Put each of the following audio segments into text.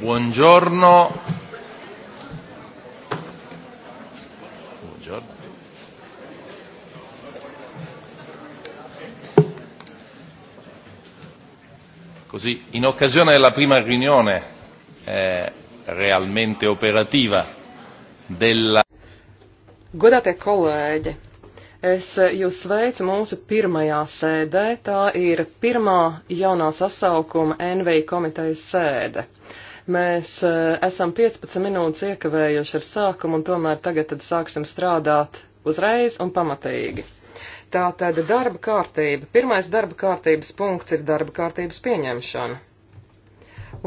Buongiorno. Buongiorno. Così, in occasione della prima riunione eh, realmente operativa della. Godate colleghi, Es jūs sveicu mūsu pirmajā sēdē, tā ir pirmā jaunā sasaukuma NVI komitejas sēde. Mēs eh, esam 15 minūtes iekavējuši ar sākumu, un tomēr tagad tad sāksim strādāt uzreiz un pamatīgi. Tātad darba kārtība. Pirmais darba kārtības punkts ir darba kārtības pieņemšana.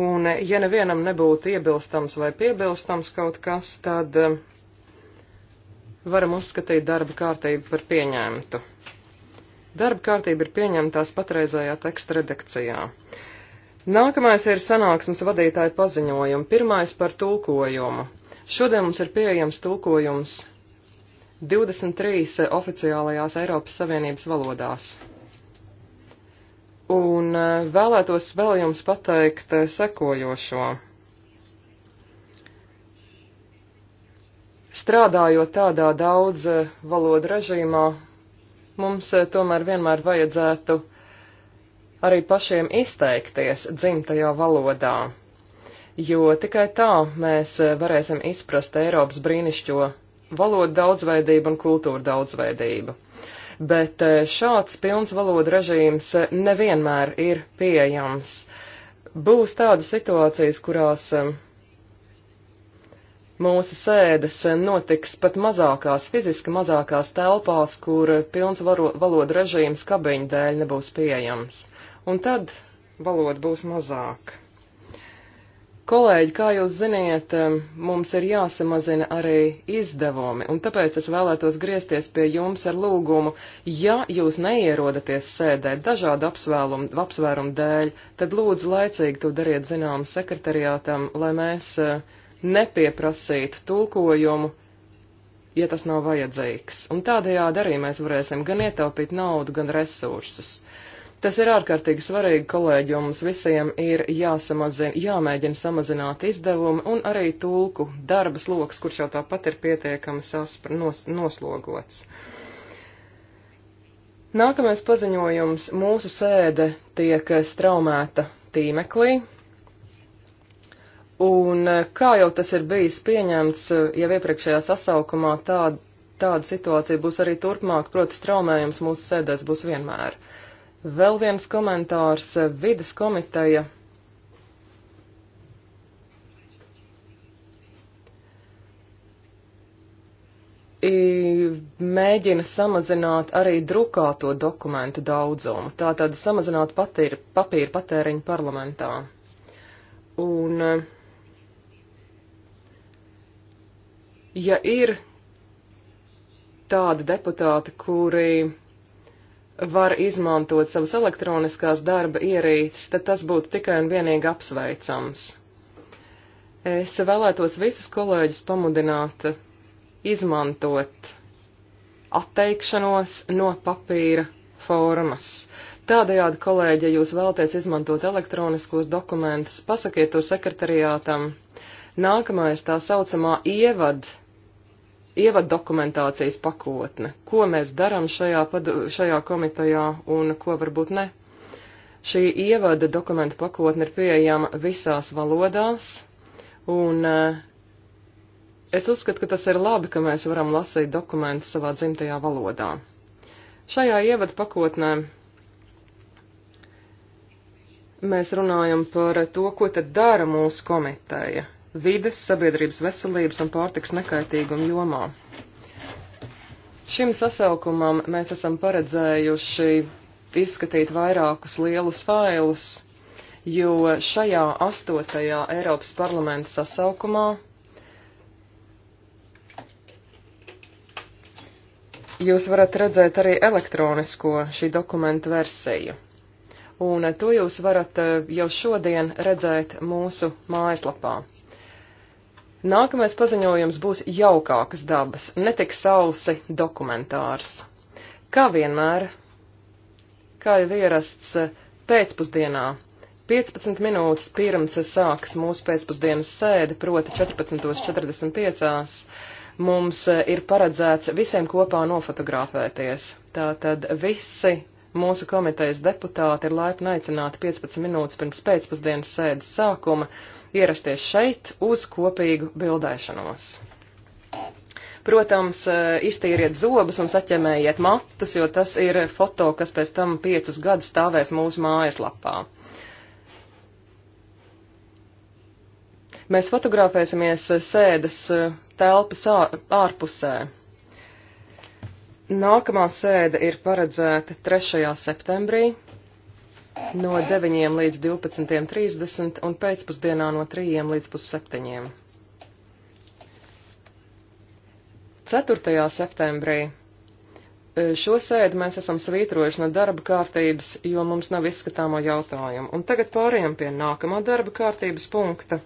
Un eh, ja nevienam nebūtu iebilstams vai piebilstams kaut kas, tad eh, varam uzskatīt darba kārtību par pieņemtu. Darba kārtība ir pieņemtās patreizējā teksta redakcijā. Nākamais ir sanāksmes vadītāja paziņojumi. Pirmais par tulkojumu. Šodien mums ir pieejams tulkojums 23 oficiālajās Eiropas Savienības valodās. Un e, vēlētos vēl jums pateikt e, sekojošo. Strādājot tādā daudz e, valodu režīmā, mums tomēr vienmēr vajadzētu arī pašiem izteikties dzimtajā valodā, jo tikai tā mēs eh, varēsim izprast Eiropas brīnišķo valodu daudzveidību un kultūru daudzveidību. Bet eh, šāds pilns valodu režīms eh, nevienmēr ir pieejams. Būs tādas situācijas, kurās mūsu sēdes notiks pat mazākās, fiziski mazākās telpās, kur pilns varo, valoda režīms kabiņu dēļ nebūs pieejams. Un tad valoda būs mazāka. Kolēģi, kā jūs ziniet, mums ir jāsamazina arī izdevumi, un tāpēc es vēlētos griezties pie jums ar lūgumu, ja jūs neierodaties sēdē dažādu apsvērumu, apsvērumu dēļ, tad lūdzu laicīgi to dariet zinām sekretariātam, lai mēs uh, nepieprasīt tulkojumu, ja tas nav vajadzīgs. Un tādējādi arī mēs varēsim gan ietaupīt naudu, gan resursus. Tas ir ārkārtīgi svarīgi, kolēģi, un mums visiem ir jāsamazina, jāmēģina samazināt izdevumi un arī tulku darba sloks, kurš jau tāpat ir pietiekami saspr, nos, noslogots. Nākamais paziņojums. Mūsu sēde tiek straumēta tīmeklī, Un eh, kā jau tas ir bijis pieņemts eh, jau iepriekšējā sasaukumā, tāda, tāda situācija būs arī turpmāk, proti traumējums mūsu sēdēs būs vienmēr. Vēl viens komentārs eh, vidas komiteja. I, mēģina samazināt arī drukāto dokumentu daudzumu, tātad samazināt patīra, papīra patēriņu parlamentā. Un uh, ja ir tādi deputāti, kuri var izmantot savas elektroniskās darba ierīces, tad tas būtu tikai un vienīgi apsveicams. Es vēlētos visus kolēģus pamudināt izmantot atteikšanos no papīra formas. Tādējādi, kolēģi, ja jūs vēlaties izmantot elektroniskos dokumentus, pasakiet to sekretariātam. Nākamais tā saucamā ievad ievad dokumentācijas pakotne, ko mēs daram šajā, šajā komitejā un ko varbūt ne. Šī ievada dokumentu pakotne ir pieejama visās valodās, un eh, es uzskatu, ka tas ir labi, ka mēs varam lasīt dokumentus savā dzimtajā valodā. Šajā ievada pakotnē mēs runājam par to, ko tad dara mūsu komiteja, vides, sabiedrības veselības un pārtiks nekaitīguma jomā. Šim sasaukumam mēs esam paredzējuši izskatīt vairākus lielus failus, jo šajā astotajā Eiropas parlamenta sasaukumā jūs varat redzēt arī elektronisko šī dokumenta versiju. Un to jūs varat eh, jau šodien redzēt mūsu mājaslapā. Nākamais paziņojums būs jaukākas dabas, netik sausi dokumentārs. Kā vienmēr, kā jau ierasts pēcpusdienā, 15 minūtes pirms sāks mūsu pēcpusdienas sēde, proti 14.45. Mums ir paredzēts visiem kopā nofotografēties. Tātad visi mūsu komitejas deputāti ir laipni aicināti 15 minūtes pirms pēcpusdienas sēdes sākuma ierasties šeit uz kopīgu bildēšanos. Protams, eh, iztīriet zobus un saķemējiet matus, jo tas ir foto, kas pēc tam piecus gadus stāvēs mūsu mājaslapā. Mēs fotografēsimies sēdes eh, telpas ārpusē. Nākamā sēde ir paredzēta 3. septembrī, no 9 līdz 12.30 un pēcpusdienā no 3 līdz pusseptiņiem. 4. septembrī e, šo sēdi mēs esam svītrojuši no darba kārtības, jo mums nav izskatāmo jautājumu. Un tagad pārējām pie nākamā darba kārtības punkta.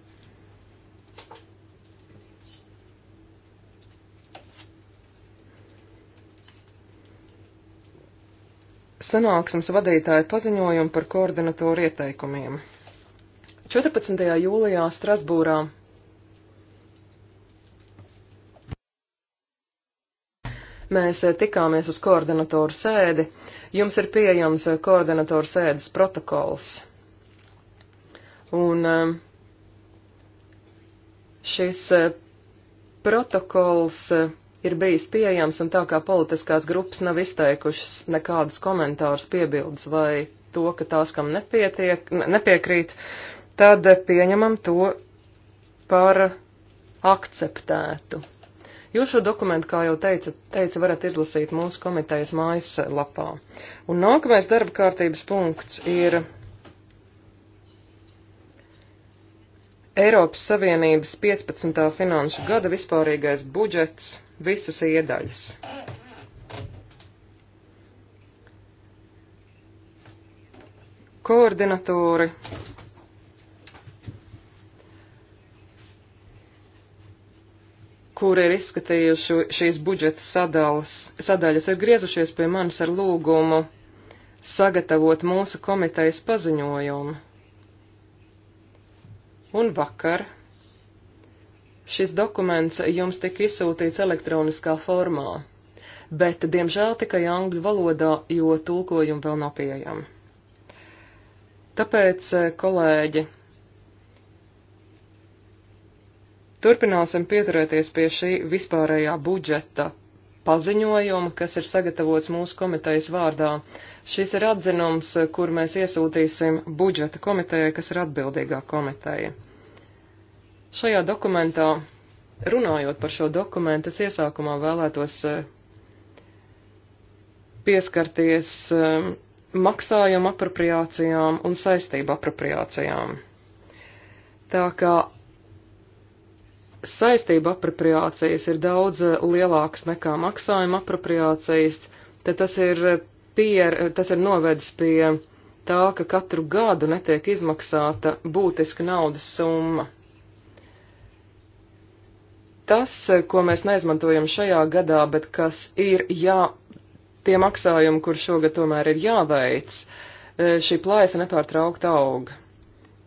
sanāksmes vadītāja paziņojumu par koordinatoru ieteikumiem. 14. jūlijā Strasbūrā mēs eh, tikāmies uz koordinatoru sēdi. Jums ir pieejams eh, koordinatoru sēdes protokols. Un eh, šis protokols ir bijis pieejams, un tā kā politiskās grupas nav izteikušas nekādus komentārus, piebildes vai to, ka tās, kam nepietiek, nepiekrīt, tad pieņemam to par akceptētu. Jūs šo dokumentu, kā jau teica, teica varat izlasīt mūsu komitejas mājas lapā. Un nākamais darba kārtības punkts ir Eiropas Savienības 15. finanšu gada vispārīgais budžets, visas iedaļas. Koordinatori. kuri ir izskatījuši šīs budžeta sadalas, sadaļas, ir griezušies pie manis ar lūgumu sagatavot mūsu komitejas paziņojumu un vakar. Šis dokuments jums tika izsūtīts elektroniskā formā, bet, diemžēl, tikai angļu valodā, jo tulkojumi vēl nav pieejami. Tāpēc, eh, kolēģi, turpināsim pieturēties pie šī vispārējā budžeta paziņojumu, kas ir sagatavots mūsu komitejas vārdā. Šis ir atzinums, kur mēs iesūtīsim budžeta komitejai, kas ir atbildīgā komiteja. Šajā dokumentā, runājot par šo dokumentu, es iesākumā vēlētos eh, pieskarties eh, maksājuma apropriācijām un saistību apropriācijām. Tā kā saistība apropriācijas ir daudz eh, lielākas nekā maksājuma apropriācijas, tad tas ir, eh, pier, tas ir novedis pie tā, ka katru gadu netiek izmaksāta būtiska naudas summa. Tas, eh, ko mēs neizmantojam šajā gadā, bet kas ir jā, tie maksājumi, kur šogad tomēr ir jāveic, šī plājas nepārtraukt auga.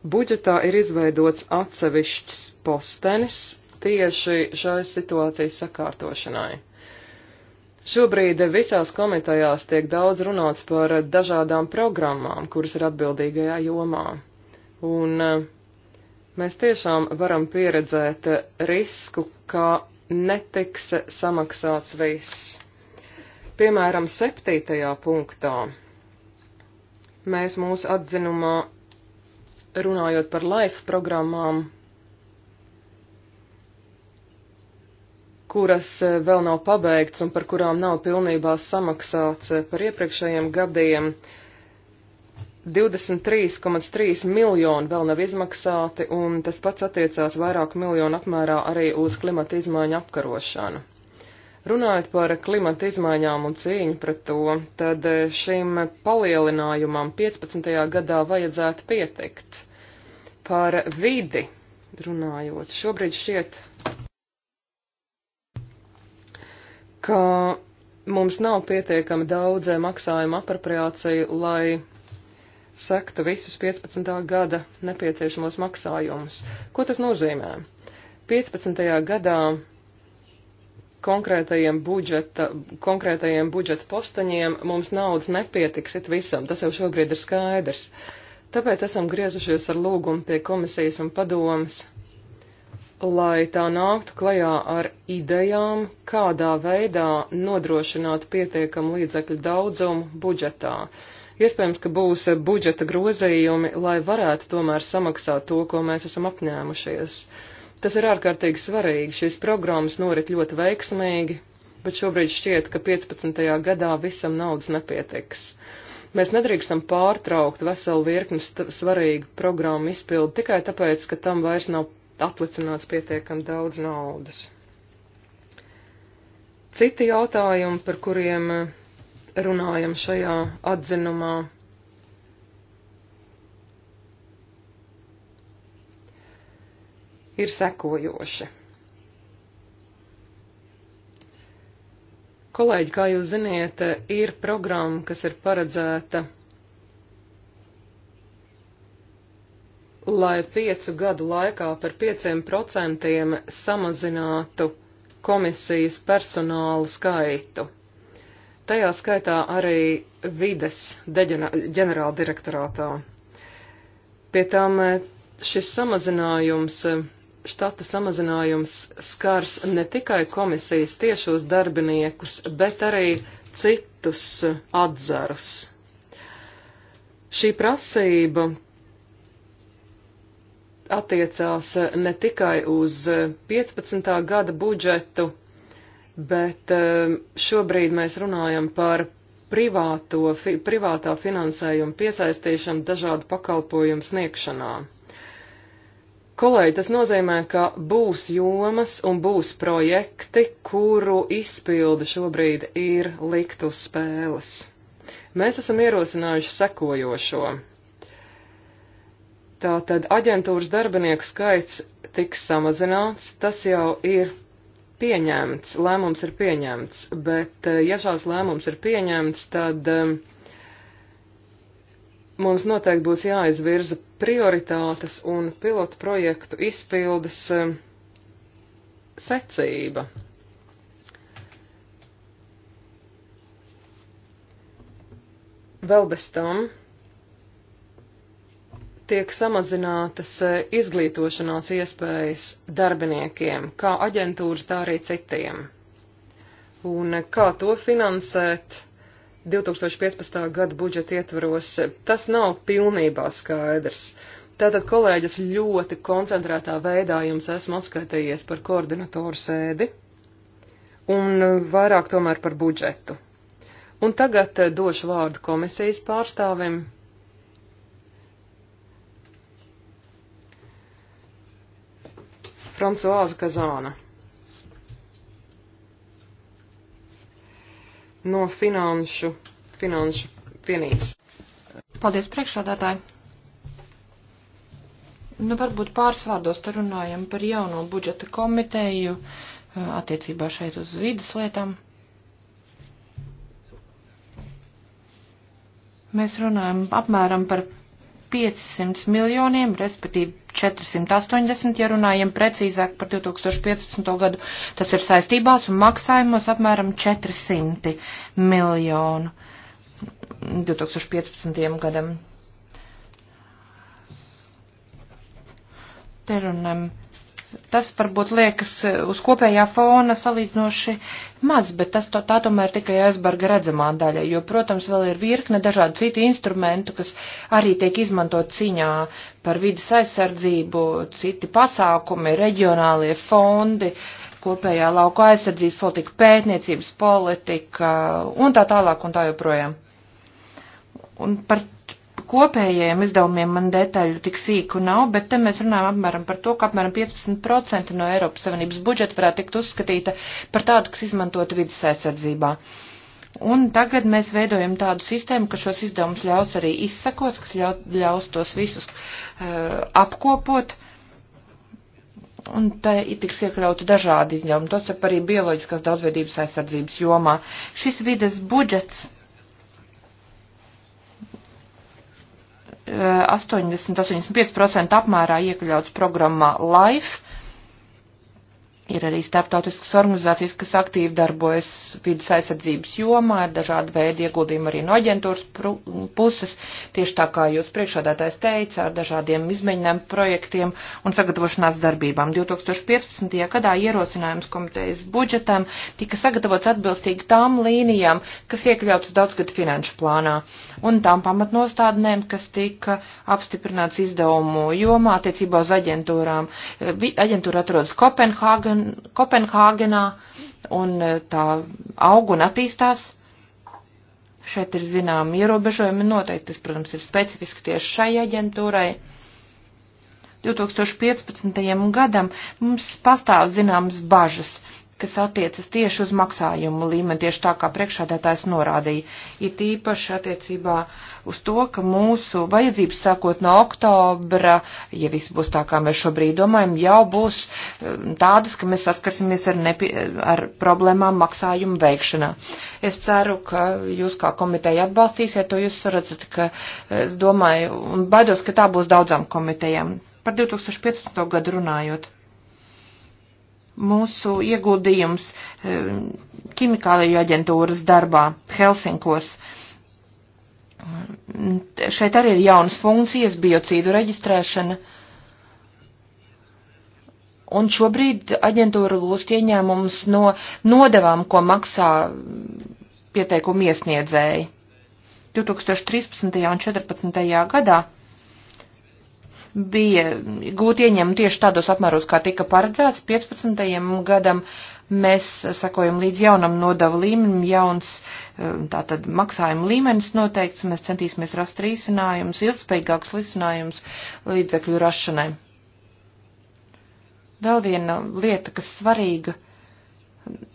Budžetā ir izveidots atsevišķs postenis, tieši šai situācijas sakārtošanai. Šobrīd visās komitejās tiek daudz runāts par dažādām programmām, kuras ir atbildīgajā jomā. Un eh, mēs tiešām varam pieredzēt risku, ka netiks samaksāts viss. Piemēram, septītajā punktā mēs mūsu atzinumā runājot par life programmām kuras eh, vēl nav pabeigts un par kurām nav pilnībā samaksāts eh, par iepriekšējiem gadiem. 23,3 miljoni vēl nav izmaksāti, un tas pats attiecās vairāku miljonu apmērā arī uz klimata izmaiņu apkarošanu. Runājot par klimata izmaiņām un cīņu pret to, tad eh, šim palielinājumam 15. gadā vajadzētu pietikt. Par vidi runājot, šobrīd šķiet ka mums nav pietiekami daudz maksājuma apropriāciju, lai sekta visus 15. gada nepieciešamos maksājumus. Ko tas nozīmē? 15. gadā konkrētajiem budžeta, konkrētajiem budžeta postaņiem mums naudas nepietiksit visam, tas jau šobrīd ir skaidrs. Tāpēc esam griezušies ar lūgumu pie komisijas un padomas lai tā nāktu klajā ar idejām, kādā veidā nodrošināt pietiekamu līdzekļu daudzumu budžetā. Iespējams, ka būs budžeta grozījumi, lai varētu tomēr samaksāt to, ko mēs esam apņēmušies. Tas ir ārkārtīgi svarīgi. Šīs programmas norit ļoti veiksmīgi, bet šobrīd šķiet, ka 15. gadā visam naudas nepietiks. Mēs nedrīkstam pārtraukt veselu virkni svarīgu programmu izpildu tikai tāpēc, ka tam vairs nav atlicināts pietiekam daudz naudas. Citi jautājumi, par kuriem eh, runājam šajā atzinumā, ir sekojoši. Kolēģi, kā jūs ziniet, eh, ir programma, kas ir paredzēta lai piecu gadu laikā par pieciem procentiem samazinātu komisijas personālu skaitu. Tajā skaitā arī vides ģenerāla direktorātā. Pie tām eh, šis samazinājums, eh, štata samazinājums skars ne tikai komisijas tiešos darbiniekus, bet arī citus eh, atzarus. Šī prasība attiecās eh, ne tikai uz 15. Eh, gada budžetu, bet eh, šobrīd mēs runājam par privāto, fi, privātā finansējuma piesaistīšanu dažādu pakalpojumu sniegšanā. Kolēģi, tas nozīmē, ka būs jomas un būs projekti, kuru izpilde šobrīd ir likt uz spēles. Mēs esam ierosinājuši sekojošo. Tātad aģentūras darbinieku skaits tiks samazināts, tas jau ir pieņemts, lēmums ir pieņemts, bet eh, ja šās lēmums ir pieņemts, tad um, mums noteikti būs jāizvirza prioritātes un pilotu projektu izpildes um, secība. Vēl bez tam tiek samazinātas e, izglītošanās iespējas darbiniekiem, kā aģentūras, tā arī citiem. Un e, kā to finansēt 2015. gada budžeta ietvaros, e, tas nav pilnībā skaidrs. Tātad, kolēģis, ļoti koncentrētā veidā jums esmu atskaitījies par koordinatoru sēdi un vairāk tomēr par budžetu. Un tagad došu vārdu komisijas pārstāvim Francoāza Kazāna. No finanšu, finanšu vienības. Paldies priekšādātāji. Nu, varbūt pāris vārdos te runājam par jauno budžeta komiteju eh, attiecībā šeit uz vidas lietām. Mēs runājam apmēram par 500 miljoniem, respektīvi 480, ja runājam precīzāk par 2015. gadu, tas ir saistībās un maksājumos apmēram 400 miljonu 2015. gadam. Te runājam tas varbūt liekas eh, uz kopējā fona salīdzinoši maz, bet tas, to, tā tomēr tikai aizbarga redzamā daļa, jo, protams, vēl ir virkne dažādu citu instrumentu, kas arī tiek izmantot ciņā par vidas aizsardzību, citi pasākumi, reģionālie fondi, kopējā lauka aizsardzības politika, pētniecības politika un tā tālāk un tā joprojām. Un par kopējiem izdevumiem man detaļu tik sīku nav, bet te mēs runājam apmēram par to, ka apmēram 15% no Eiropas Savienības budžeta varētu tikt uzskatīta par tādu, kas izmantota vidas aizsardzībā. Un tagad mēs veidojam tādu sistēmu, ka šos izdevumus ļaus arī izsakot, kas ļaus tos visus uh, apkopot. Un tā ir tiks iekļauti dažādi izņēmumi, tos arī bioloģiskās daudzveidības aizsardzības jomā. Šis vides budžets Eh, 80-85% apmērā iekļauts programmā LIFE Ir arī starptautiskas organizācijas, kas aktīvi darbojas vidas aizsardzības jomā, ir dažādi veidi ieguldījumi arī no aģentūras puses, tieši tā kā jūs priekšādātājs teica, ar dažādiem izmēģinājumu projektiem un sagatavošanās darbībām. 2015. gadā ierosinājums komitejas budžetam tika sagatavots atbilstīgi tām līnijām, kas iekļautas daudzgadu finanšu plānā un tām pamatnostādnēm, kas tika apstiprināts izdevumu jomā attiecībā uz aģentūrām. Aģentūra atrodas Kopenhāgen Kopenhāgenā un e, tā aug un attīstās. Šeit ir zinām ierobežojumi noteikti, tas, protams, ir specifiski tieši šai aģentūrai. 2015. gadam mums pastāv zināmas bažas kas attiecas tieši uz maksājumu līmeni, tieši tā kā priekšādētājs norādīja. Ir tīpaši attiecībā uz to, ka mūsu vajadzības sākot no oktobra, ja viss būs tā, kā mēs šobrīd domājam, jau būs um, tādas, ka mēs saskarsimies ar, nepie, ar problēmām maksājumu veikšanā. Es ceru, ka jūs kā komiteja atbalstīsiet to, jūs redzat, ka eh, es domāju un baidos, ka tā būs daudzām komitejām. Par 2015. gadu runājot mūsu ieguldījums eh, ķimikāliju aģentūras darbā Helsinkos. Šeit arī ir jaunas funkcijas, biocīdu reģistrēšana. Un šobrīd aģentūra lūst ieņēmumus no nodevām, ko maksā pieteikumu iesniedzēji. 2013. un 2014. gadā bija gūti ieņēmumi tieši tādos apmēros, kā tika paredzēts 15. gadam. Mēs sakojam līdz jaunam nodavu līmenim, jauns e, tātad maksājuma līmenis noteikts, un mēs centīsimies rast risinājumus, ilgspējīgāks risinājums līdzekļu rašanai. Vēl viena lieta, kas svarīga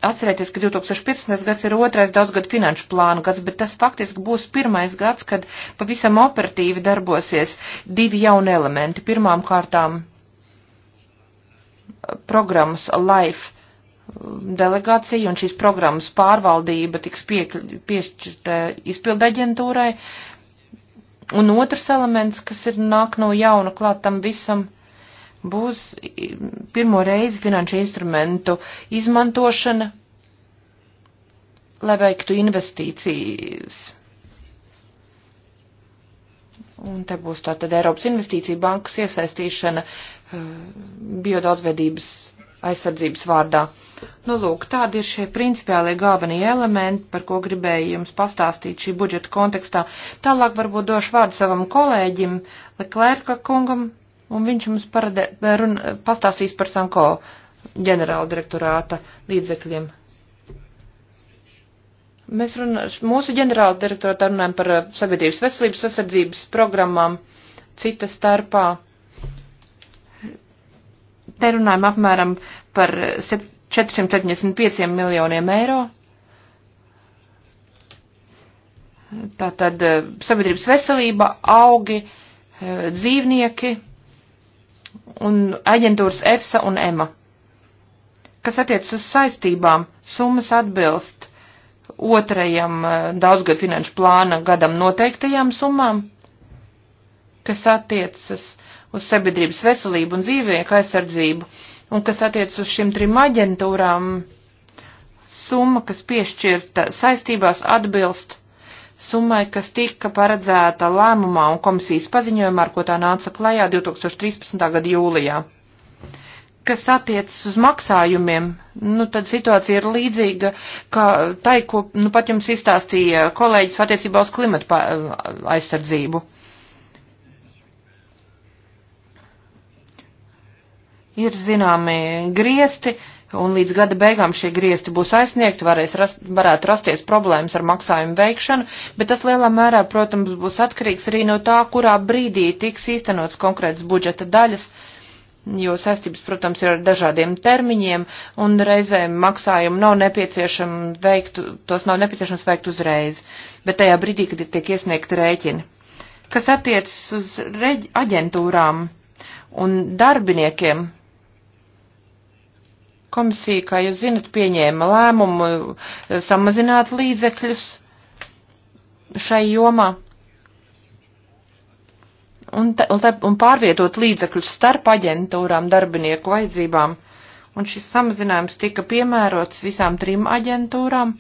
atcerēties, ka 2015. gads ir otrais daudzgad finanšu plānu gads, bet tas faktiski būs pirmais gads, kad pavisam operatīvi darbosies divi jauni elementi. Pirmām kārtām eh, programmas LIFE eh, delegācija un šīs programmas pārvaldība tiks piešķirta izpildaģentūrai. Un otrs elements, kas ir nāk no jauna klāt tam visam, būs pirmo reizi finanšu instrumentu izmantošana, lai veiktu investīcijas. Un te būs tātad Eiropas investīcija bankas iesaistīšana eh, biodaudzvedības aizsardzības vārdā. Nu, lūk, tādi ir šie principiālie galvenie elementi, par ko gribēju jums pastāstīt šī budžeta kontekstā. Tālāk varbūt došu vārdu savam kolēģim Leklērka kungam, un viņš mums paradē, run, pastāstīs par Sanko ģenerāla direktorāta līdzekļiem. Mēs runā, mūsu ģenerāla direktorāta runājam par eh, sabiedrības veselības sasardzības programmām, cita starpā. Te runājam apmēram par 475 miljoniem eiro. Tātad eh, sabiedrības veselība, augi, eh, dzīvnieki, un aģentūras EFSA un EMA. Kas attiec uz saistībām, summas atbilst otrajam eh, daudzgad finanšu plāna gadam noteiktajām summām, kas attiecas uz sabiedrības veselību un dzīvnieku aizsardzību, un kas attiecas uz šim trim aģentūrām, summa, kas piešķirta saistībās, atbilst summai, kas tika paredzēta lēmumā un komisijas paziņojumā, ar ko tā nāca klajā 2013. gada jūlijā. Kas attiecas uz maksājumiem, nu tad situācija ir līdzīga, ka tai, ko nu pat jums izstāstīja kolēģis attiecībā uz klimatu aizsardzību. Ir zināmi griesti, uh, un līdz gada beigām šie griezti būs aizsniegti, varēs rast, varētu rasties problēmas ar maksājumu veikšanu, bet tas lielā mērā, protams, būs atkarīgs arī no tā, kurā brīdī tiks īstenots konkrēts budžeta daļas, jo saistības, protams, ir ar dažādiem termiņiem, un reizēm maksājumu nav nepieciešams veikt, tos nav nepieciešams veikt uzreiz, bet tajā brīdī, kad tiek iesniegti rēķini. Kas attiecas uz reģi, aģentūrām un darbiniekiem, Komisija, kā jūs zinat, pieņēma lēmumu eh, samazināt līdzekļus šai jomā un, te, un, te, un pārvietot līdzekļus starp aģentūrām darbinieku vajadzībām. Un šis samazinājums tika piemērots visām trim aģentūrām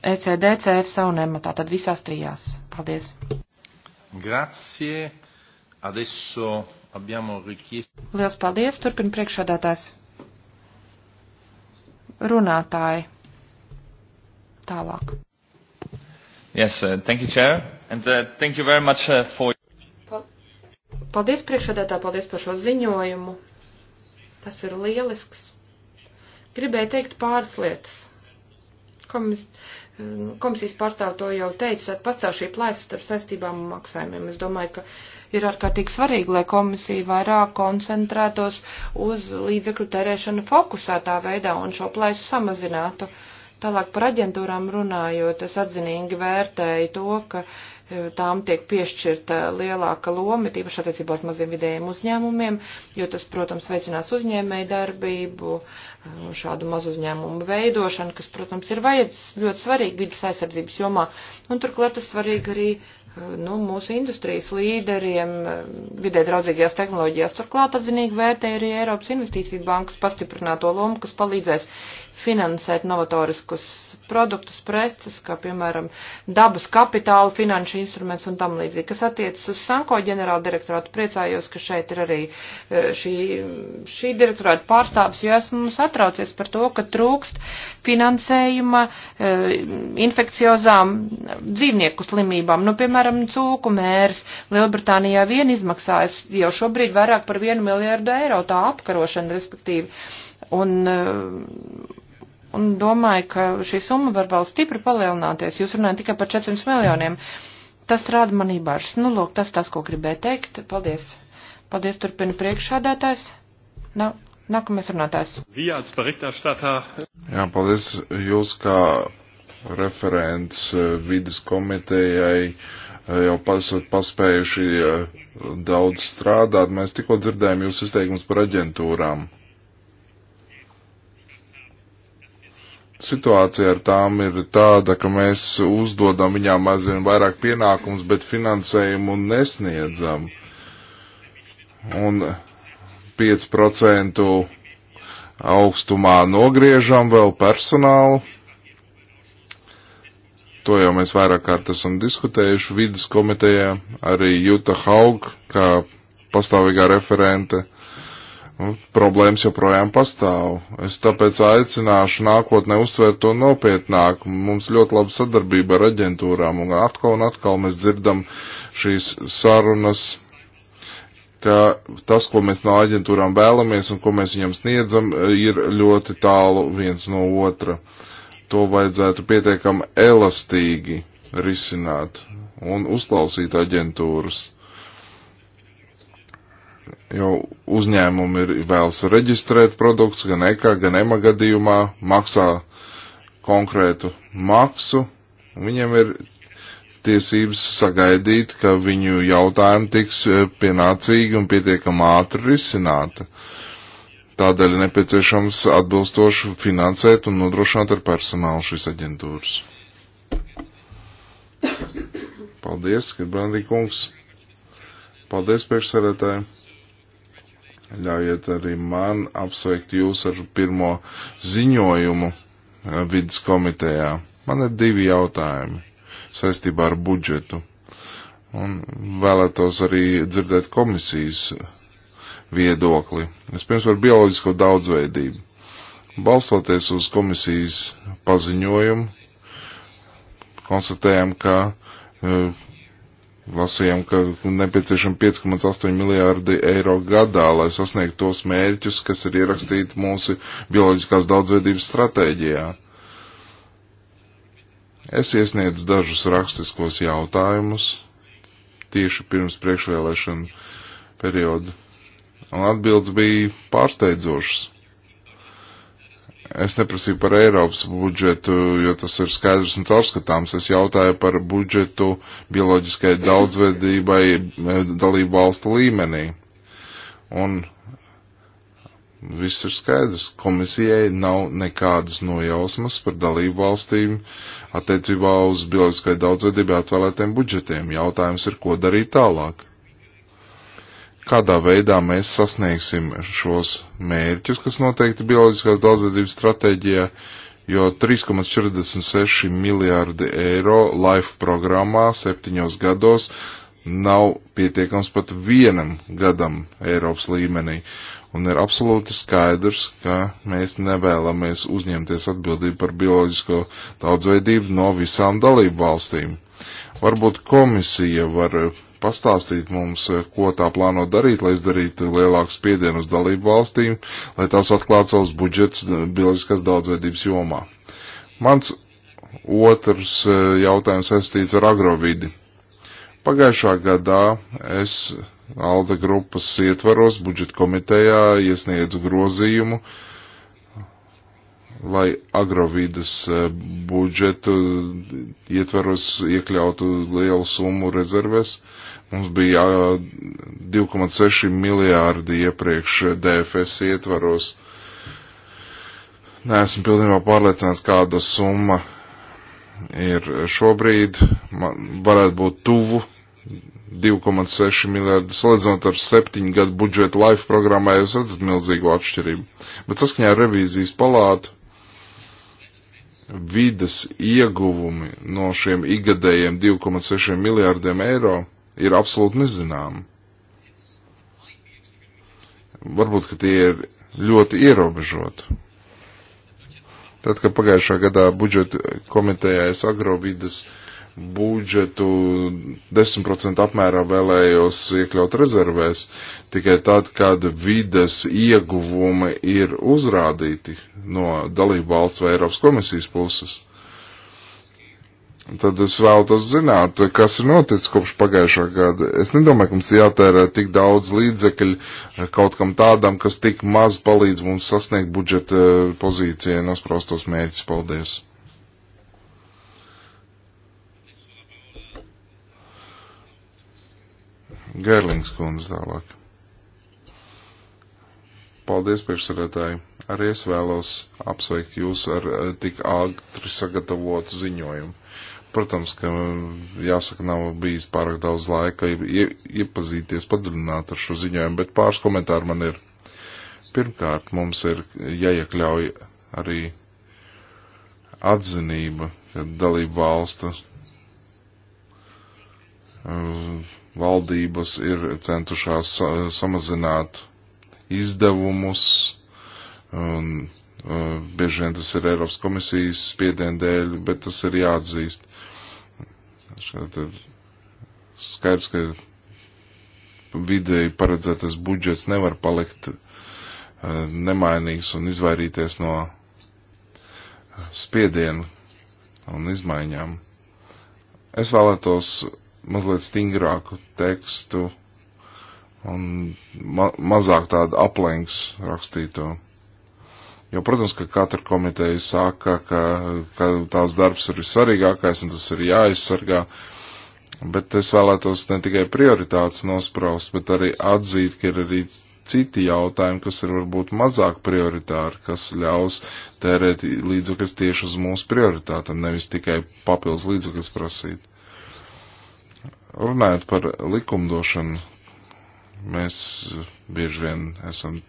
e - ECD, CF, Saunema, tātad visās trijās. Paldies! Grazie! Adesso abbiamo richiesto. Liels paldies, turpina priekšādātājs. Runātāji. Tālāk. Yes, uh, thank you, Chair, and uh, thank you very much uh, for. Paldies priekšādātā, paldies par šo ziņojumu. Tas ir lielisks. Gribēju teikt pāris lietas. Komis, mm, komisijas pārstāv to jau teica, pastāv šī plaisa starp saistībām un maksājumiem. Es domāju, ka uh, ir ārkārtīgi svarīgi, lai komisija vairāk koncentrētos uz līdzekļu tērēšanu fokusētā veidā un šo plaisu samazinātu. Tālāk par aģentūrām runājot, es atzinīgi vērtēju to, ka e, tām tiek piešķirta lielāka loma, tīpaši attiecībā uz maziem vidējiem uzņēmumiem, jo tas, protams, veicinās uzņēmēju darbību, e, šādu mazu uzņēmumu veidošanu, kas, protams, ir vajadz ļoti svarīgi vidas aizsardzības jomā. Un turklāt tas svarīgi arī nu, mūsu industrijas līderiem vidē draudzīgajās tehnoloģijās. Turklāt atzinīgi vērtēja arī Eiropas investīciju bankas pastiprināto lomu, kas palīdzēs finansēt novatoriskus produktus, preces, kā piemēram dabas kapitāla finanšu instruments un tam līdzīgi. Kas attiecas uz Sanko ģenerāla direktorātu, priecājos, ka šeit ir arī eh, šī, šī direktorāta pārstāvis, jo esmu satraucies par to, ka trūkst finansējuma eh, infekciozām dzīvnieku slimībām. Nu, piemēram, cūku mērs Lielbritānijā vien izmaksājas jau šobrīd vairāk par vienu miljardu eiro tā apkarošana, respektīvi. Un, eh, un domāju, ka šī summa var vēl stipri palielināties. Jūs runājat tikai par 400 miljoniem. Tas rāda manī bažas. Nu, lūk, tas tas, ko gribēju teikt. Paldies. Paldies, turpina priekšādātājs. Nav. Nākamais runātājs. Jā, paldies. Jūs kā referents eh, vidas komitejai eh, jau esat paspējuši eh, daudz strādāt. Mēs tikko dzirdējām jūs izteikums par aģentūrām. situācija ar tām ir tāda, ka mēs uzdodam viņām aizvien vairāk pienākums, bet finansējumu nesniedzam. Un 5% augstumā nogriežam vēl personālu. To jau mēs vairāk kārt esam diskutējuši vidas komitejā, arī Juta Haug, kā pastāvīgā referente Nu, problēmas joprojām pastāv. Es tāpēc aicināšu nākotnē uztvērt to nopietnāk. Mums ļoti laba sadarbība ar aģentūrām, un atkal un atkal mēs dzirdam šīs sarunas, ka tas, ko mēs no aģentūrām vēlamies un ko mēs viņam sniedzam, ir ļoti tālu viens no otra. To vajadzētu pietiekami elastīgi risināt un uzklausīt aģentūras jo uzņēmumi ir vēlas reģistrēt produkts gan EKA, gan EMA gadījumā, maksā konkrētu maksu, un viņiem ir tiesības sagaidīt, ka viņu jautājumi tiks e, pienācīgi un pietiekam ātri risināti. Tādēļ ir nepieciešams atbilstoši finansēt un nodrošināt ar personālu šīs aģentūras. Paldies, Kirbrandī kungs. Paldies, priekšsēdētāji. Ļaujiet arī man apsveikt jūs ar pirmo ziņojumu eh, vidas komitejā. Man ir divi jautājumi saistībā ar budžetu. Un vēlētos arī dzirdēt komisijas viedokli. Vispirms par bioloģisko daudzveidību. Balstoties uz komisijas paziņojumu, konstatējam, ka eh, Lasījām, ka nepieciešam 5,8 miljārdi eiro gadā, lai sasniegtu tos mērķus, kas ir ierakstīti mūsu bioloģiskās daudzveidības stratēģijā. Es iesniedzu dažus rakstiskos jautājumus tieši pirms priekšvēlēšanu perioda, un atbildes bija pārsteidzošas. Es neprasīju par Eiropas budžetu, jo tas ir skaidrs un caurskatāms. Es jautāju par budžetu bioloģiskai daudzveidībai eh, dalību valstu līmenī. Un viss ir skaidrs. Komisijai nav nekādas nojausmas par dalību valstīm attiecībā uz bioloģiskai daudzveidībai atvēlētiem budžetiem. Jautājums ir, ko darīt tālāk kādā veidā mēs sasniegsim šos mērķus, kas noteikti bioloģiskās daudzveidības stratēģijā, jo 3,46 miljārdi eiro LIFE programmā septiņos gados nav pietiekams pat vienam gadam Eiropas līmenī. Un ir absolūti skaidrs, ka mēs nevēlamies uzņemties atbildību par bioloģisko daudzveidību no visām dalību valstīm. Varbūt komisija var pastāstīt mums, eh, ko tā plāno darīt, lai izdarītu lielāku spiedienu uz dalību valstīm, lai tās atklātu savus budžets eh, bioloģiskās daudzveidības jomā. Mans otrs eh, jautājums saistīts ar agrovidi. Pagājušā gadā es Alda grupas ietvaros budžeta komitejā iesniedzu grozījumu, lai agrovīdas budžetu ietveros iekļautu lielu summu rezerves Mums bija 2,6 miljārdi iepriekš DFS ietvaros. Neesmu pilnībā pārliecināts, kāda summa ir šobrīd. Man varētu būt tuvu 2,6 miljardi. Salīdzinot ar septiņu gadu budžetu life programmā, jūs redzat milzīgu atšķirību. Bet saskaņā ar revīzijas palātu vidas ieguvumi no šiem igadējiem 2,6 miljārdiem eiro ir absolūti nezināmi. Varbūt, ka tie ir ļoti ierobežoti. Tad, kad pagājušā gadā budžeta komitejā es agrovidas budžetu 10% apmērā vēlējos iekļaut rezervēs, tikai tad, kad vides ieguvumi ir uzrādīti no dalību valsts vai Eiropas komisijas puses. Tad es vēlos zināt, kas ir noticis kopš pagājušā gada. Es nedomāju, ka mums jātērē tik daudz līdzekļu eh, kaut kam tādam, kas tik maz palīdz mums sasniegt budžeta eh, pozīcijai nosprostos mērķus. Paldies! Gērlings kundze tālāk. Paldies, priekšsarētāji! Arī es vēlos apsveikt jūs ar eh, tik ātri sagatavotu ziņojumu Protams, ka mm, jāsaka, nav bijis pārāk daudz laika iepazīties, padziļināt ar šo ziņojumu, bet pāris komentāri man ir. Pirmkārt, mums ir jāiekļauj arī atzinība, ka dalību valstu mm, valdības ir centušās samazināt izdevumus un Eh, bieži vien tas ir Eiropas komisijas spiediena dēļ, bet tas ir jāatzīst. Šeit ir skaidrs, ka vidēji paredzētais budžets nevar palikt eh, nemainīgs un izvairīties no eh, spiedienu un izmaiņām. Es vēlētos mazliet stingrāku tekstu un ma mazāk tādu aplenks rakstīto. Jo, protams, ka katra komiteja saka, ka, ka tās darbs ir visvarīgākais un tas ir jāaizsargā, bet es vēlētos ne tikai prioritātes nospraust, bet arī atzīt, ka ir arī citi jautājumi, kas ir varbūt mazāk prioritāri, kas ļaus tērēt līdzekļus tieši uz mūsu prioritātam, nevis tikai papildus līdzekļus prasīt. Runājot par likumdošanu, mēs bieži vien esam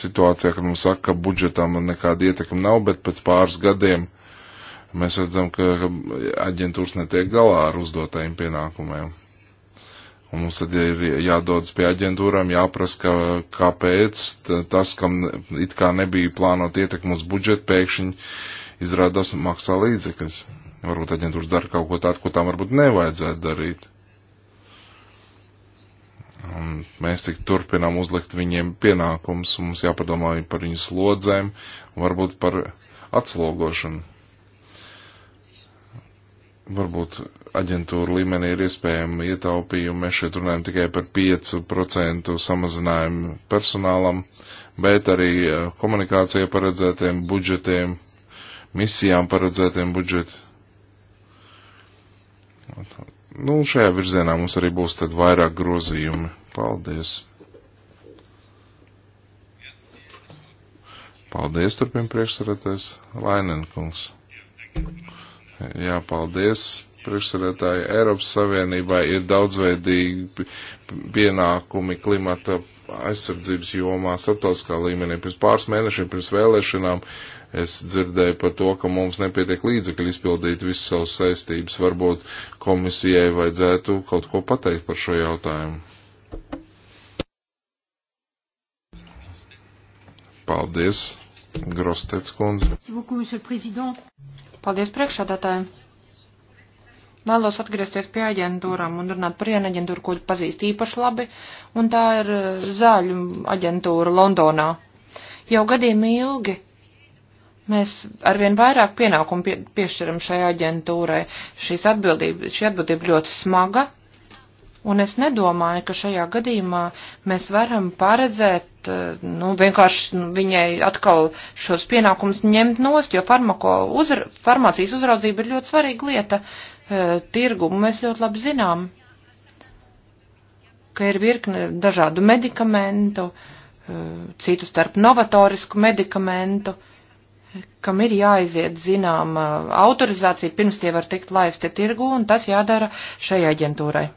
situācijā, kad mums saka, ka budžetam nekāda ietekme nav, bet pēc pāris gadiem mēs redzam, ka aģentūras netiek galā ar uzdotajiem pienākumiem. Un mums tad ir jādodas pie aģentūrām, jāprasa, ka, kāpēc tas, kam it kā nebija plānot ietekmu uz budžetu, pēkšņi izrādās maksā līdzekļus. Varbūt aģentūras dara kaut ko tādu, ko tam varbūt nevajadzētu darīt. Un mēs tik turpinām uzlikt viņiem pienākums, un mums jāpadomā par viņu slodzēm, varbūt par atslogošanu. Varbūt aģentūra līmenī ir iespējama ietaupījuma. Mēs šeit runājam tikai par 5% samazinājumu personālam, bet arī eh, komunikācijai paredzētiem budžetiem, misijām paredzētiem budžetiem. Nu, šajā virzienā mums arī būs tad vairāk grozījumi. Paldies! Paldies, turpina priekšsarētājs Lainenkungs. Jā, paldies priekšsarētāji. Eiropas Savienībā ir daudzveidīgi pienākumi klimata aizsardzības jomā, starptautiskā līmenī. Pirms pāris mēnešiem, pirms vēlēšanām, es dzirdēju par to, ka mums nepietiek līdzekļi izpildīt visas savas saistības. Varbūt komisijai vajadzētu kaut ko pateikt par šo jautājumu. Paldies, Grostets kundze. Paldies priekšādātājiem. Vēlos atgriezties pie aģentūrām un runāt par vienu aģentūru, ko pazīst īpaši labi, un tā ir eh, zāļu aģentūra Londonā. Jau gadiem ilgi mēs arvien vairāk pienākumu pie, piešķiram šai aģentūrai. Šīs atbildība, šī atbildība ļoti smaga, un es nedomāju, ka šajā gadījumā mēs varam paredzēt Eh, nu, vienkārši nu, viņai atkal šos pienākumus ņemt nost, jo uzra, farmācijas uzraudzība ir ļoti svarīga lieta eh, tirgumu. Mēs ļoti labi zinām, ka ir virkne dažādu medikamentu, eh, citu starp novatorisku medikamentu, kam ir jāaiziet zinām autorizācija, pirms tie var tikt laisti tirgu, un tas jādara šai aģentūrai.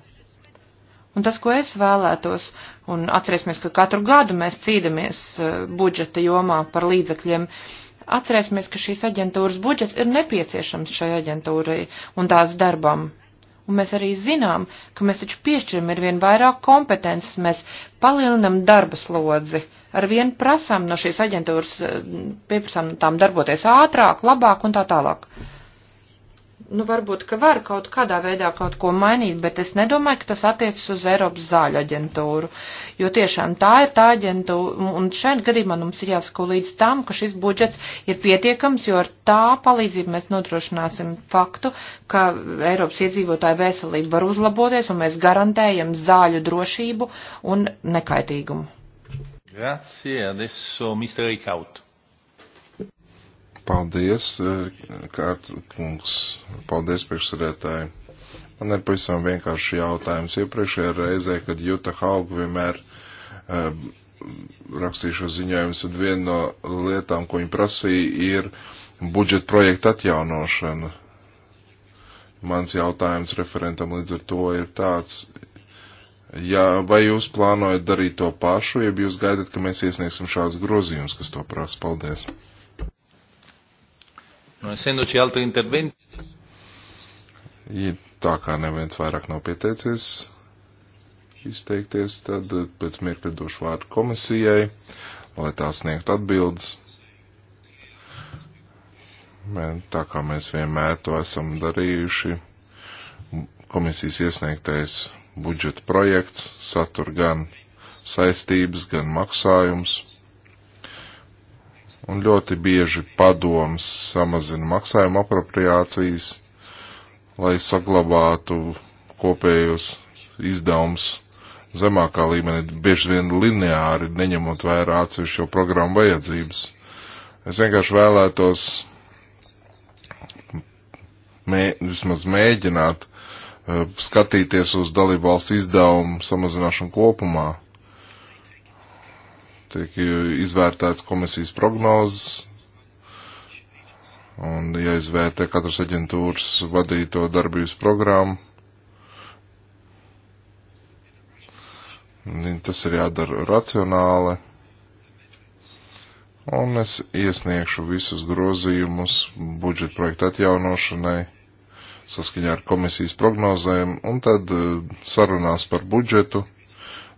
Un tas, ko es vēlētos, un atcerēsimies, ka katru gadu mēs cīdamies eh, budžeta jomā par līdzekļiem, atcerēsimies, ka šīs aģentūras budžets ir nepieciešams šai aģentūrai un tās darbam. Un mēs arī zinām, ka mēs taču piešķiram ir vien vairāk kompetences, mēs palielinam darba slodzi, ar vien prasām no šīs aģentūras, eh, pieprasām tām darboties ātrāk, labāk un tā tālāk. Uh, nu, varbūt, ka var kaut kādā veidā kaut ko mainīt, bet es nedomāju, ka tas attiecas uz Eiropas zāļu aģentūru, jo tiešām tā ir tā aģentūra, un šeit gadījumā mums ir jāsako līdz tam, ka šis budžets ir pietiekams, jo ar tā palīdzību mēs nodrošināsim faktu, ka Eiropas iedzīvotāja veselība var uzlaboties, un mēs garantējam zāļu drošību un nekaitīgumu. Grazie, adesso Mr. Ricaut. Paldies, eh, Kārt kungs. Paldies, priekšsarētāji. Man ir pavisam vienkārši jautājums. Iepriekšējā reizē, kad Juta Hauga vienmēr uh, rakstīja šo ziņojumu, tad viena no lietām, ko viņa prasīja, ir budžeta projekta atjaunošana. Mans jautājums referentam līdz ar to ir tāds, Ja, vai jūs plānojat darīt to pašu, ja jūs gaidat, ka mēs iesniegsim šādas grozījumus, kas to prasa? Paldies! No, nu, essendoci altri interventi. Ja tā kā neviens vairāk nav pieteicies izteikties, tad pēc mirkļa došu vārdu komisijai, lai tā sniegtu atbildes. Tā kā mēs vienmēr to esam darījuši, komisijas iesniegtais budžeta projekts satur gan saistības, gan maksājums un ļoti bieži padoms samazina maksājumu apropriācijas, lai saglabātu kopējos izdevums zemākā līmenī, bieži vien lineāri, neņemot vērā atsevišķo programmu vajadzības. Es vienkārši vēlētos mē, vismaz mēģināt eh, skatīties uz dalību valsts izdevumu samazināšanu kopumā tiek izvērtēts komisijas prognozes un jāizvērtē ja katras aģentūras vadīto darbības programmu. Tas ir jādara racionāli. Un es iesniegšu visus grozījumus budžeta projekta atjaunošanai saskaņā ar komisijas prognozēm, un tad eh, sarunās par budžetu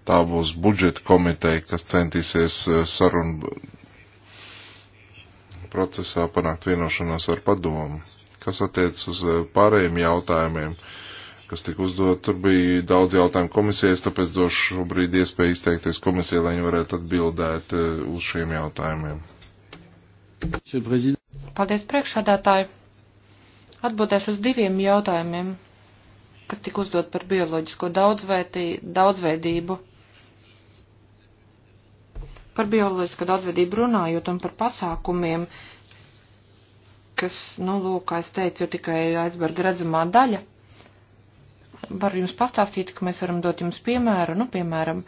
Tā būs budžeta komiteja, kas centīsies eh, sarunu procesā panākt vienošanos ar padomu. Kas attiec uz eh, pārējiem jautājumiem, kas tika uzdot, tur bija daudz jautājumu komisijas, tāpēc došu šobrīd iespēju izteikties komisijai, lai viņi varētu atbildēt eh, uz šiem jautājumiem. Paldies priekšādātāji. Atbildēšu uz diviem jautājumiem, kas tika uzdot par bioloģisko daudzveidību Par bioloģisko daudzvedību runājot un par pasākumiem, kas, nu, lūk, kā es teicu, ir tikai aizberga redzamā daļa. Varu jums pastāstīt, ka mēs varam dot jums piemēru, nu, piemēram,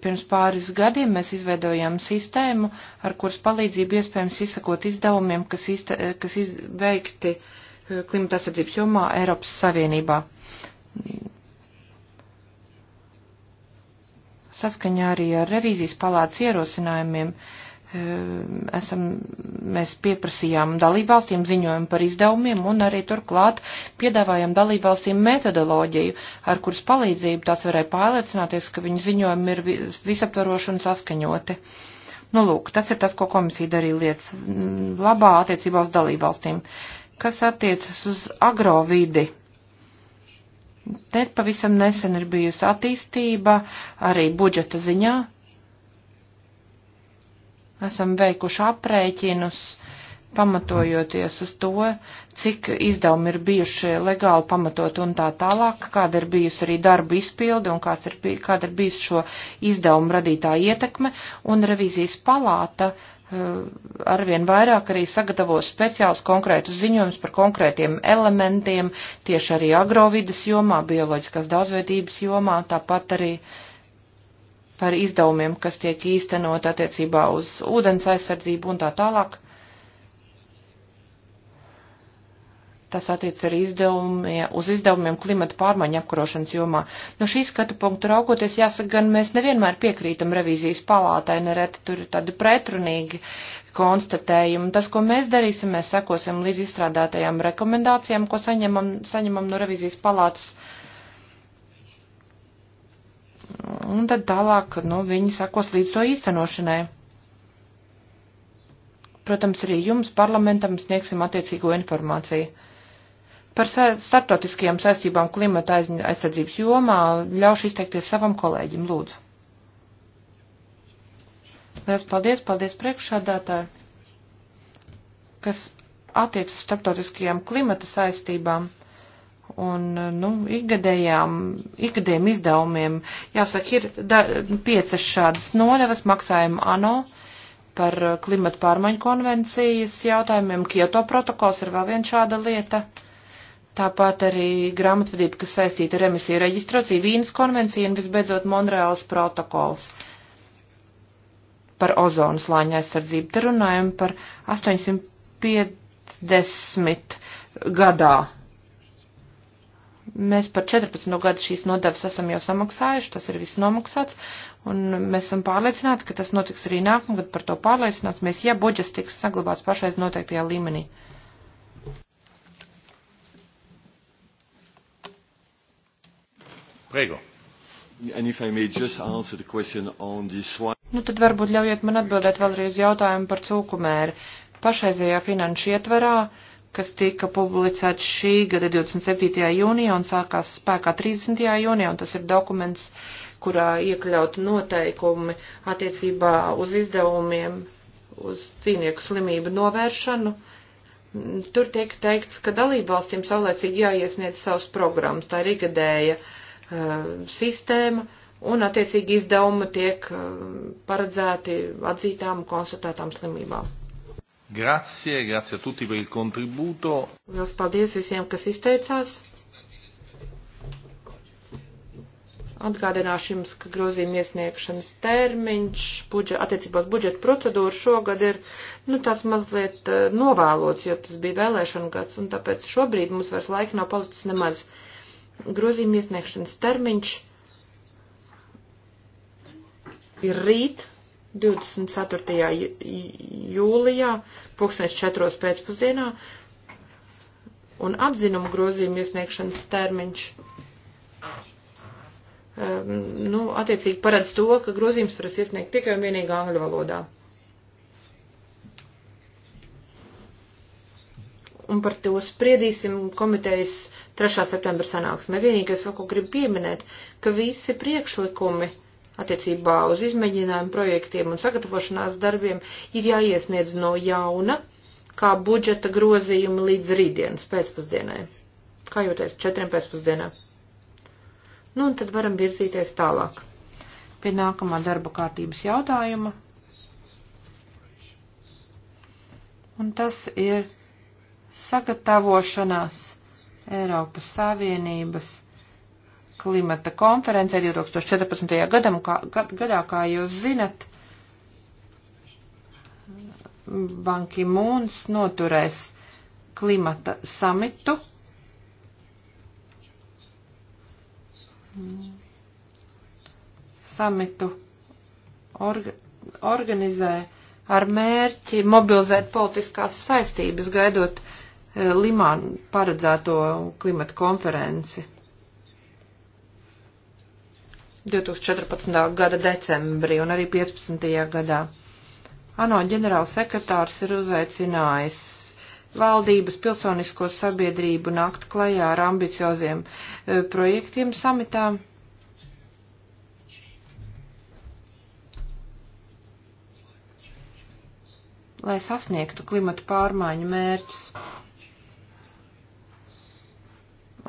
pirms pāris gadiem mēs izveidojām sistēmu, ar kuras palīdzību iespējams izsakot izdevumiem, kas, izte, kas izveikti eh, klimata aizsardzības jomā Eiropas Savienībā Saskaņā arī ar revīzijas palātas ierosinājumiem eh, esam, mēs pieprasījām dalībvalstīm ziņojumu par izdevumiem un arī turklāt piedāvājām dalībvalstīm metodoloģiju, ar kuras palīdzību tās varēja pārliecināties, ka viņu ziņojumi ir visaptvaroši un saskaņoti. Nu, lūk, tas ir tas, ko komisija darīja lietas labā attiecībā uz dalībvalstīm. Kas attiecas uz agrovidi? Te pavisam nesen ir bijusi attīstība arī budžeta ziņā. Esam veikuši aprēķinus uh, pamatojoties uz to, cik izdevumi ir bijuši legāli pamatot un tā tālāk, kāda ir bijusi arī darba izpilde un ir, kāda ir bijusi šo izdevumu radītā ietekme, un revīzijas palāta eh, arvien vairāk arī sagatavos speciāls konkrētus ziņojumus par konkrētiem elementiem, tieši arī agrovides jomā, bioloģiskās daudzveidības jomā, tāpat arī par izdevumiem, kas tiek īstenot attiecībā uz ūdens aizsardzību un tā tālāk. Tas attiec arī izdevumie, uz izdevumiem klimata pārmaiņu apkarošanas jomā. No šī skatu punktu raugoties, jāsaka, gan mēs nevienmēr piekrītam revīzijas palātai, nereti tur ir tādi pretrunīgi konstatējumi. Tas, ko mēs darīsim, mēs sekosim līdz izstrādātajām rekomendācijām, ko saņemam, saņemam no revīzijas palātas. Un tad tālāk, nu, viņi sekos līdz to īstenošanai protams, arī jums parlamentam sniegsim attiecīgo informāciju. Par starptautiskajām saistībām klimata aizsardzības jomā ļaušu izteikties savam kolēģim, lūdzu. Lielas paldies, paldies priekšādātāji, kas attiec uz starptautiskajām klimata saistībām un, nu, ikgadējām, ikgadējiem izdevumiem, jāsaka, ir da, piecas šādas nodevas maksājuma ANO par klimata pārmaiņu konvencijas jautājumiem. Kyoto protokols ir vēl viena šāda lieta tāpat arī grāmatvedība, kas saistīta ar emisiju reģistrāciju, Vīnas konvencija un visbeidzot Monreāls protokols par ozonu slāņa aizsardzību. Te runājam par 850 gadā. Mēs par 14 gadu šīs nodevas esam jau samaksājuši, tas ir viss nomaksāts, un mēs esam pārliecināti, ka tas notiks arī nākamgad, par to pārliecināsimies, ja budžets tiks saglabāts pašais noteiktajā līmenī. Uh, Prego. Nu tad varbūt ļaujiet man atbildēt vēlreiz jautājumu par cūkumēri. Pašreizējā finanšu ietverā, kas tika publicēts šī gada 27. jūnijā un sākās spēkā 30. jūnijā, un tas ir dokuments, kurā iekļaut noteikumi attiecībā uz izdevumiem, uz cīnieku slimību novēršanu. Tur tiek teikts, ka dalībvalstīm saulēcīgi jāiesniedz savus programmas, tā ir ikgadēja uh, Eh, sistēma, un attiecīgi izdevumi tiek eh, paredzēti atzītām konstatētām slimībām. Grazie, grazie a tutti per il contributo. Lielas paldies visiem, kas izteicās. Atgādināšu jums, ka grozījuma iesniegšanas termiņš budžet, attiecībā uz budžeta procedūru šogad ir, nu, tāds mazliet eh, novēlots, jo tas bija vēlēšana gads, un tāpēc šobrīd mums vairs laika nav palicis nemaz. No grozījuma iesniegšanas termiņš ir rīt, 24. jūlijā, pulkstens 4. pēcpusdienā, un atzinumu grozījuma iesniegšanas termiņš, um, nu, attiecīgi paredz to, ka grozījums varas iesniegt tikai un vienīgi angļu valodā. un par to spriedīsim komitejas 3. septembra sanāksmē. Vienīgais, ko gribu pieminēt, ka visi priekšlikumi attiecībā uz izmēģinājumu projektiem un sagatavošanās darbiem ir jāiesniedz no jauna, kā budžeta grozījumi līdz rītdienas pēcpusdienai. Kā jūties, četriem pēcpusdienā. Nu, un tad varam virzīties tālāk. Pie nākamā darba kārtības jautājuma. Un tas ir sagatavošanās Eiropas Savienības klimata konferencē 2014. Gadam, kā, gad, gadā, kā jūs zinat, Banki Mūns noturēs klimata samitu. Samitu orga, organizē ar mērķi mobilizēt politiskās saistības, gaidot uh, Limā paredzēto klimata konferenci 2014. gada decembrī un arī 15. gadā. ANO ģenerālsekretārs ir uzaicinājis valdības pilsonisko sabiedrību nākt klajā ar ambicioziem e, projektiem samitā. lai sasniegtu klimatu pārmaiņu mērķus.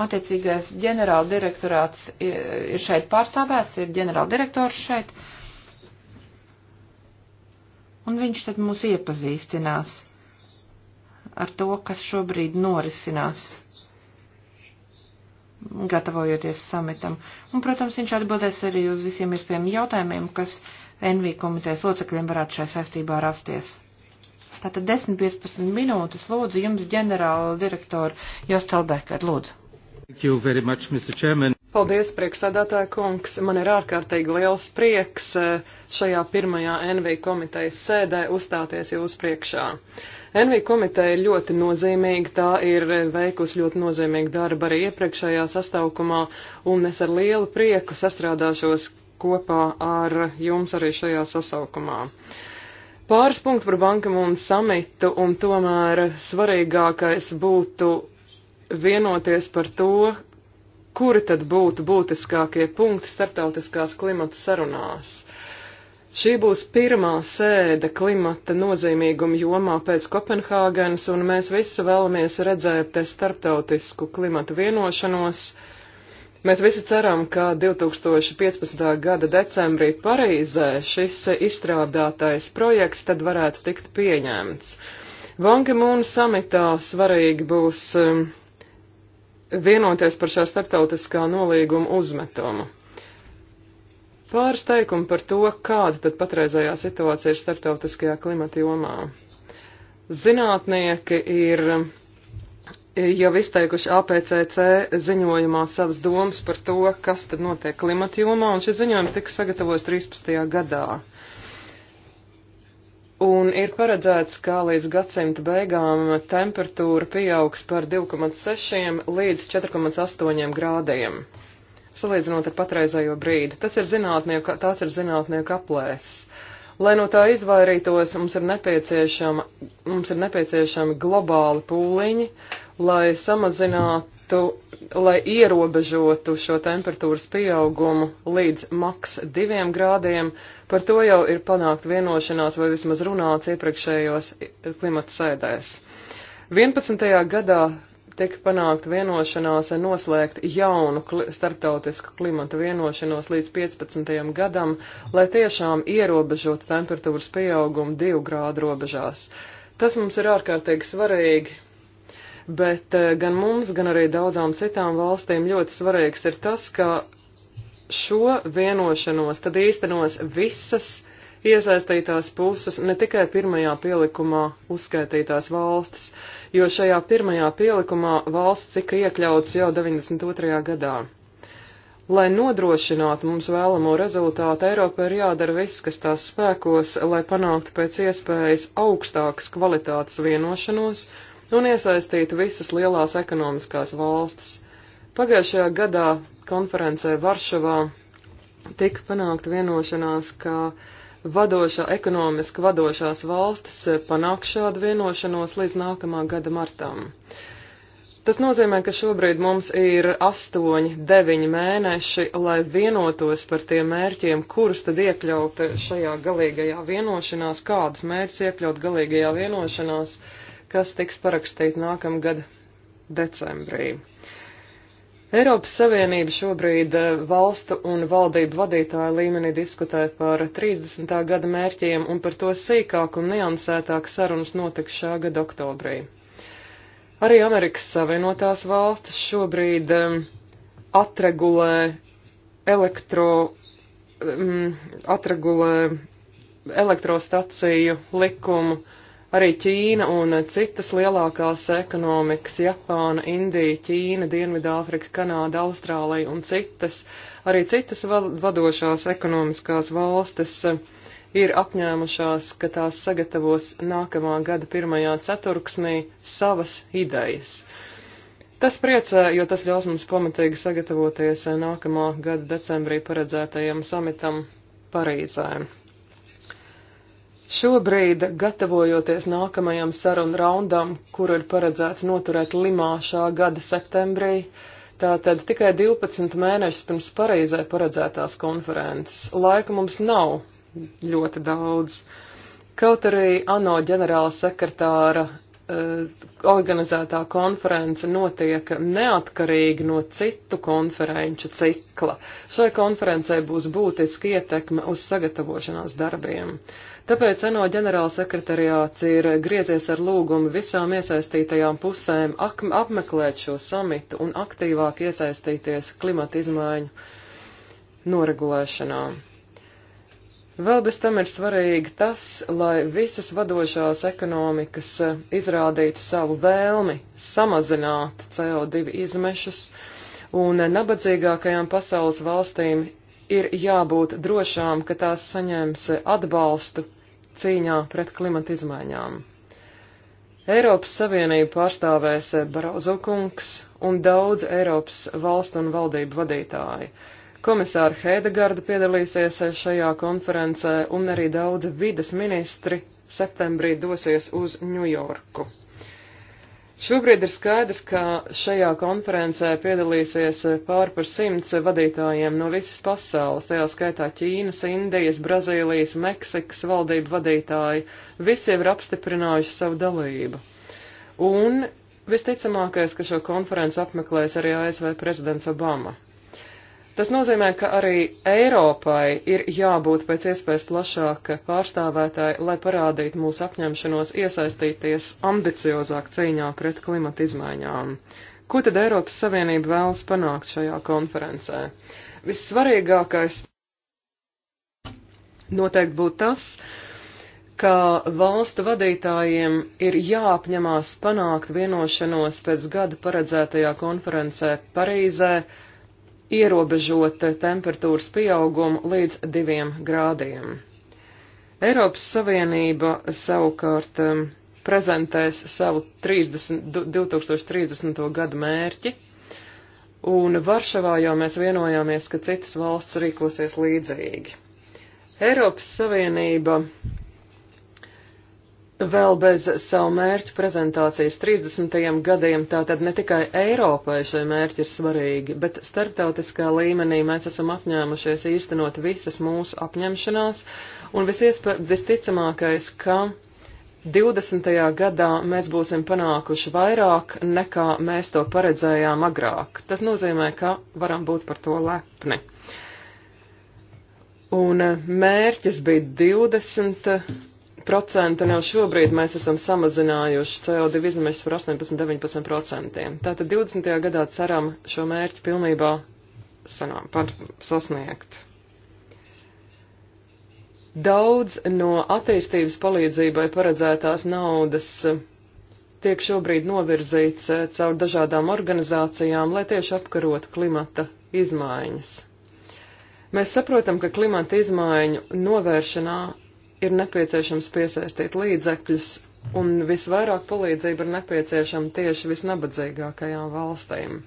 Attiecīgais ģenerāla direktorāts ir šeit pārstāvēts, ir ģenerāla direktors šeit. Un viņš tad mūs iepazīstinās ar to, kas šobrīd norisinās gatavojoties samitam. Un, protams, viņš atbildēs arī uz visiem iespējamiem jautājumiem, kas NV komitejas locekļiem varētu šai saistībā rasties. Tātad 10-15 minūtes lūdzu jums, ģenerāla direktora Jostelbeka, lūdzu. Much, Paldies, priekšsēdētāja kungs. Man ir ārkārtīgi liels prieks eh, šajā pirmajā NV komitejas sēdē uzstāties jūsu priekšā. NV komiteja ir ļoti nozīmīga, tā ir veikusi ļoti nozīmīgu darbu arī iepriekšējā sastāvkumā, un es ar lielu prieku sastrādāšos kopā ar jums arī šajā sasaukumā. Pāris punkti par bankamu un samitu, un tomēr svarīgākais būtu vienoties par to, kuri tad būtu būtiskākie punkti starptautiskās klimata sarunās. Šī būs pirmā sēde klimata nozīmīguma jomā pēc Kopenhāgenes, un mēs visi vēlamies redzēt starptautisku klimata vienošanos. Mēs visi ceram, ka 2015. gada decembrī Parīzē šis izstrādātais projekts tad varētu tikt pieņemts. Vangamūna samitā svarīgi būs um, vienoties par šā starptautiskā nolīguma uzmetumu. Pāris teikumu par to, kāda tad patreizējā situācija ir starptautiskajā klimata jomā. Zinātnieki ir jau izteikuši APCC ziņojumā savas domas par to, kas tad notiek klimata jomā, un šis ziņojums tika sagatavots 13. gadā un ir paredzēts, ka līdz gadsimta beigām temperatūra pieaugs par 2,6 līdz 4,8 grādiem. Salīdzinot ar patreizējo brīdi, tas ir zinātnieku, tās ir zinātnieku aplēses. Lai no tā izvairītos, mums ir, nepieciešama, mums ir nepieciešami globāli pūliņi, lai samazinātu teiktu, lai ierobežotu šo temperatūras pieaugumu līdz maks diviem grādiem, par to jau ir panākt vienošanās vai vismaz runāts iepriekšējos klimata sēdēs. 11. gadā tika panākta vienošanās noslēgt jaunu kli starptautisku klimata vienošanos līdz 15. gadam, lai tiešām ierobežotu temperatūras pieaugumu divu grādu robežās. Tas mums ir ārkārtīgi svarīgi, bet eh, gan mums, gan arī daudzām citām valstīm ļoti svarīgs ir tas, ka šo vienošanos tad īstenos visas iesaistītās puses, ne tikai pirmajā pielikumā uzskaitītās valstis, jo šajā pirmajā pielikumā valsts tika iekļauts jau 92. gadā. Lai nodrošinātu mums vēlamo rezultātu, Eiropa ir jādara viss, kas tās spēkos, lai panāktu pēc iespējas augstākas kvalitātes vienošanos un iesaistītu visas lielās ekonomiskās valstis. Pagājušajā gadā konferencē Varšavā tika panākta vienošanās, ka vadošā, ekonomiski vadošās valstis panāk šādu vienošanos līdz nākamā gada martam. Tas nozīmē, ka šobrīd mums ir 8, 9 mēneši, lai vienotos par tiem mērķiem, kurus tad iekļaut šajā galīgajā vienošanās, kādus mērķus iekļaut galīgajā vienošanās. Uh, kas tiks parakstīt nākamgad decembrī. Eiropas Savienība šobrīd eh, valstu un valdību vadītāju līmenī diskutē par 30. gada mērķiem un par to sīkāk un niansētāk sarunas notiks šā gada oktobrī. Arī Amerikas Savienotās valstis šobrīd um, atregulē elektro, um, atregulē elektrostaciju likumu Arī Ķīna un citas lielākās ekonomikas - Japāna, Indija, Ķīna, Dienvidāfrika, Kanāda, Austrālija un citas, arī citas vadošās ekonomiskās valstis eh, ir apņēmušās, ka tās sagatavos nākamā gada pirmajā ceturksnī savas idejas. Tas priecē, jo tas ļaus mums pamatīgi sagatavoties eh, nākamā gada decembrī paredzētajam samitam Parīzē. Šobrīd, gatavojoties nākamajam sarunu raundam, kuru ir paredzēts noturēt Limā šā gada septembrī, tātad tikai 12 mēnešus pirms Parīzē paredzētās konferences, laika mums nav ļoti daudz. Kaut arī ANO ģenerāla sekretāra Eh, organizētā konference notiek neatkarīgi no citu konferenču cikla. Šai konferencei būs būtiski ietekme uz sagatavošanās darbiem. Tāpēc ANO ģenerālsekretariāts ir griezies ar lūgumu visām iesaistītajām pusēm apmeklēt šo samitu un aktīvāk iesaistīties klimata izmaiņu noregulēšanā. Vēl bez tam ir svarīgi tas, lai visas vadošās ekonomikas eh, izrādītu savu vēlmi samazināt CO2 izmešus, un nabadzīgākajām pasaules valstīm ir jābūt drošām, ka tās saņems atbalstu cīņā pret klimata izmaiņām. Eiropas Savienību pārstāvēs Barozokungs un daudz Eiropas valstu un valdību vadītāju. Komisāra Heidegarda piedalīsies šajā konferencē un arī daudzi vides ministri septembrī dosies uz Ņujorku. Šobrīd ir skaidrs, ka šajā konferencē piedalīsies pār par simts vadītājiem no visas pasaules, tajā skaitā Ķīnas, Indijas, Brazīlijas, Meksikas valdību vadītāji. Visi jau ir apstiprinājuši savu dalību. Un visticamākais, ka šo konferenci apmeklēs arī ASV prezidents Obama. Tas nozīmē, ka arī Eiropai ir jābūt pēc iespējas plašāka pārstāvētāja, lai parādītu mūsu apņemšanos iesaistīties ambiciozāk cīņā pret klimata izmaiņām. Ko tad Eiropas Savienība vēlas panākt šajā konferencē? Vissvarīgākais noteikti būtu tas, ka valstu vadītājiem ir jāapņemās panākt vienošanos pēc gada paredzētajā konferencē Parīzē, ierobežot temperatūras pieaugumu līdz diviem grādiem. Eiropas Savienība savukārt um, prezentēs savu 30, 2030. gadu mērķi, un Varšavā jau mēs vienojāmies, ka citas valsts rīkosies līdzīgi. Eiropas Savienība vēl bez savu mērķu prezentācijas 30. gadiem, tātad ne tikai Eiropai šie mērķi ir svarīgi, bet starptautiskā līmenī mēs esam apņēmušies īstenot visas mūsu apņemšanās, un visticamākais, ka 20. gadā mēs būsim panākuši vairāk, nekā mēs to paredzējām agrāk. Tas nozīmē, ka varam būt par to lepni. Un mērķis bija 20 procenta jau šobrīd mēs esam samazinājuši CO2 izmešus par 18-19%. Tātad 20. gadā ceram šo mērķu pilnībā sanā, par, sasniegt. Daudz no attīstības palīdzībai paredzētās naudas tiek šobrīd novirzīts eh, caur dažādām organizācijām, lai tieši apkarotu klimata izmaiņas. Mēs saprotam, ka klimata izmaiņu novēršanā ir nepieciešams piesaistīt līdzekļus, un visvairāk palīdzība ir nepieciešama tieši visnabadzīgākajām valstīm.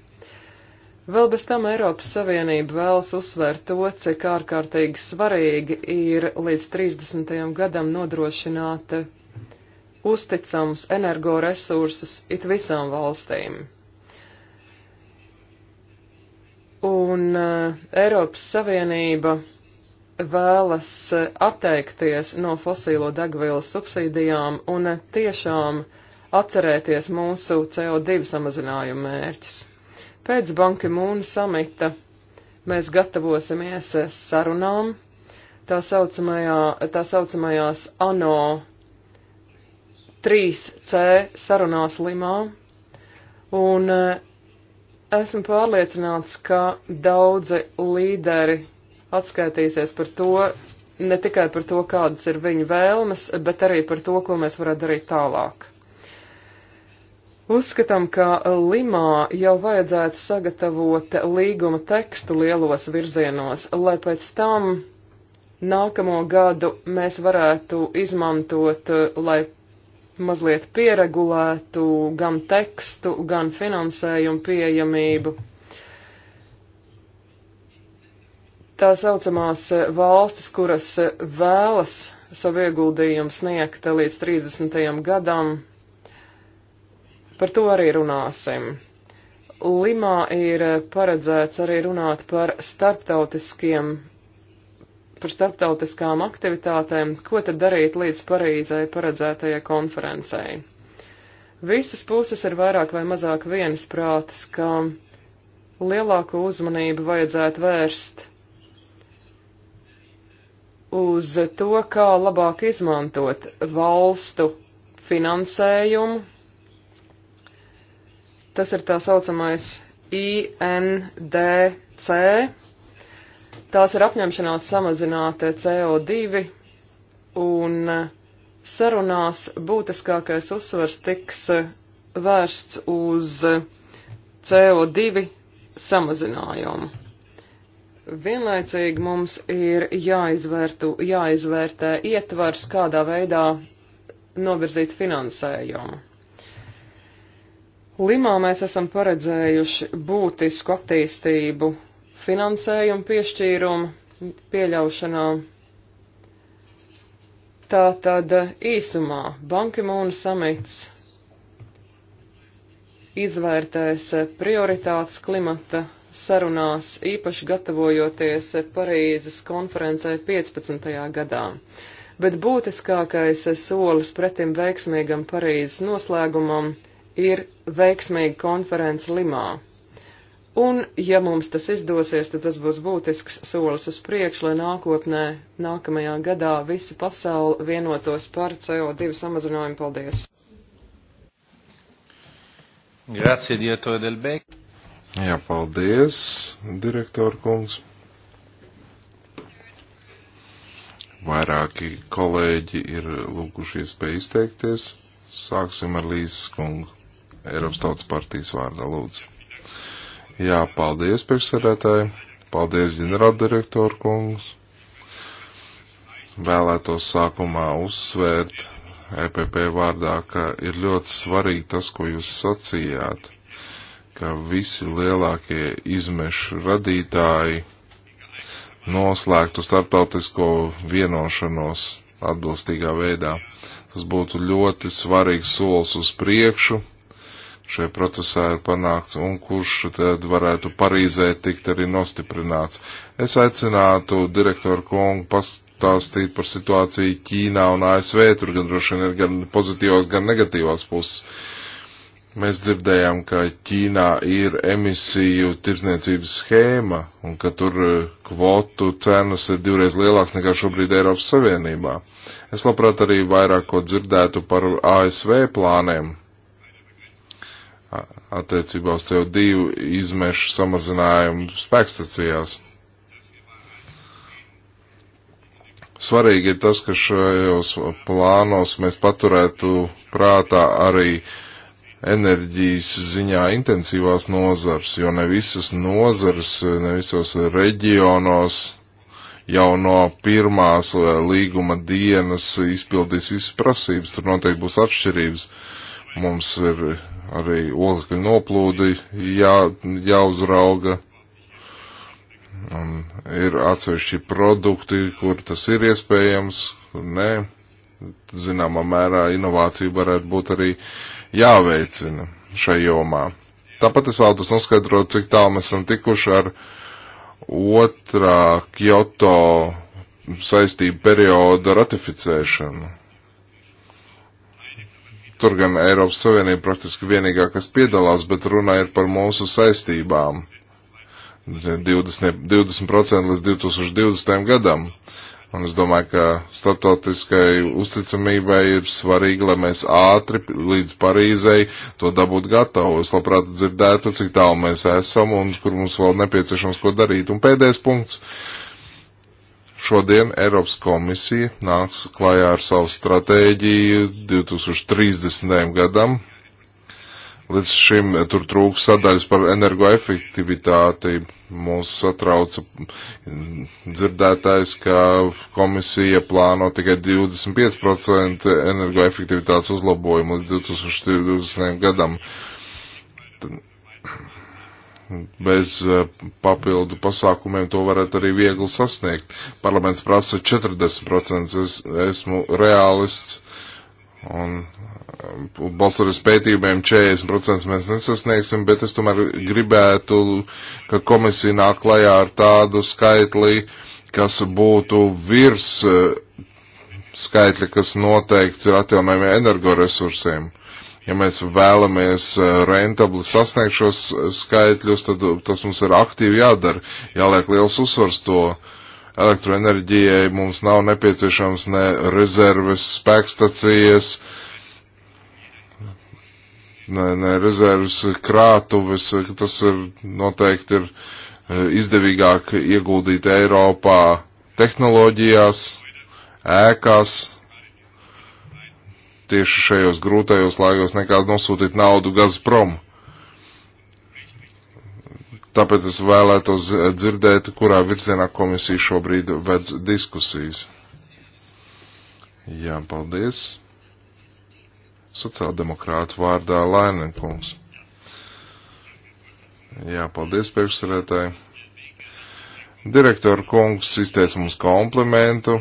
Vēl bez tam Eiropas Savienība vēlas uzsvērt to, cik ārkārtīgi svarīgi ir līdz 30. gadam nodrošināt uzticams energoresursus it visām valstīm. un uh, Eiropas Savienība vēlas eh, atteikties no fosīlo degvielas subsīdijām un eh, tiešām atcerēties mūsu CO2 samazinājumu mērķus. Pēc Banka Mūna samita mēs gatavosimies eh, sarunām tā, saucamajā, tā saucamajās ANO 3C sarunās Limā, un esmu pārliecināts, ka daudzi līderi atskaitīsies par to, ne tikai par to, kādas ir viņu vēlmes, bet arī par to, ko mēs varētu darīt tālāk. Uzskatām, ka Limā jau vajadzētu sagatavot līguma tekstu lielos virzienos, lai pēc tam nākamo gadu mēs varētu izmantot, lai mazliet pieregulētu gan tekstu, gan finansējumu pieejamību tā saucamās eh, valstis, kuras eh, vēlas savu ieguldījumu sniegt līdz 30. gadam. Par to arī runāsim. Limā ir eh, paredzēts arī runāt par starptautiskiem, par starptautiskām aktivitātēm, ko tad darīt līdz Parīzai paredzētajai konferencei. Visas puses ir vairāk vai mazāk vienas prātas, ka lielāku uzmanību vajadzētu vērst uz to, kā labāk izmantot valstu finansējumu. Tas ir tā saucamais INDC. Tās ir apņemšanās samazināt CO2 un sarunās būtiskākais uzsvars tiks vērsts uz CO2 samazinājumu. Vienlaicīgi mums ir jāizvērtu, jāizvērtē ietvars, kādā veidā novirzīt finansējumu. Limā mēs esam paredzējuši būtisku attīstību finansējumu piešķīrumu pieļaušanā. Tā tad īsumā Bankimūna samits izvērtēs prioritātes klimata sarunās, īpaši gatavojoties Parīzes konferencē 15. gadā. Bet būtiskākais solis pretim veiksmīgam Parīzes noslēgumam ir veiksmīga konference Limā. Un, ja mums tas izdosies, tad tas būs būtisks solis uz priekšu, lai nākotnē, nākamajā gadā visa pasaule vienotos par CO2 samazinājumu. Paldies! Grazie, Dietore Delbecq. Jā, paldies, direktor kungs. Vairāki kolēģi ir lūgušies pie izteikties. Sāksim ar Līsas kungu. Eiropas Tautas partijas vārdā lūdzu. Jā, paldies, priekšsēdētāji. Paldies, ģenerāldirektor kungs. Vēlētos sākumā uzsvērt EPP vārdā, ka ir ļoti svarīgi tas, ko jūs sacījāt ka visi lielākie izmešu radītāji noslēgtu starptautisko vienošanos atbilstīgā veidā. Tas būtu ļoti svarīgs solis uz priekšu šajā procesā ir panākts un kurš tad varētu Parīzē tikt arī nostiprināts. Es aicinātu direktoru kungu pastāstīt par situāciju Ķīnā un ASV, tur gan droši vien ir gan pozitīvās, gan negatīvās puses. Mēs dzirdējām, ka Ķīnā ir emisiju tirdzniecības schēma un ka tur e, kvotu cenas ir divreiz lielāks nekā šobrīd Eiropas Savienībā. Es labprāt arī vairāk ko dzirdētu par ASV plāniem attiecībā uz CO2 izmešu samazinājumu spēkstacijās. Svarīgi ir tas, ka šajos plānos mēs paturētu prātā arī uh, enerģijas ziņā intensīvās nozars, jo ne visas nozars, ne visos reģionos jau no pirmās eh, līguma dienas izpildīs visas prasības, tur noteikti būs atšķirības. Mums ir arī oglekļa noplūdi jā, jāuzrauga. Un ir atsevišķi produkti, kur tas ir iespējams, kur nē. Zināmā mērā inovācija varētu būt arī uh, jāveicina šai jomā. Tāpat es vēlos noskaidrot, cik tālu mēs esam tikuši ar otrā Kyoto saistību perioda ratificēšanu. Tur gan Eiropas Savienība praktiski vienīgā, kas piedalās, bet runa ir par mūsu saistībām. 20%, 20 līdz 2020. gadam. Un es domāju, ka starptautiskai uzticamībai ir svarīgi, lai mēs ātri līdz Parīzei to dabūtu gatavu. Es labprāt dzirdētu, cik tālu mēs esam un kur mums vēl nepieciešams ko darīt. Un pēdējais punkts. Šodien Eiropas komisija nāks klajā ar savu stratēģiju 2030. gadam, Līdz šim eh, tur trūks sadaļas par energoefektivitāti. Mūs satrauca mm, dzirdētājs, ka komisija plāno tikai 25% energoefektivitātes uzlabojumu līdz 2020. gadam. Bez eh, papildu pasākumiem to varētu arī viegli sasniegt. Parlaments prasa 40%. Es esmu realists un balsot uz pētījumiem 40% mēs nesasniegsim, bet es tomēr gribētu, ka komisija nāk klajā ar tādu skaitli, kas būtu virs eh, skaitļa, kas noteikts ir atjaunojumiem energoresursiem. Ja mēs vēlamies eh, rentabli sasniegt šos eh, skaitļus, tad tas mums ir aktīvi jādara, jāliek liels uzsvars to elektroenerģijai mums nav nepieciešams ne rezerves spēkstacijas, ne, ne rezerves krātuves, tas ir noteikti ir e, izdevīgāk ieguldīt Eiropā tehnoloģijās, ēkās, tieši šajos grūtajos laikos nekā nosūtīt naudu Gazprom. Tāpēc es vēlētos dzirdēt, kurā virzienā komisija šobrīd vedz diskusijas. Jā, paldies sociāldemokrātu vārdā Lainenkungs. Jā, paldies priekšsarētāji. Direktora kungs izteica mums komplimentu.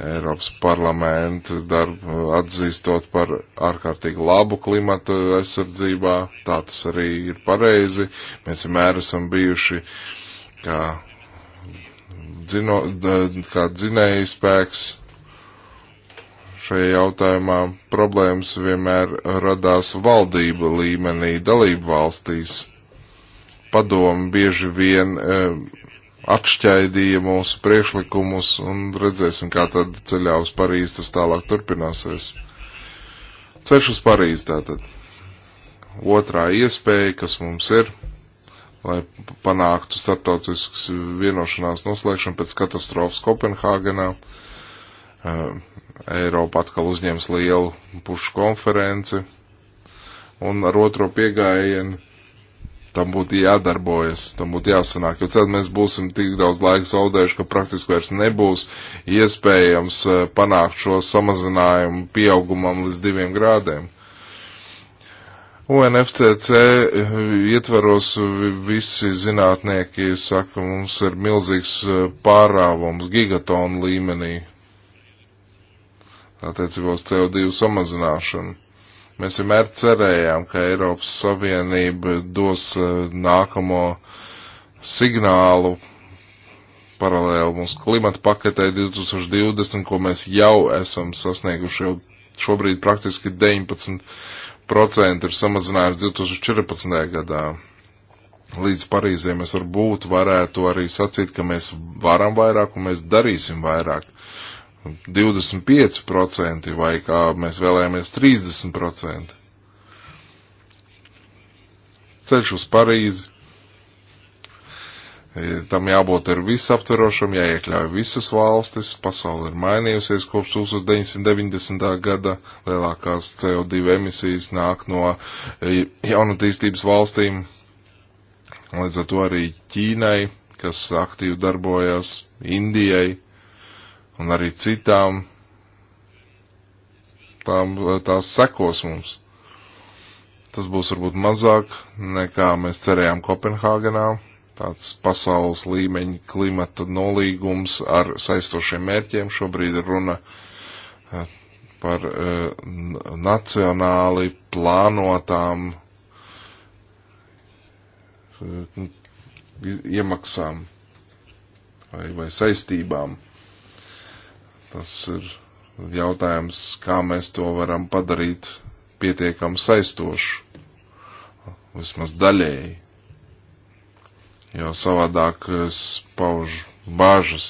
Eiropas parlamenta darbu atzīstot par ārkārtīgi labu klimatu aizsardzībā. Tā tas arī ir pareizi. Mēs vienmēr esam bijuši kā, dzino, kā dzinēji spēks šajā jautājumā problēmas vienmēr radās valdība līmenī, dalību valstīs. Padomu bieži vien e, atšķaidīja mūsu priekšlikumus un redzēsim, kā tad ceļā uz Parīzi tas tālāk turpināsies. Ceļš uz Parīzi tātad. Otrā iespēja, kas mums ir, lai panāktu starptautiskas vienošanās noslēgšanu pēc katastrofas Kopenhāgenā. Uh, Eh, Eiropa atkal uzņems lielu pušu konferenci, un ar otro piegājienu tam būtu jādarbojas, tam būtu jāsanāk, jo tad mēs būsim tik daudz laika zaudējuši, ka praktiski vairs nebūs iespējams eh, panākt šo samazinājumu pieaugumam līdz diviem grādiem. UNFCC eh, ietvaros visi zinātnieki saka, mums ir milzīgs pārāvums gigatonu līmenī attiecībā uz CO2 samazināšanu. Mēs vienmēr cerējām, ka Eiropas Savienība dos eh, nākamo signālu paralēli mūsu klimata paketē 2020, ko mēs jau esam sasnieguši jau šobrīd praktiski 19% ir samazinājums 2014. gadā. Līdz Parīzē mēs varbūt varētu arī sacīt, ka mēs varam vairāk un mēs darīsim vairāk 25% vai kā mēs vēlējāmies 30%. Ceļš uz Parīzi. E, tam jābūt ir visaptverošam, jāiekļauj visas valstis, pasauli ir mainījusies kopš 1990. gada, lielākās CO2 emisijas nāk no e, jaunatīstības valstīm, līdz ar to arī Ķīnai, kas aktīvi darbojas, Indijai, un arī citām, tām, tās sekos mums. Tas būs varbūt mazāk nekā mēs cerējām Kopenhāgenā. Tāds pasaules līmeņa klimata nolīgums ar saistošiem mērķiem. Šobrīd ir runa eh, par eh, nacionāli plānotām eh, iemaksām vai, vai saistībām. Tas ir jautājums, kā mēs to varam padarīt pietiekam saistošu, vismaz daļēji. Jo savādāk es paužu bāžas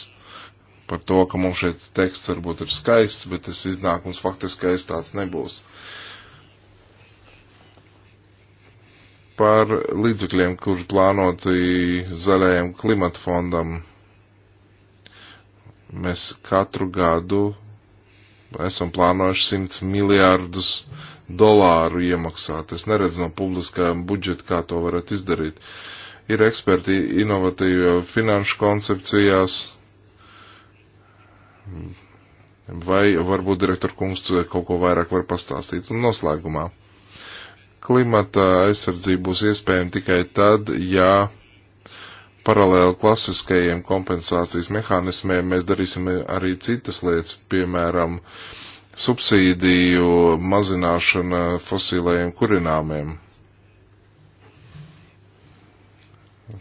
par to, ka mums šeit teksts varbūt ir skaists, bet tas iznākums faktiskais tāds nebūs. Par līdzekļiem, kur plānoti zaļajam klimata fondam Mēs katru gadu esam plānojuši 100 miljārdus dolāru iemaksāt. Es neredzu no publiskā budžeta, kā to varat izdarīt. Ir eksperti inovatīvi finanšu koncepcijās, vai varbūt direktor kungs kaut ko vairāk var pastāstīt. Un noslēgumā. Klimata aizsardzība būs iespējama tikai tad, ja paralēli klasiskajiem kompensācijas mehānismiem mēs darīsim arī citas lietas, piemēram, subsīdiju mazināšana fosīlējiem kurināmiem.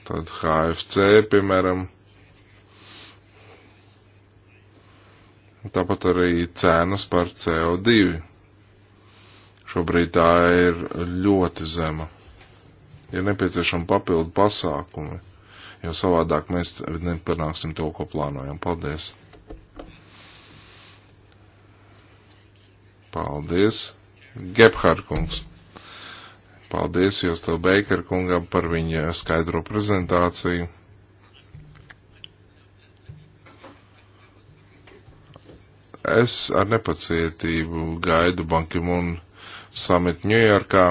Tad HFC, piemēram. Tāpat arī cenas par CO2. Šobrīd tā ir ļoti zema. Ir nepieciešama papildu pasākumi jo savādāk mēs nepanāksim to, ko plānojam. Paldies! Paldies, Gebhārkungs! Paldies jūs to Beikar kungam par viņa skaidro prezentāciju. Es ar nepacietību gaidu Bankimun samitu Ņujorkā.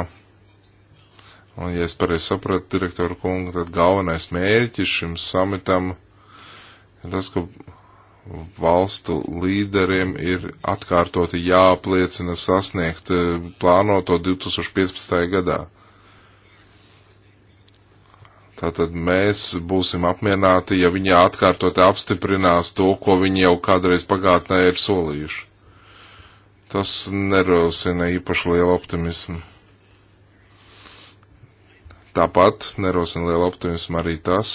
Un, ja es pareizi sapratu, direktoru kungu, tad galvenais mērķis šim samitam ir tas, ka valstu līderiem ir atkārtoti jāapliecina sasniegt e, plānoto 2015. gadā. Tātad mēs būsim apmierināti, ja viņi atkārtoti apstiprinās to, ko viņi jau kādreiz pagātnē ir solījuši. Tas nerosina īpaši lielu optimismu. Tāpat nerosina lielu optimismu arī tas,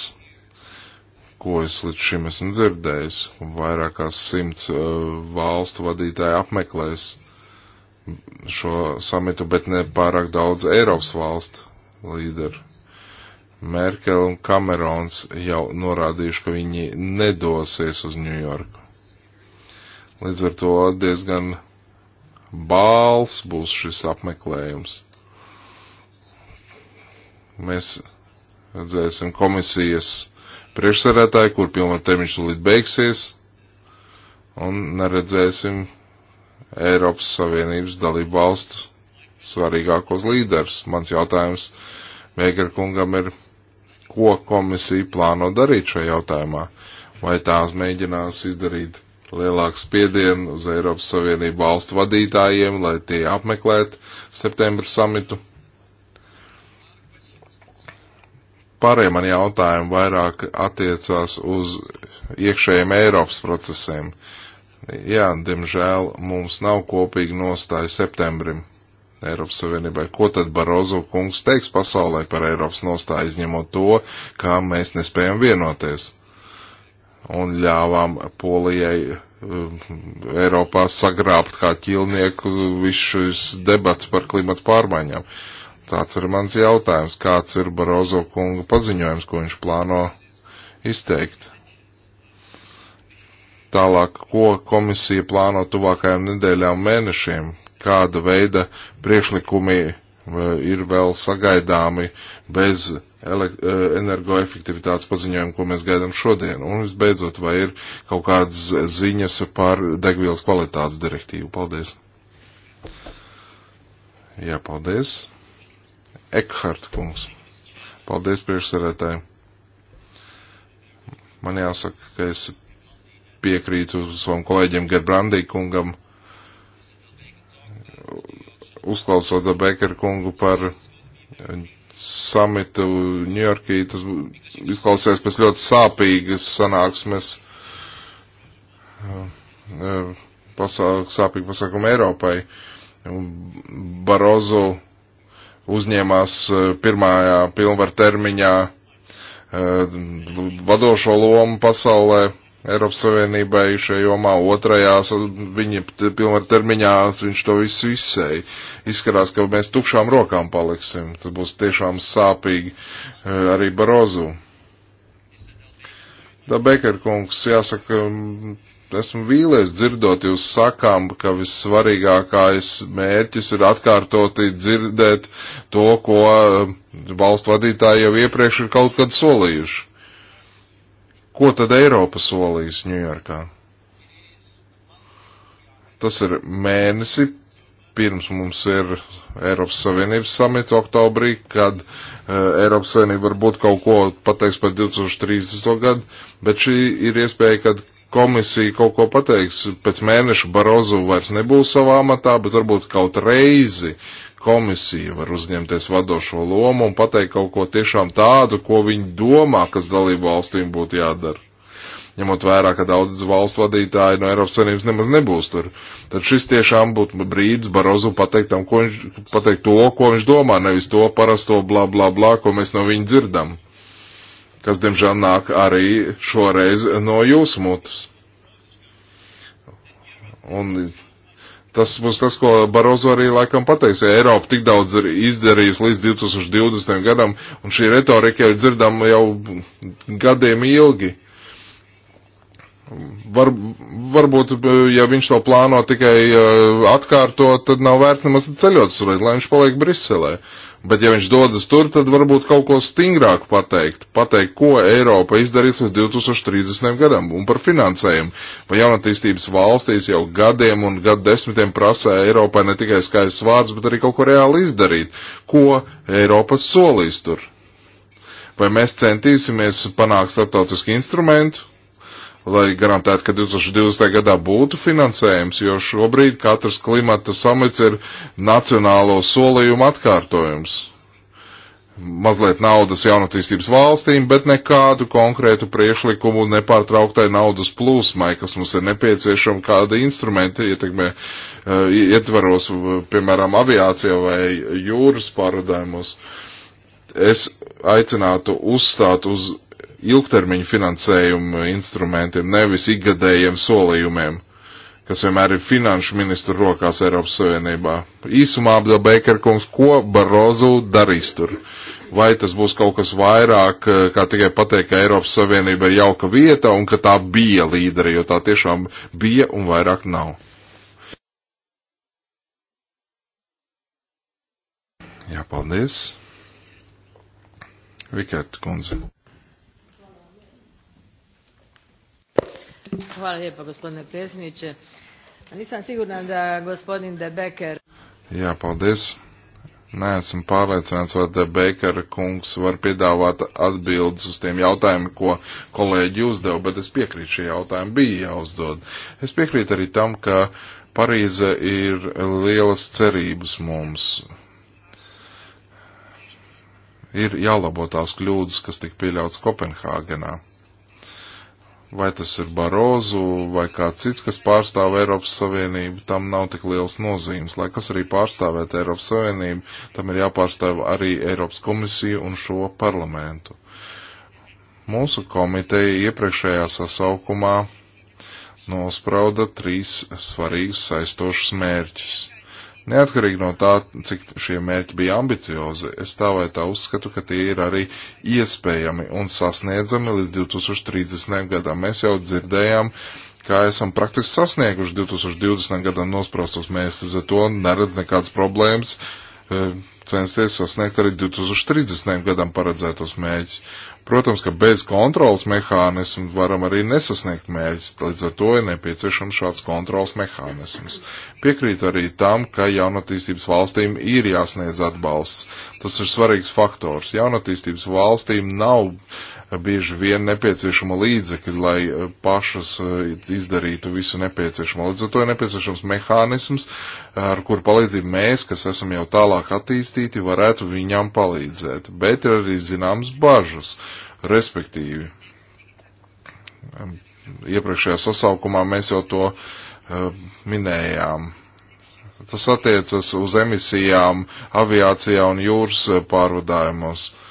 ko es līdz šim esmu dzirdējis, un vairākās simts uh, valstu vadītāji apmeklēs šo samitu, bet ne pārāk daudz Eiropas valstu līderu. Merkel un Kamerons jau norādījuši, ka viņi nedosies uz Ņujorku. Līdz ar to diezgan bāls būs šis apmeklējums. Mēs redzēsim komisijas priekšsarētāju, kur pilnvērtēmiņš līdz beigsies, un neredzēsim Eiropas Savienības dalību valstu svarīgākos līderus. Mans jautājums Vēgra kungam ir, ko komisija plāno darīt šajā jautājumā? Vai tās mēģinās izdarīt lielāku spiedienu uz Eiropas Savienību valstu vadītājiem, lai tie apmeklētu septembra samitu? Pārējie man jautājumi vairāk attiecās uz iekšējiem Eiropas procesiem. Jā, diemžēl mums nav kopīga nostāja septembrim Eiropas Savienībai. Ko tad Barozo kungs teiks pasaulē par Eiropas nostāju, izņemot to, kā mēs nespējam vienoties un ļāvām Polijai um, Eiropā sagrābt kā ķilnieku visus debats par klimatu pārmaiņām. Uh, Tāds ir mans jautājums, kāds ir Barozo kunga paziņojums, ko viņš plāno izteikt. Tālāk, ko komisija plāno tuvākajām nedēļām mēnešiem, kāda veida priekšlikumi e, ir vēl sagaidāmi bez e, energoefektivitātes paziņojumu, ko mēs gaidām šodien. Un visbeidzot, vai ir kaut kādas ziņas par degvielas kvalitātes direktīvu. Paldies! Jā, paldies! Ekhart kungs. Paldies priekšsarētāji. Man jāsaka, ka es piekrītu savam kolēģim Gerbrandī kungam, uzklausot Bekeru kungu par samitu Ņujorkī. Tas izklausās pēc ļoti sāpīgas sanāksmes eh, eh, pasāk, sāpīgu pasākumu Eiropai. Barozo uzņēmās eh, pirmajā pilnvartermiņā eh, vadošo lomu pasaulē Eiropas Savienībai šajā jomā, otrajā viņa pilnvartermiņā viņš to visu izsēja. Izskatās, ka mēs tukšām rokām paliksim. Tas būs tiešām sāpīgi eh, arī Barozu. Da Beker kungs, jāsaka, esmu vīlies dzirdot jūs sakām, ka vissvarīgākais mērķis ir atkārtoti dzirdēt to, ko eh, valstu vadītāji jau iepriekš ir kaut kad solījuši. Ko tad Eiropa solīs Ņujorkā? Tas ir mēnesi pirms mums ir Eiropas Savienības samits oktobrī, kad uh, Eiropas Savienība varbūt kaut ko pateiks par 2030. gadu, bet šī ir iespēja, kad komisija kaut ko pateiks. Pēc mēneša Barozu vairs nebūs savā amatā, bet varbūt kaut reizi komisija var uzņemties vadošo lomu un pateikt kaut ko tiešām tādu, ko viņi domā, kas dalību valstīm būtu jādara. Ņemot vērā, ka daudz valstu vadītāji no Eiropas Savienības nemaz nebūs tur, tad šis tiešām būtu brīdis Barozu pateikt, tam, ko viņš, pateikt to, ko viņš domā, nevis to parasto bla bla bla, ko mēs no viņa dzirdam kas, diemžēl, nāk arī šoreiz no jūsu mutes. Un tas būs tas, ko Barozo arī laikam pateiks. Ja Eiropa tik daudz ir izdarījusi līdz 2020. gadam, un šī retorika jau ir dzirdama jau gadiem ilgi. Var, varbūt, eh, ja viņš to plāno tikai uh, eh, atkārtot, tad nav vērts nemaz ceļot uz lai viņš paliek Briselē. Bet ja viņš dodas tur, tad varbūt kaut ko stingrāku pateikt. Pateikt, ko Eiropa izdarīs līdz 2030. gadam un par finansējumu. Vai jaunatīstības valstīs jau gadiem un gadu desmitiem prasē Eiropai ne tikai skaists vārds, bet arī kaut ko reāli izdarīt. Ko Eiropa solīs tur? Vai mēs centīsimies panākt starptautisku instrumentu, lai garantētu, ka 2020. gadā būtu finansējums, jo šobrīd katrs klimata samits ir nacionālo solījumu atkārtojums. Mazliet naudas jaunatīstības valstīm, bet nekādu konkrētu priekšlikumu nepārtrauktai naudas plūsmai, kas mums ir nepieciešama, kāda instrumenta ietekmē eh, ietvaros, piemēram, aviācijā vai jūras pārādājumos. Es aicinātu uzstāt uz ilgtermiņu finansējumu instrumentiem, nevis ikgadējiem solījumiem, kas vienmēr ir finanšu ministru rokās Eiropas Savienībā. Īsumā apdala Beikerkungs, ko Barozu darīs tur? Vai tas būs kaut kas vairāk, eh, kā tikai pateikt, ka Eiropas Savienība ir jauka vieta un ka tā bija līderi, jo tā tiešām bija un vairāk nav? Jā, paldies. Rikārta kundze. Hvala lijepa gospodine predsjedniče. Nisam sigurna da gospodin De Becker. Jā, paldies. Nē, esmu pārliecināts, vai De Becker kungs var piedāvāt atbildes uz tiem jautājumiem, ko kolēģi uzdeva, bet es piekrītu šie jautājumi bija jāuzdod. Es piekrītu arī tam, ka Parīze ir lielas cerības mums. Ir jālabo tās kļūdas, kas tika pieļauts Kopenhāgenā vai tas ir Barozu vai kāds cits, kas pārstāv Eiropas Savienību, tam nav tik liels nozīmes. Lai kas arī pārstāvētu Eiropas Savienību, tam ir jāpārstāv arī Eiropas komisija un šo parlamentu. Mūsu komiteja iepriekšējā sasaukumā nosprauda trīs svarīgus saistošus mērķus. Neatkarīgi no tā, cik šie mērķi bija ambiciozi, es tā vai tā uzskatu, ka tie ir arī iespējami un sasniedzami līdz 2030. gadam. Mēs jau dzirdējām, kā esam praktiski sasnieguši 2020. gadam nospraustos mērķus, līdz ar to neredz nekādas problēmas e, censties sasniegt arī 2030. gadam paredzētos mērķus. Protams, ka bez kontrolas mehānismu varam arī nesasniegt mērķis, līdz ar to ir nepieciešams šāds kontrolas mehānisms. Piekrīt arī tam, ka jaunatīstības valstīm ir jāsniedz atbalsts. Tas ir svarīgs faktors. Jaunatīstības valstīm nav bieži vien nepieciešama līdzekļa, lai eh, pašas eh, izdarītu visu nepieciešamo. Līdz ar to ir nepieciešams mehānisms, eh, ar kur palīdzību mēs, kas esam jau tālāk attīstīti, varētu viņam palīdzēt. Bet ir arī zināmas bažas, respektīvi. Iepriekšējā sasaukumā mēs jau to uh, minējām. Tas attiecas uz emisijām aviācijā un jūras pārvadājumos. Uh,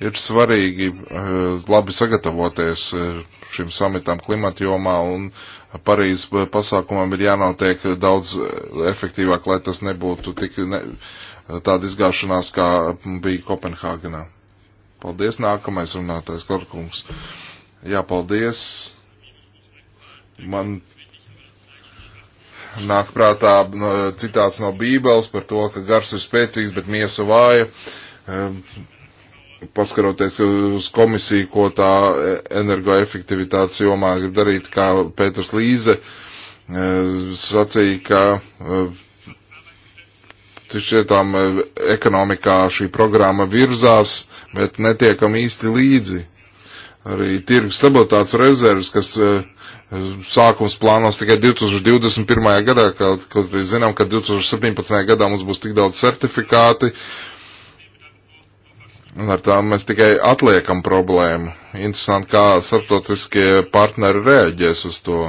Ir svarīgi eh, labi sagatavoties eh, šim samitam klimata jomā un Parīzes eh, pasākumam ir jānotiek daudz efektīvāk, lai tas nebūtu tik ne, tāda izgāšanās, kā bija Kopenhāgenā. Paldies, nākamais runātais Korkungs. Jā, paldies. Man nāk prātā citāts no Bībeles par to, ka gars ir spēcīgs, bet miesa vāja. Ehm, paskaroties uz komisiju, ko tā e, energoefektivitātes jomā grib darīt, kā Pēters Līze e, sacīja, ka tiešām e, ekonomikā šī programma virzās, bet netiekam īsti līdzi. Arī tirgus stabilitātes rezerves, kas sākums plānos tikai 2021. gadā, kaut arī zinām, ka 2017. gadā mums būs tik daudz certifikāti, uh, Un ar tām mēs tikai atliekam problēmu. Interesanti, kā starptautiskie partneri reaģēs uz to.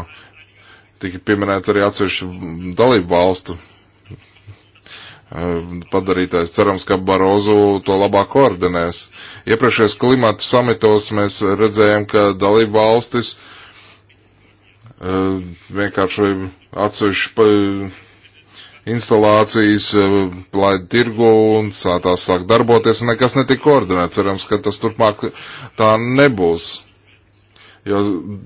Tika pieminēta arī atsevišķu dalību valstu padarītais. Cerams, ka Barozu to labāk koordinēs. Iepriekšējos klimata samitos mēs redzējām, ka dalību valstis vienkārši atsevišķi instalācijas eh, laid tirgu un tās sāk darboties, un nekas netika koordinēts. Cerams, ka tas turpmāk tā nebūs. Jo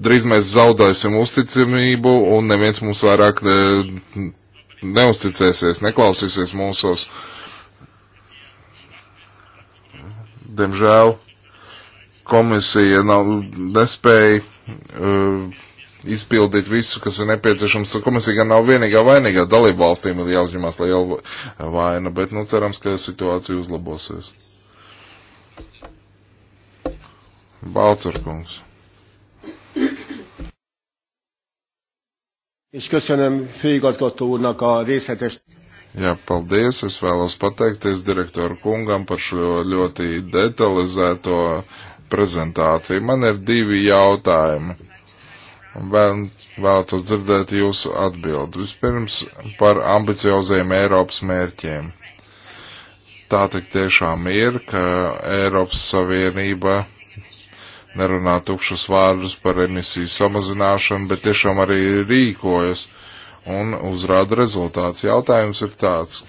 drīz mēs zaudēsim uzticamību, un neviens mums vairāk ne, neusticēsies, neklausīsies mūsos. Diemžēl komisija nav nespēja. Uh, izpildīt visu, kas ir nepieciešams. Komisija gan nav vienīgā vainīgā, dalību valstīm ir jāuzņemās liela vaina, bet nu cerams, ka situācija uzlabosies. Balcerkungs. És köszönöm főigazgató úrnak a részletes. Jā, paldies. Es vēlos pateikties direktoru kungam par šo ļoti detalizēto prezentāciju. Man ir divi jautājumi Vēl, vēlētos dzirdēt jūsu atbildi. Vispirms par ambiciozajiem Eiropas mērķiem. Tā tik tiešām ir, ka Eiropas Savienība nerunā tukšus vārdus par emisiju samazināšanu, bet tiešām arī rīkojas un uzrāda rezultāts. Jautājums ir tāds,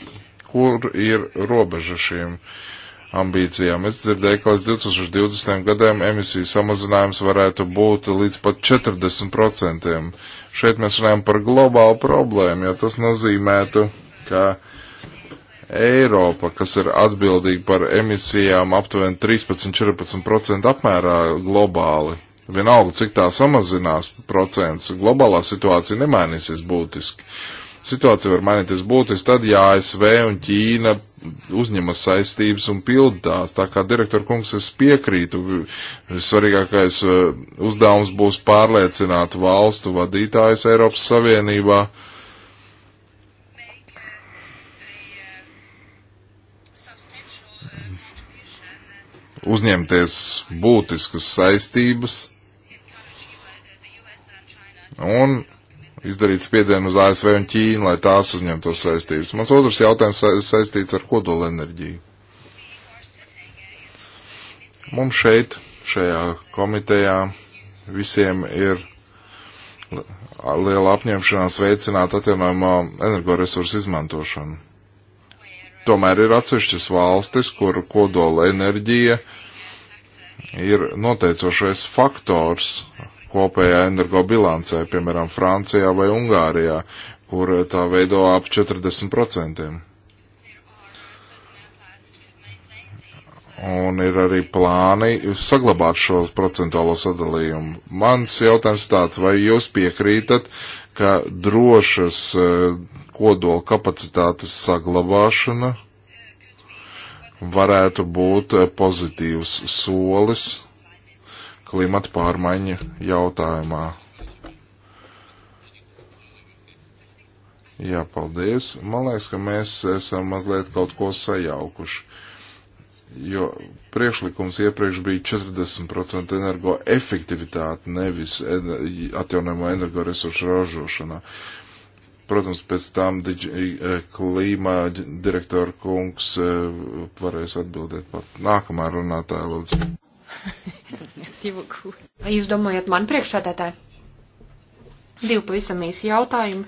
kur ir robeža šiem uh, ambīcijām. Es dzirdēju, ka līdz 2020. gadiem emisiju samazinājums varētu būt līdz pat 40%. Šeit mēs runājam par globālu problēmu, jo tas nozīmētu, ka Eiropa, kas ir atbildīga par emisijām aptuveni 13-14% apmērā globāli, vienalga, cik tā samazinās procents, globālā situācija nemainīsies būtiski. Uh, Situācija var mainīties būtiski tad, ja ASV un Ķīna uzņemas saistības un pild tās. Tā kā direktora kungs es piekrītu, svarīgākais eh, uzdevums būs pārliecināt valstu vadītājus Eiropas Savienībā. uzņemties būtiskas saistības un izdarīt spiedienu uz ASV un Ķīnu, lai tās uzņemtos saistības. Mans otrs jautājums sa saistīts ar kodolenerģiju. Mums šeit, šajā komitejā, visiem ir liela apņemšanās veicināt atjaunojamo energoresursu izmantošanu. Tomēr ir atsevišķas valstis, kur kodola enerģija ir noteicošais faktors kopējā energobilancē, piemēram, Francijā vai Ungārijā, kur eh, tā veido ap 40%. Un ir arī plāni saglabāt šo procentuālo sadalījumu. Mans jautājums tāds, vai jūs piekrītat, ka drošas eh, kodola kapacitātes saglabāšana varētu būt eh, pozitīvs solis klimata pārmaiņu jautājumā. Jā, paldies. Man liekas, ka mēs esam mazliet kaut ko sajaukuši, jo priekšlikums iepriekš bija 40% energoefektivitāte, nevis atjaunojamo energoresursu ražošanā. Protams, pēc tam eh, klīmā direktora kungs eh, varēs atbildēt pat nākamā runātāja lūdzu. Vai jūs domājat man priekšsādātāji? Divi pavisam īsi jautājumi,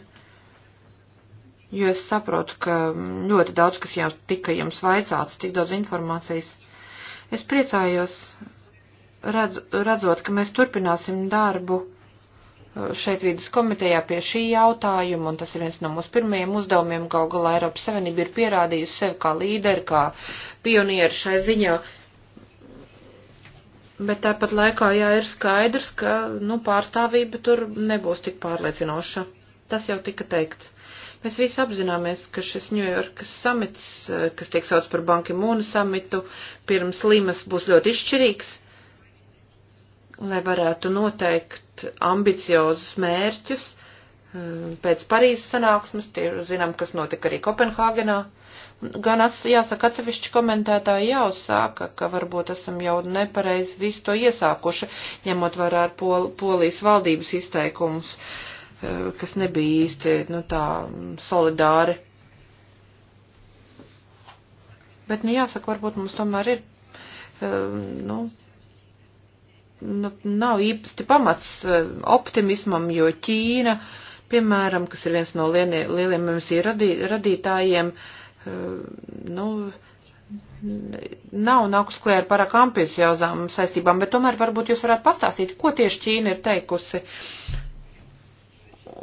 jo es saprotu, ka ļoti daudz, kas jau tika jums vaicāts, tik daudz informācijas. Es priecājos, redz, redzot, ka mēs turpināsim darbu uh, šeit vidas komitejā pie šī jautājuma, un tas ir viens no mūsu pirmajiem uzdevumiem. Gal galā Eiropas Savienība ir pierādījusi sevi kā līderi, kā pionieri šai ziņā. Bet tāpat laikā, jā, ir skaidrs, ka, nu, pārstāvība tur nebūs tik pārliecinoša. Tas jau tika teikts. Mēs visi apzināmies, ka šis Ņujorkas samits, eh, kas tiek sauc par Banki Mūna samitu, pirms Limas būs ļoti izšķirīgs, lai varētu noteikt ambiciozus mērķus eh, pēc Parīzes sanāksmes, tie zinām, kas notika arī Kopenhāgenā. Uh, Gan ats, jāsaka, atsevišķi komentētāji jau sāka, ka varbūt esam jau nepareizi visu to iesākuši, ņemot vērā ar pol, polijas valdības izteikumus, e, kas nebija īsti, nu tā, solidāri. Bet, nu jāsaka, varbūt mums tomēr ir, e, nu, nu nav īsti pamats e, optimismam, jo Ķīna, piemēram, kas ir viens no lieliem emisiju radī, radītājiem, uh, Eh, nu, nav nākus klē ar parāk ambiciozām saistībām, bet tomēr varbūt jūs varētu pastāstīt, ko tieši Ķīna ir teikusi.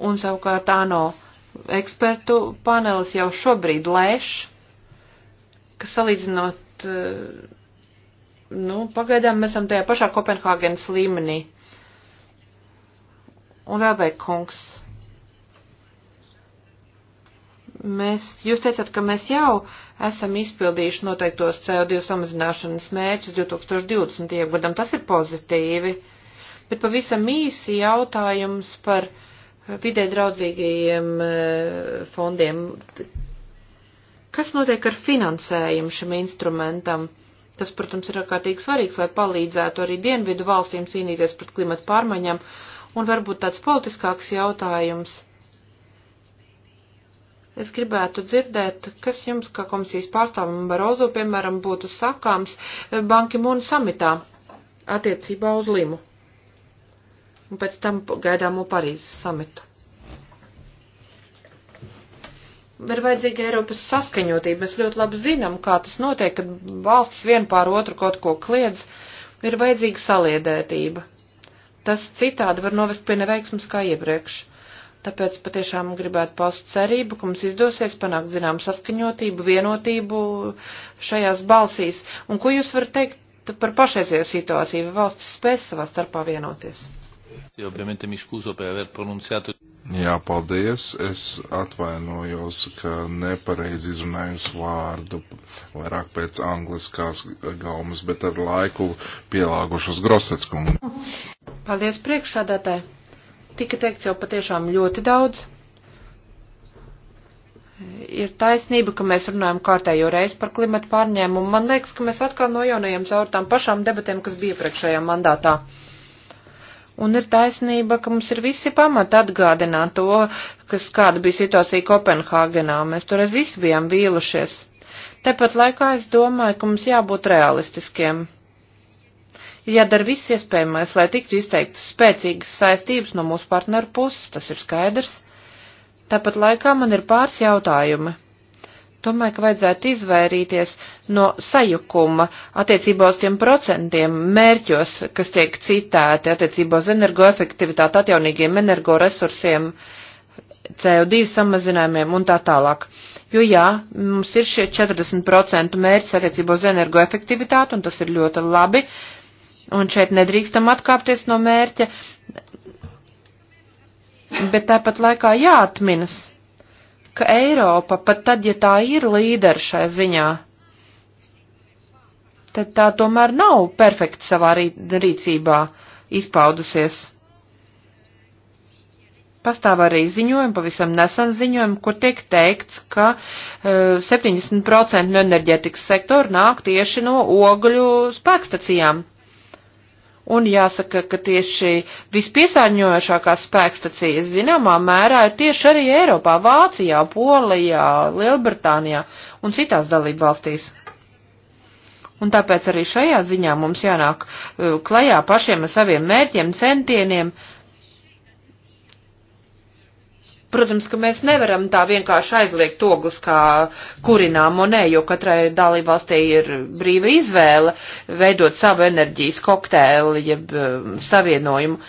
Un savukārt ANO ekspertu panelis jau šobrīd lēš, ka salīdzinot, eh, nu, pagaidām mēs esam tajā pašā Kopenhāgenes līmenī. Un vēl vajag kungs mēs, jūs teicat, ka mēs jau esam izpildījuši noteiktos CO2 samazināšanas mērķus 2020. gadam. Tas ir pozitīvi. Bet pavisam īsi jautājums par vidē draudzīgajiem eh, fondiem. Kas notiek ar finansējumu šim instrumentam? Tas, protams, ir ārkārtīgi svarīgs, lai palīdzētu arī dienvidu valstīm cīnīties pret klimatu pārmaiņām. Un varbūt tāds politiskāks jautājums Es gribētu dzirdēt, kas jums, kā komisijas pārstāvam Barozo, piemēram, būtu sakāms eh, Banki Mūna samitā attiecībā uz Limu. Un pēc tam gaidāmo Parīzes samitu. Ir vajadzīga Eiropas saskaņotība. Mēs ļoti labi zinām, kā tas notiek, kad valstis vien pār otru kaut ko kliedz. Ir vajadzīga saliedētība. Tas citādi var novest pie neveiksmas kā iepriekš Tāpēc patiešām gribētu paust cerību, ka mums izdosies panākt zinām saskaņotību, vienotību šajās balsīs. Un ko jūs varat teikt par pašreizējo situāciju, vai valstis spēs savā starpā vienoties? Jā, paldies. Es atvainojos, ka nepareizi izrunāju vārdu vairāk pēc angliskās gaumas, bet ar laiku pielāgošos Grostetskumu. Paldies priekšādātāji. Tika teikts jau patiešām ļoti daudz. Ir taisnība, ka mēs runājam kārtējo reizi par klimatu pārņēmumu. Man liekas, ka mēs atkal nojaunajam caur tām pašām debatēm, kas bija priekšējā mandātā. Un ir taisnība, ka mums ir visi pamati atgādināt to, kas kāda bija situācija Kopenhāgenā. Mēs toreiz visi bijām vīlušies. Tepat laikā es domāju, ka mums jābūt realistiskiem ir jādara viss iespējamais, lai tiktu izteiktas spēcīgas saistības no mūsu partneru puses, tas ir skaidrs. Tāpat laikā man ir pāris jautājumi. Domāju, ka vajadzētu izvairīties no sajukuma attiecībā uz tiem procentiem mērķos, kas tiek citēti attiecībā uz energoefektivitāti, atjaunīgiem energoresursiem, CO2 samazinājumiem un tā tālāk. Jo jā, mums ir šie 40% mērķis attiecībā uz energoefektivitāti, un tas ir ļoti labi, Un šeit nedrīkstam atkāpties no mērķa, bet tāpat laikā jāatminas, ka Eiropa, pat tad, ja tā ir līdera šai ziņā, tad tā tomēr nav perfekta savā rīcībā izpaudusies. Pastāv arī ziņojumi, pavisam nesen ziņojumi, kur tiek teikts, ka uh, e, 70% no enerģētikas sektora nāk tieši no ogļu spēkstacijām. Un jāsaka, ka tieši vispiesārņojošākās spēkstacijas zināmā mērā ir tieši arī Eiropā, Vācijā, Polijā, Lielbritānijā un citās dalību valstīs. Un tāpēc arī šajā ziņā mums jānāk uh, klajā pašiem ar saviem mērķiem, centieniem, uh, Protams, ka mēs nevaram tā vienkārši aizliegt ogles kā kurināmo, nē, jo katrai dalībvalstī ir brīva izvēle veidot savu enerģijas kokteili, jeb um, savienojumu.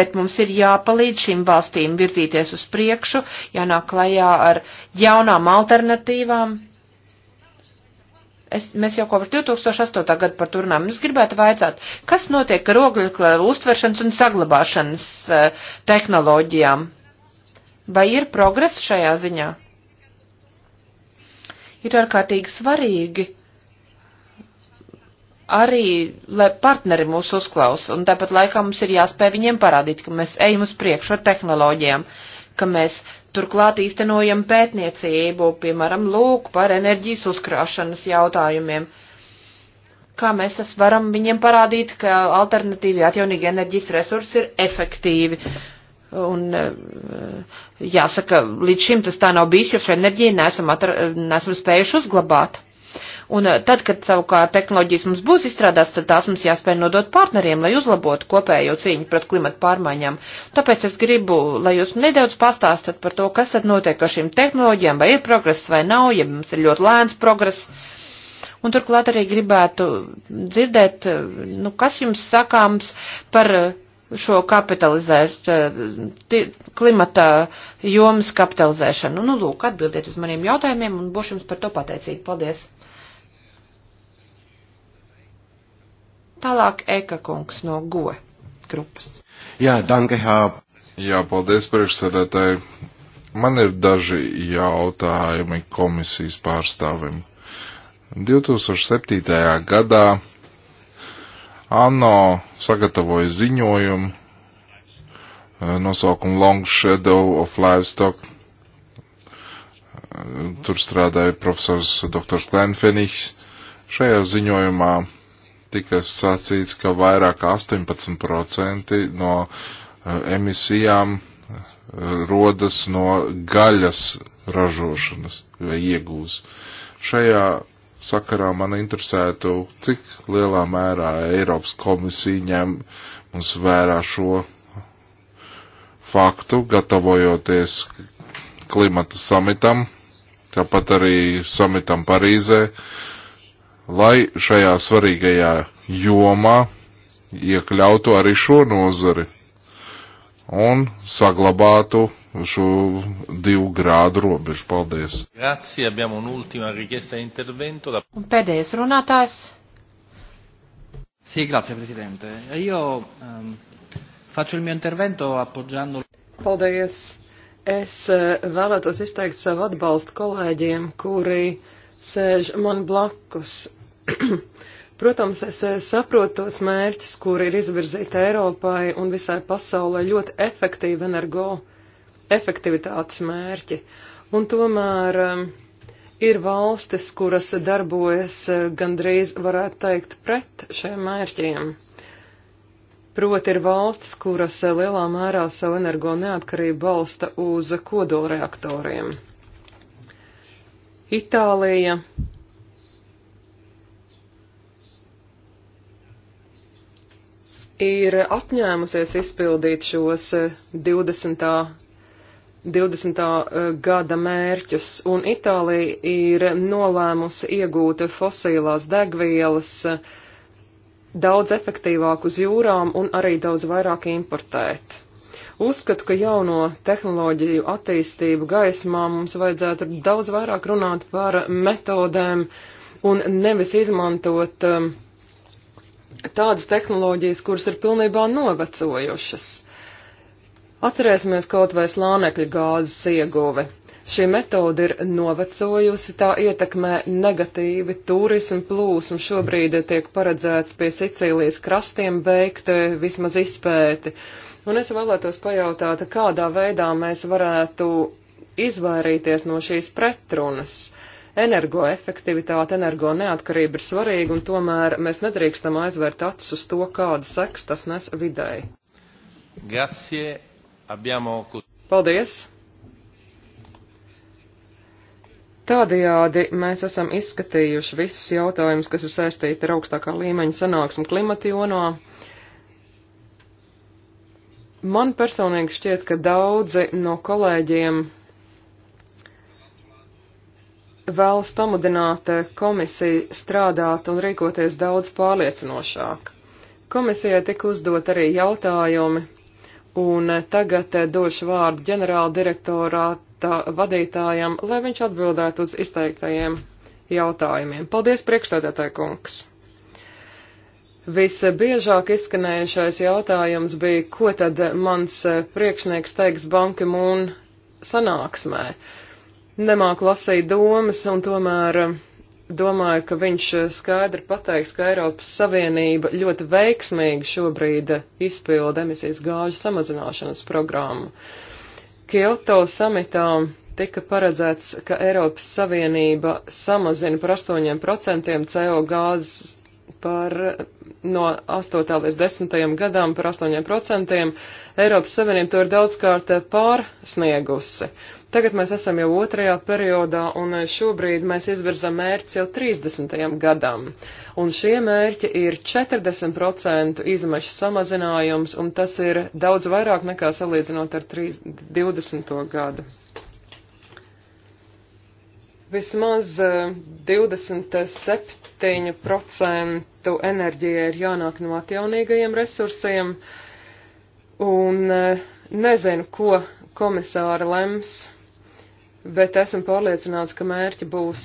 Bet mums ir jāpalīdz šīm valstīm virzīties uz priekšu, jānāk klajā ar jaunām alternatīvām. Es, mēs jau kopš 2008. gada par turnām. Es gribētu vaicāt, kas notiek ar ogļu uztveršanas un saglabāšanas eh, tehnoloģijām? Vai ir progress šajā ziņā? Ir ārkārtīgi svarīgi arī, lai partneri mūs uzklausa, un tāpat laikā mums ir jāspēj viņiem parādīt, ka mēs ejam uz priekšu ar tehnoloģijām, ka mēs turklāt īstenojam pētniecību, piemēram, lūk par enerģijas uzkrāšanas jautājumiem. Kā mēs varam viņiem parādīt, ka alternatīvi atjaunīgi enerģijas resursi ir efektīvi Un e, jāsaka, līdz šim tas tā nav bijis, jo šo enerģiju nesam, atra, nesam spējuši uzglabāt. Un e, tad, kad savukārt tehnoloģijas mums būs izstrādāts, tad tās mums jāspēj nodot partneriem, lai uzlabotu kopējo cīņu pret klimatu pārmaiņām. Tāpēc es gribu, lai jūs nedaudz pastāstat par to, kas tad notiek ar šīm tehnoloģijām, vai ir progress vai nav, ja mums ir ļoti lēns progress. Un turklāt arī gribētu dzirdēt, e, nu, kas jums sakāms par šo kapitalizēt, eh, klimata jomas kapitalizēšanu. Nu, lūk, atbildiet uz maniem jautājumiem un būšu jums par to pateicīgi. Paldies! Tālāk Eka kungs no GO grupas. Jā, danke, hā. Jā, paldies priekšsēdētāji. Man ir daži jautājumi komisijas pārstāvim. 2007. gadā ANO sagatavoja ziņojumu eh, nosaukumu Long Shadow of Livestock. Eh, tur strādāja profesors dr. Klenfeniks. Šajā ziņojumā tika sacīts, ka vairāk 18% no eh, emisijām rodas no gaļas ražošanas vai iegūs. Šajā sakarā man interesētu, cik lielā mērā Eiropas komisija ņem mums vērā šo faktu, gatavojoties klimata samitam, tāpat arī samitam Parīzē, lai šajā svarīgajā jomā iekļautu arī šo nozari un saglabātu šo divu grādu robežu. Paldies! Grazie, abbiamo un'ultima richiesta di intervento. Da... Un pēdējais runātājs. Sì, grazie Presidente. Io um, faccio il mio intervento appoggiando. Paldies! Es eh, vēlētos izteikt savu atbalstu kolēģiem, kuri sēž man blakus. Protams, es eh, saprotu tos mērķus, kur ir izvirzīti Eiropai un visai pasaulē ļoti efektīvi energo efektivitātes mērķi. Un tomēr ehm, ir valstis, kuras darbojas eh, gandrīz, varētu teikt, pret šiem mērķiem. Proti ir valstis, kuras eh, lielā mērā savu energo neatkarību balsta uz kodolreaktoriem. Itālija, ir apņēmusies izpildīt šos 20. Eh, 20. Eh, gada mērķus, un Itālija ir nolēmusi iegūt fosīlās degvielas eh, daudz efektīvāk uz jūrām un arī daudz vairāk importēt. Uzskatu, ka jauno tehnoloģiju attīstību gaismā mums vajadzētu daudz vairāk runāt par metodēm un nevis izmantot um, tādas tehnoloģijas, kuras ir pilnībā novecojušas. Atcerēsimies kaut vai slānekļa gāzes ieguve. Šī metode ir novecojusi, tā ietekmē negatīvi turismu plūsmu. Šobrīd tiek paredzēts pie Sicīlijas krastiem veikt eh, vismaz izpēti. Un es vēlētos pajautāt, kādā veidā mēs varētu izvairīties no šīs pretrunas. Energoefektivitāte, energo neatkarība ir svarīga, un tomēr mēs nedrīkstam aizvērt acis uz to, kāda seks tas nes videi. Grazie, abbiamo... Paldies! Tādējādi mēs esam izskatījuši visus jautājumus, kas ir saistīti ar augstākā līmeņa sanāksmu klimata jonā. Man personīgi šķiet, ka daudzi no kolēģiem vēlas pamudināt eh, komisiju strādāt un rīkoties daudz pārliecinošāk. Komisijai tika uzdot arī jautājumi, un eh, tagad eh, došu vārdu ģenerāla direktorāta vadītājam, lai viņš atbildētu uz izteiktajiem jautājumiem. Paldies, priekšsēdētāji kungs! Visbiežāk izskanējušais jautājums bija, ko tad mans priekšnieks teiks Banka Mūna sanāksmē. Uh, nemāk lasīt domas, un tomēr eh, domāju, ka viņš eh, skaidri pateiks, ka Eiropas Savienība ļoti veiksmīgi šobrīd eh, izpilda emisijas gāžu samazināšanas programmu. Kyoto samitā tika paredzēts, ka Eiropas Savienība samazina par 8% CO gāzes par no 8. līdz 10. gadam par 8%. Eiropas Savienība to ir daudzkārt pārsniegusi. Tagad mēs esam jau otrajā periodā un šobrīd mēs izvirzam mērķi jau 30. gadam. Un šie mērķi ir 40% izmešu samazinājums un tas ir daudz vairāk nekā salīdzinot ar 3, 20. gadu. Vismaz 27 eh, 27% enerģija ir jānāk no atjaunīgajiem resursiem, un nezinu, ko komisāra lems, bet esmu pārliecināts, ka mērķi būs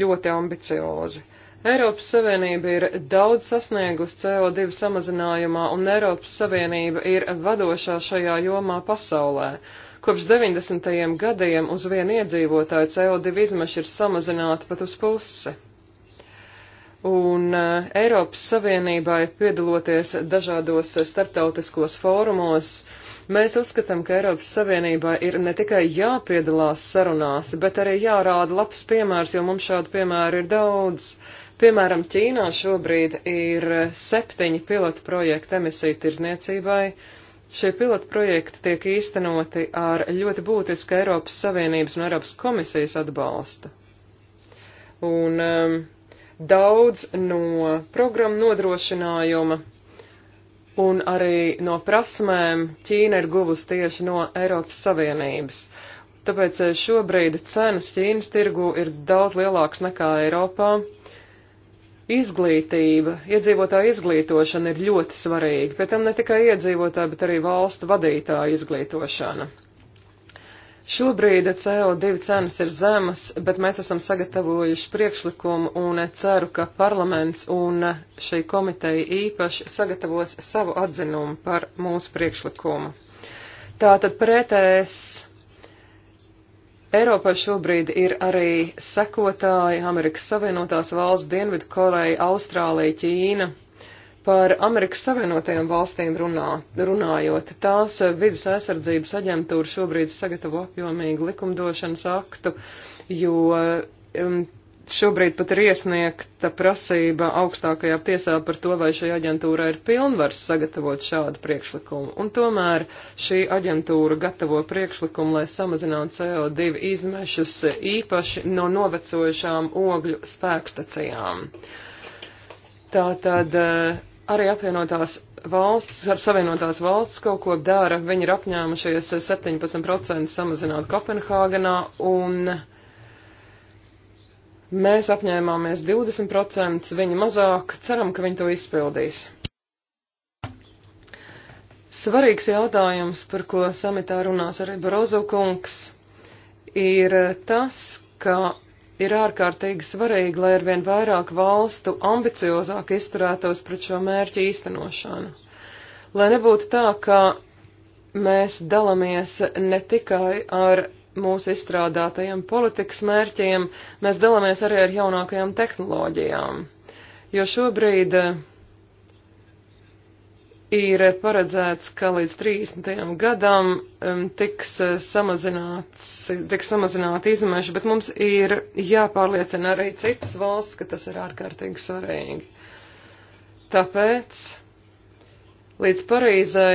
ļoti ambiciozi. Eiropas Savienība ir daudz sasniegusi CO2 samazinājumā, un Eiropas Savienība ir vadošā šajā jomā pasaulē. Uh, Kopš 90. gadiem uz vienu iedzīvotāju CO2 izmeši ir samazināti pat uz pusi. Un uh, Eiropas Savienībai piedaloties dažādos starptautiskos fórumos, Mēs uzskatām, ka Eiropas Savienībā ir ne tikai jāpiedalās sarunās, bet arī jārāda labs piemērs, jo mums šādu piemēru ir daudz. Piemēram, Ķīnā šobrīd ir septiņi pilotu projekti emisiju tirzniecībai, Šie pilotprojekti tiek īstenoti ar ļoti būtisku Eiropas Savienības un Eiropas komisijas atbalstu. Un um, daudz no programmu nodrošinājuma un arī no prasmēm Ķīna ir guvusi tieši no Eiropas Savienības. Tāpēc eh, šobrīd cenas Ķīnas tirgu ir daudz lielākas nekā Eiropā Izglītība, iedzīvotāja izglītošana ir ļoti svarīga, pēc tam ne tikai iedzīvotāja, bet arī valstu vadītāja izglītošana. Šobrīd CO2 cenas ir zemas, bet mēs esam sagatavojuši priekšlikumu un ceru, ka parlaments un šī komiteja īpaši sagatavos savu atzinumu par mūsu priekšlikumu. Tātad pretējs Eiropā šobrīd ir arī sekotāji Amerikas Savienotās valsts, Dienvidkoreja, Austrālija, Ķīna. Par Amerikas Savienotajām valstīm runā, runājot, tās vidas aizsardzības aģentūra šobrīd sagatavo apjomīgu likumdošanas aktu, jo um, Šobrīd pat ir iesniegta prasība augstākajā tiesā par to, vai šī aģentūra ir pilnvars sagatavot šādu priekšlikumu. Un tomēr šī aģentūra gatavo priekšlikumu, lai samazinātu CO2 izmešus īpaši no novecojušām ogļu spēkstacijām. Tātad eh, arī apvienotās valsts, ar savienotās valsts kaut ko dara. Viņi ir apņēmušies 17% samazināt Kopenhāgenā un Mēs apņēmāmies 20%, viņi mazāk, ceram, ka viņi to izpildīs. Svarīgs jautājums, par ko samitā runās arī Barozo kungs, ir tas, ka ir ārkārtīgi svarīgi, lai arvien vairāk valstu ambiciozāk izturētos pret šo mērķu īstenošanu. Lai nebūtu tā, ka mēs dalamies ne tikai ar mūsu izstrādātajiem politikas mērķiem, mēs dalāmies arī ar jaunākajām tehnoloģijām. Jo šobrīd eh, ir paredzēts, ka līdz 30. gadam tiks eh, samazināts, tiks samazināti izmeši, bet mums ir jāpārliecina arī citas valsts, ka tas ir ārkārtīgi svarīgi. Tāpēc līdz Parīzai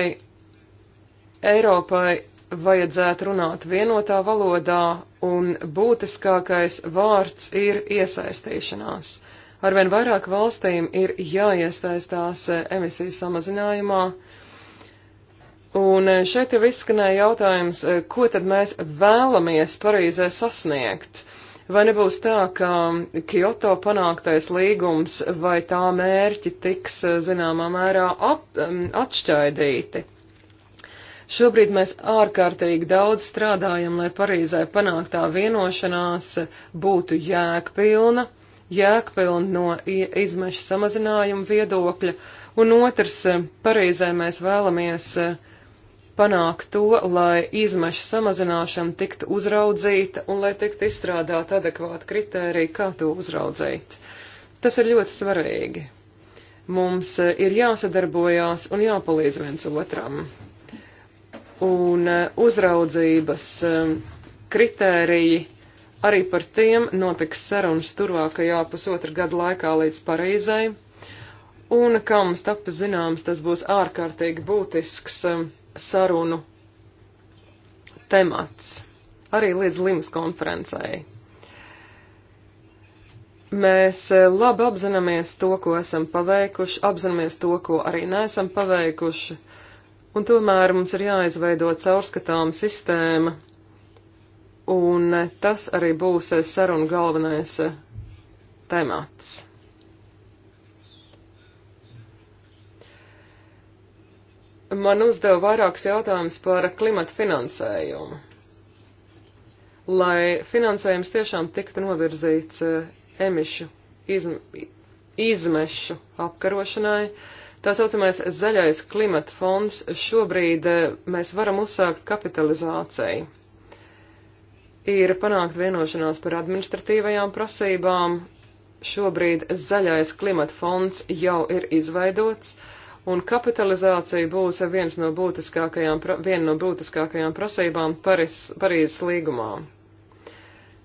Eiropai vajadzētu runāt vienotā valodā, un būtiskākais vārds ir iesaistīšanās. Arvien vairāk valstīm ir jāiesaistās emisiju samazinājumā, un šeit jau izskanēja jautājums, ko tad mēs vēlamies Parīzē sasniegt. Vai nebūs tā, ka Kyoto panāktais līgums vai tā mērķi tiks zināmā mērā at, atšķaidīti? Šobrīd mēs ārkārtīgi daudz strādājam, lai Parīzē panāktā vienošanās būtu jēgpilna, jēgpilna no izmešu samazinājuma viedokļa, un otrs, Parīzē mēs vēlamies eh, panākt to, lai izmešu samazināšana tiktu uzraudzīta un lai tiktu izstrādāt adekvāti kritēriji, kā to uzraudzīt. Tas ir ļoti svarīgi. Mums eh, ir jāsadarbojās un jāpalīdz viens otram un uh, uzraudzības um, kritēriji arī par tiem notiks sarunas turvākajā pusotra gada laikā līdz Parīzai. Un, kā mums tapa zināms, tas būs ārkārtīgi būtisks um, sarunu temats arī līdz Limas konferencei. Mēs uh, labi apzināmies to, ko esam paveikuši, apzināmies to, ko arī neesam paveikuši, un tomēr mums ir jāizveido caurskatāma sistēma, un tas arī būs saruna galvenais temats. Man uzdeva vairākus jautājumus par klimata finansējumu. Lai finansējums tiešām tiktu novirzīts eh, emišu izm izmešu apkarošanai, uh, Tā saucamais zaļais klimata fonds šobrīd eh, mēs varam uzsākt kapitalizāciju. Ir panākt vienošanās par administratīvajām prasībām. Šobrīd zaļais klimata fonds jau ir izveidots, un kapitalizācija būs viens no būtiskākajām, viena no būtiskākajām prasībām Paris, Parīzes līgumā.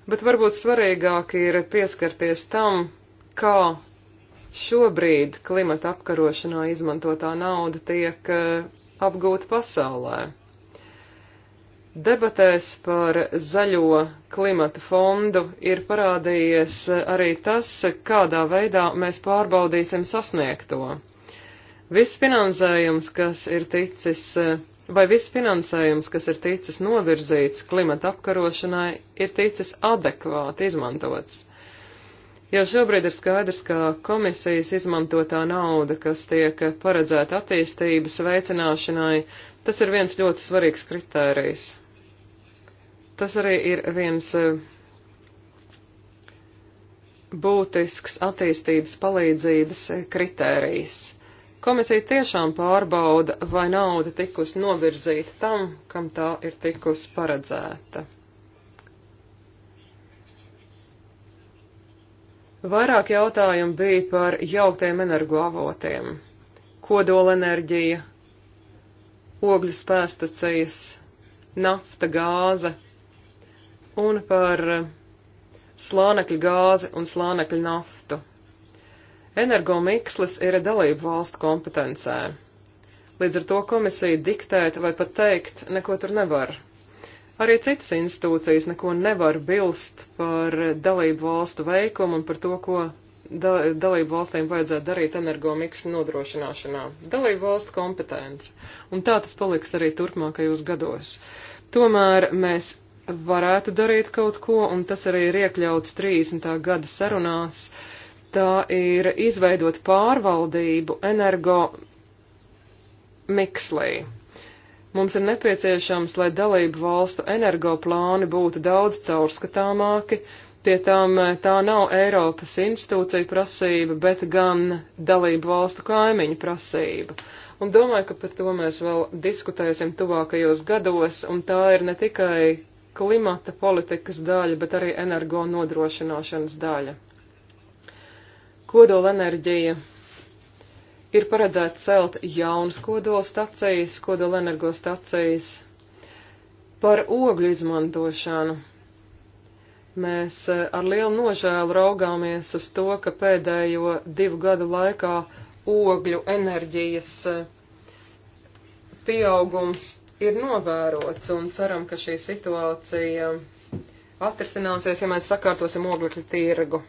Bet varbūt svarīgāk ir pieskarties tam, kā šobrīd klimata apkarošanā izmantotā nauda tiek eh, apgūta pasaulē. Debatēs par zaļo klimata fondu ir parādījies eh, arī tas, kādā veidā mēs pārbaudīsim sasniegto. Viss finansējums, kas ir ticis, eh, vai viss finansējums, kas ir ticis novirzīts klimata apkarošanai, ir ticis adekvāti izmantots. Jau šobrīd ir skaidrs, ka komisijas izmantotā nauda, kas tiek paredzēta attīstības veicināšanai, tas ir viens ļoti svarīgs kritērijs. Tas arī ir viens eh, būtisks attīstības palīdzības eh, kritērijs. Komisija tiešām pārbauda, vai nauda tikusi novirzīta tam, kam tā ir tikusi paredzēta. Vairāk jautājumu bija par jauktiem energoavotiem - kodolenerģija, ogļu spēstacijas, nafta, gāze un par slānekļa gāzi un slānekļa naftu. Energomikslis ir dalību valstu kompetencē. Līdz ar to komisija diktēt vai pat teikt neko tur nevar. Arī citas institūcijas neko nevar bilst par dalību valstu veikumu un par to, ko da dalību valstīm vajadzētu darīt energomiksu nodrošināšanā. Dalību valstu kompetence. Un tā tas paliks arī turpmākajos gados. Tomēr mēs varētu darīt kaut ko, un tas arī ir iekļauts 30. gada sarunās. Tā ir izveidot pārvaldību energo mikslī. Mums ir nepieciešams, lai dalību valstu energoplāni būtu daudz caurskatāmāki, pie tām eh, tā nav Eiropas institūcija prasība, bet gan dalību valstu kaimiņu prasība. Un domāju, ka par to mēs vēl diskutēsim tuvākajos gados, un tā ir ne tikai klimata politikas daļa, bet arī energo nodrošināšanas daļa. Kodolenerģija. enerģija ir paredzēts celt jaunas kodolstacijas, kodolenergostacijas par ogļu izmantošanu. Mēs e, ar lielu nožēlu raugāmies uz to, ka pēdējo divu gadu laikā ogļu enerģijas e, pieaugums ir novērots un ceram, ka šī situācija atrisināsies, ja mēs sakārtosim oglekļu tirgu.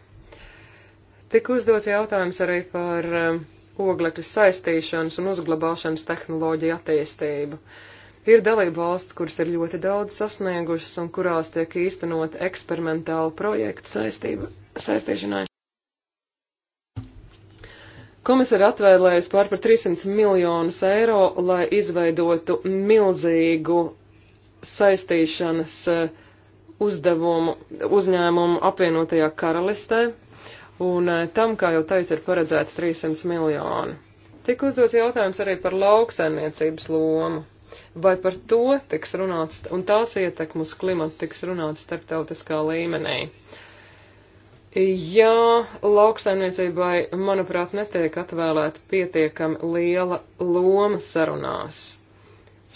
Tik uzdots jautājums arī par uh, oglekļa saistīšanas un uzglabāšanas tehnoloģija attīstību. Ir dalība valsts, kuras ir ļoti daudz sasniegušas un kurās tiek īstenot eksperimentāli projekti saistība, saistīšanai. Komisija ir atvēlējusi pār par 300 miljonus eiro, lai izveidotu milzīgu saistīšanas eh, uzdevumu uzņēmumu apvienotajā karalistē, un eh, tam, kā jau teicu, ir paredzēta 300 miljoni. Tik uzdots jautājums arī par lauksaimniecības lomu. Vai par to tiks runāts un tās ietekmu uz klimatu tiks runāts starptautiskā līmenī? Jā, lauksaimniecībai, manuprāt, netiek atvēlēta pietiekami liela loma sarunās.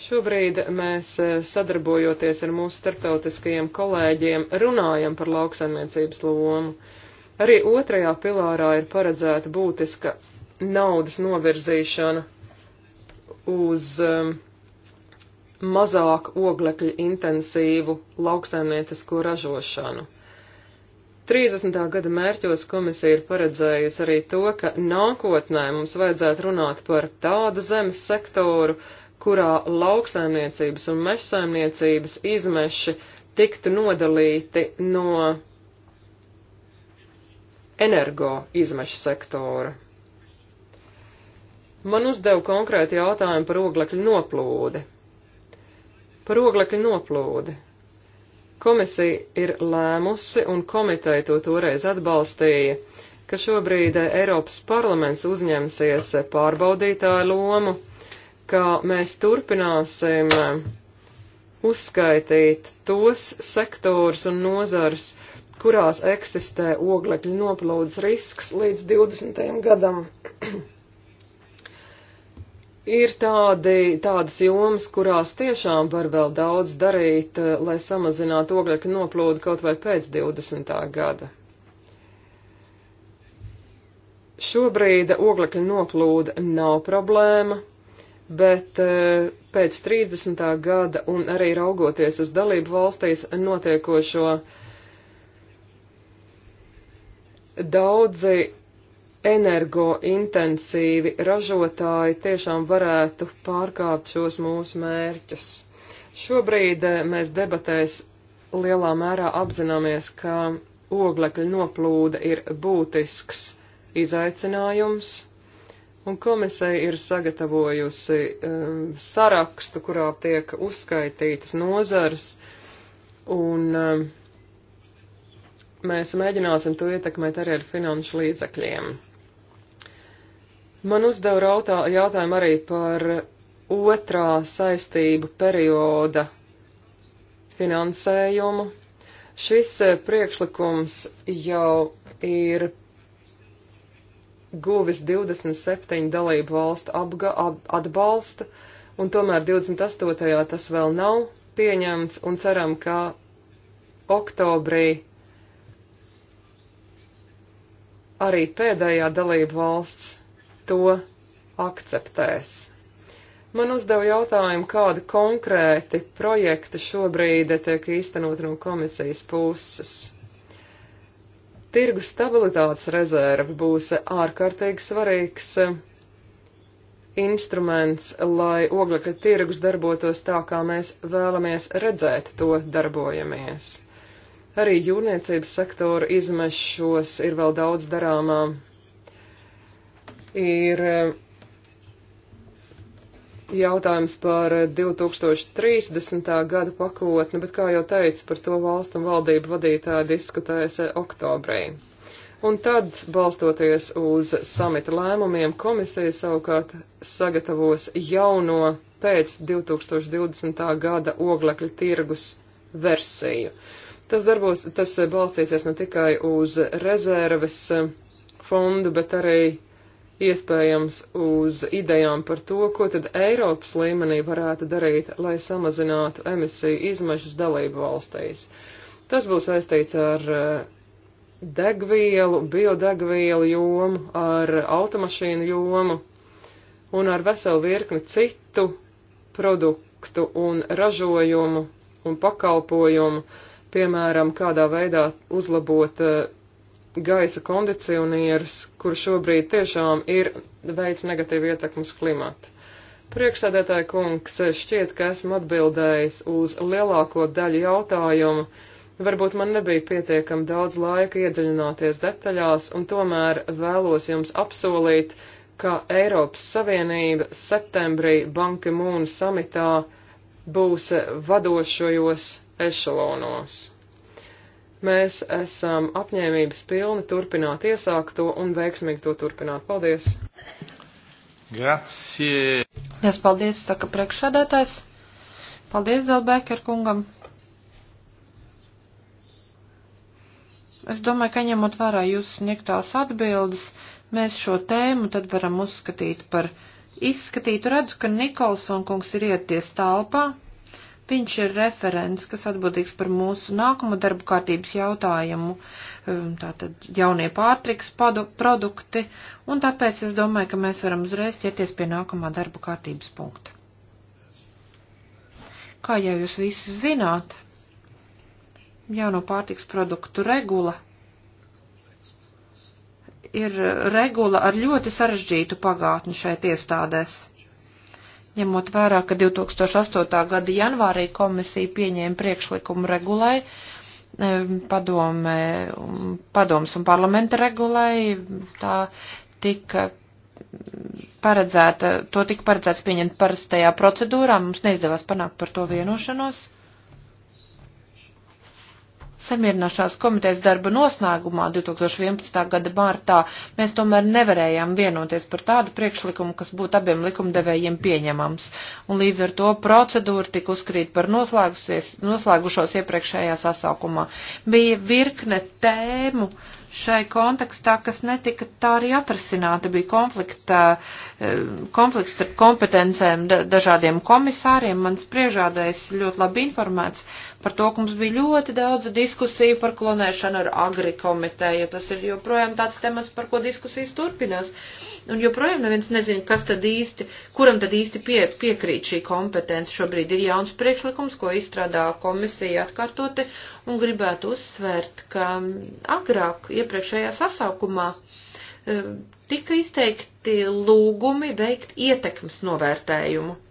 Šobrīd mēs eh, sadarbojoties ar mūsu starptautiskajiem kolēģiem runājam par lauksaimniecības lomu. Uh, Arī otrajā pilārā ir paredzēta būtiska naudas novirzīšana uz um, mazāk oglekļa intensīvu lauksaimniecisko ražošanu. 30. gada mērķos komisija ir paredzējusi arī to, ka nākotnē mums vajadzētu runāt par tādu zemes sektoru, kurā lauksaimniecības un mežsaimniecības izmeši tiktu nodalīti no energo izmešu sektora. Man uzdeva konkrēti jautājumu par oglekļu noplūdi. Par oglekļu noplūdi. Komisija ir lēmusi, un komiteja to toreiz atbalstīja, ka šobrīd Eiropas parlaments uzņemsies pārbaudītāju lomu, ka mēs turpināsim uzskaitīt tos sektors un nozars, uh, kurās eksistē oglekļu noplūdes risks līdz 20. gadam. Ir tādi, tādas jomas, kurās tiešām var vēl daudz darīt, eh, lai samazinātu oglekļu noplūdu kaut vai pēc 20. gada. Šobrīd oglekļa noplūda nav problēma, bet eh, pēc 30. gada un arī raugoties uz dalību valstīs notiekošo uh, daudzi energointensīvi ražotāji tiešām varētu pārkāpt šos mūsu mērķus. Šobrīd eh, mēs debatēs lielā mērā apzināmies, ka oglekļa noplūde ir būtisks izaicinājums, un komisija ir sagatavojusi um, sarakstu, kurā tiek uzskaitītas nozars, un um, mēs mēģināsim to ietekmēt arī ar finanšu līdzekļiem. Man uzdeva rautā, jautājumu arī par otrā saistību perioda finansējumu. Šis eh, priekšlikums jau ir guvis 27 dalību valstu apga, ab, atbalstu, un tomēr 28. tas vēl nav pieņemts, un ceram, ka oktobrī arī pēdējā dalība valsts to akceptēs. Man uzdeva jautājumu, kādi konkrēti projekti šobrīd tiek īstenot no komisijas puses. Tirgus stabilitātes rezerve būs ārkārtīgi svarīgs eh, instruments, lai oglekļa tirgus darbotos tā, kā mēs vēlamies redzēt to darbojamies. Arī jūrniecības sektora izmešos ir vēl daudz darāmā. Ir eh, jautājums par 2030. gada pakotni, bet, kā jau teicu, par to valstu un valdību vadītāji diskutēs eh, oktobrī. Un tad, balstoties uz samita lēmumiem, komisija savukārt sagatavos jauno pēc 2020. gada oglekļa tirgus versiju. Tas darbos, tas balstīsies ne tikai uz rezerves eh, fondu, bet arī iespējams uz idejām par to, ko tad Eiropas līmenī varētu darīt, lai samazinātu emisiju izmešas dalību valstīs. Tas būs saistīts ar eh, degvielu, biodegvielu jomu, ar automašīnu jomu un ar veselu virkni citu produktu un ražojumu un pakalpojumu, piemēram, kādā veidā uzlabot eh, gaisa kondicionierus, kur šobrīd tiešām ir veids negatīvu ietekmus klimatu. Priekšsēdētāja kungs, eh, šķiet, ka esmu atbildējis uz lielāko daļu jautājumu. Varbūt man nebija pietiekami daudz laika iedziļināties detaļās, un tomēr vēlos jums apsolīt, ka Eiropas Savienība septembrī Banka Mūna samitā būs vadošajos ešalonos. Mēs esam apņēmības pilni turpināt iesākto un veiksmīgi to turpināt. Paldies! Grazie! Es paldies, saka priekšsēdētājs. Paldies Zelbēker kungam! Es domāju, ka ņemot vērā jūsu sniegtās atbildes, mēs šo tēmu tad varam uzskatīt par izskatītu, redzu, ka Nikolson kungs ir ieties talpā. Viņš ir referents, kas atbildīgs par mūsu nākamo darbu kārtības jautājumu, um, tātad jaunie pārtiks produkti, un tāpēc es domāju, ka mēs varam uzreiz ķerties pie nākamā darbu kārtības punkta. Kā jau jūs visi zināt, jauno pārtiks produktu regula ir regula ar ļoti sarežģītu pagātni šeit iestādēs. Ņemot vērā, ka 2008. gada janvārī komisija pieņēma priekšlikumu regulai, padome, um, padoms un parlamenta regulai, tā tika paredzēta, to tika paredzēts pieņemt parastajā procedūrā, mums neizdevās panākt par to vienošanos samierināšanās komitejas darba noslēgumā 2011. gada martā mēs tomēr nevarējām vienoties par tādu priekšlikumu, kas būtu abiem likumdevējiem pieņemams, un līdz ar to procedūra tika uzskatīt par noslēgušos iepriekšējā sasaukumā. Bija virkne tēmu šai kontekstā, kas netika tā arī atrasināta, bija konflikta, eh, konflikts starp kompetencēm dažādiem komisāriem, mans priežādais ļoti labi informēts Par to, ka mums bija ļoti daudz diskusiju par klonēšanu ar agrikomiteju. Tas ir joprojām tāds temats, par ko diskusijas turpinās. Un joprojām neviens nezina, kas tad īsti, kuram tad īsti pie, piekrīt šī kompetence. Šobrīd ir jauns priekšlikums, ko izstrādā komisija atkārtoti, un gribētu uzsvērt, ka agrāk iepriekšējā sasaukumā eh, tika izteikti lūgumi veikt ietekmes novērtējumu.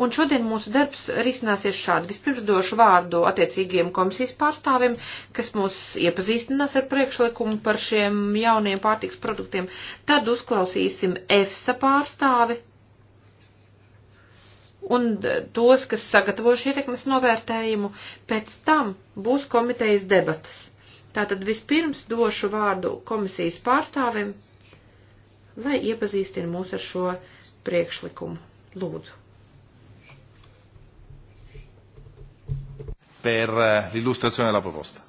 Un šodien mūsu darbs risināsies šādi. Vispirms došu vārdu attiecīgiem komisijas pārstāvim, kas mūs iepazīstinās ar priekšlikumu par šiem jauniem pārtiks produktiem. Tad uzklausīsim EFSA pārstāvi un tos, kas sagatavo šī ietekmes novērtējumu. Pēc tam būs komitejas debatas. Tātad vispirms došu vārdu komisijas pārstāvim, lai iepazīstina mūs ar šo priekšlikumu. Lūdzu. per eh, l'illustrazione della proposta.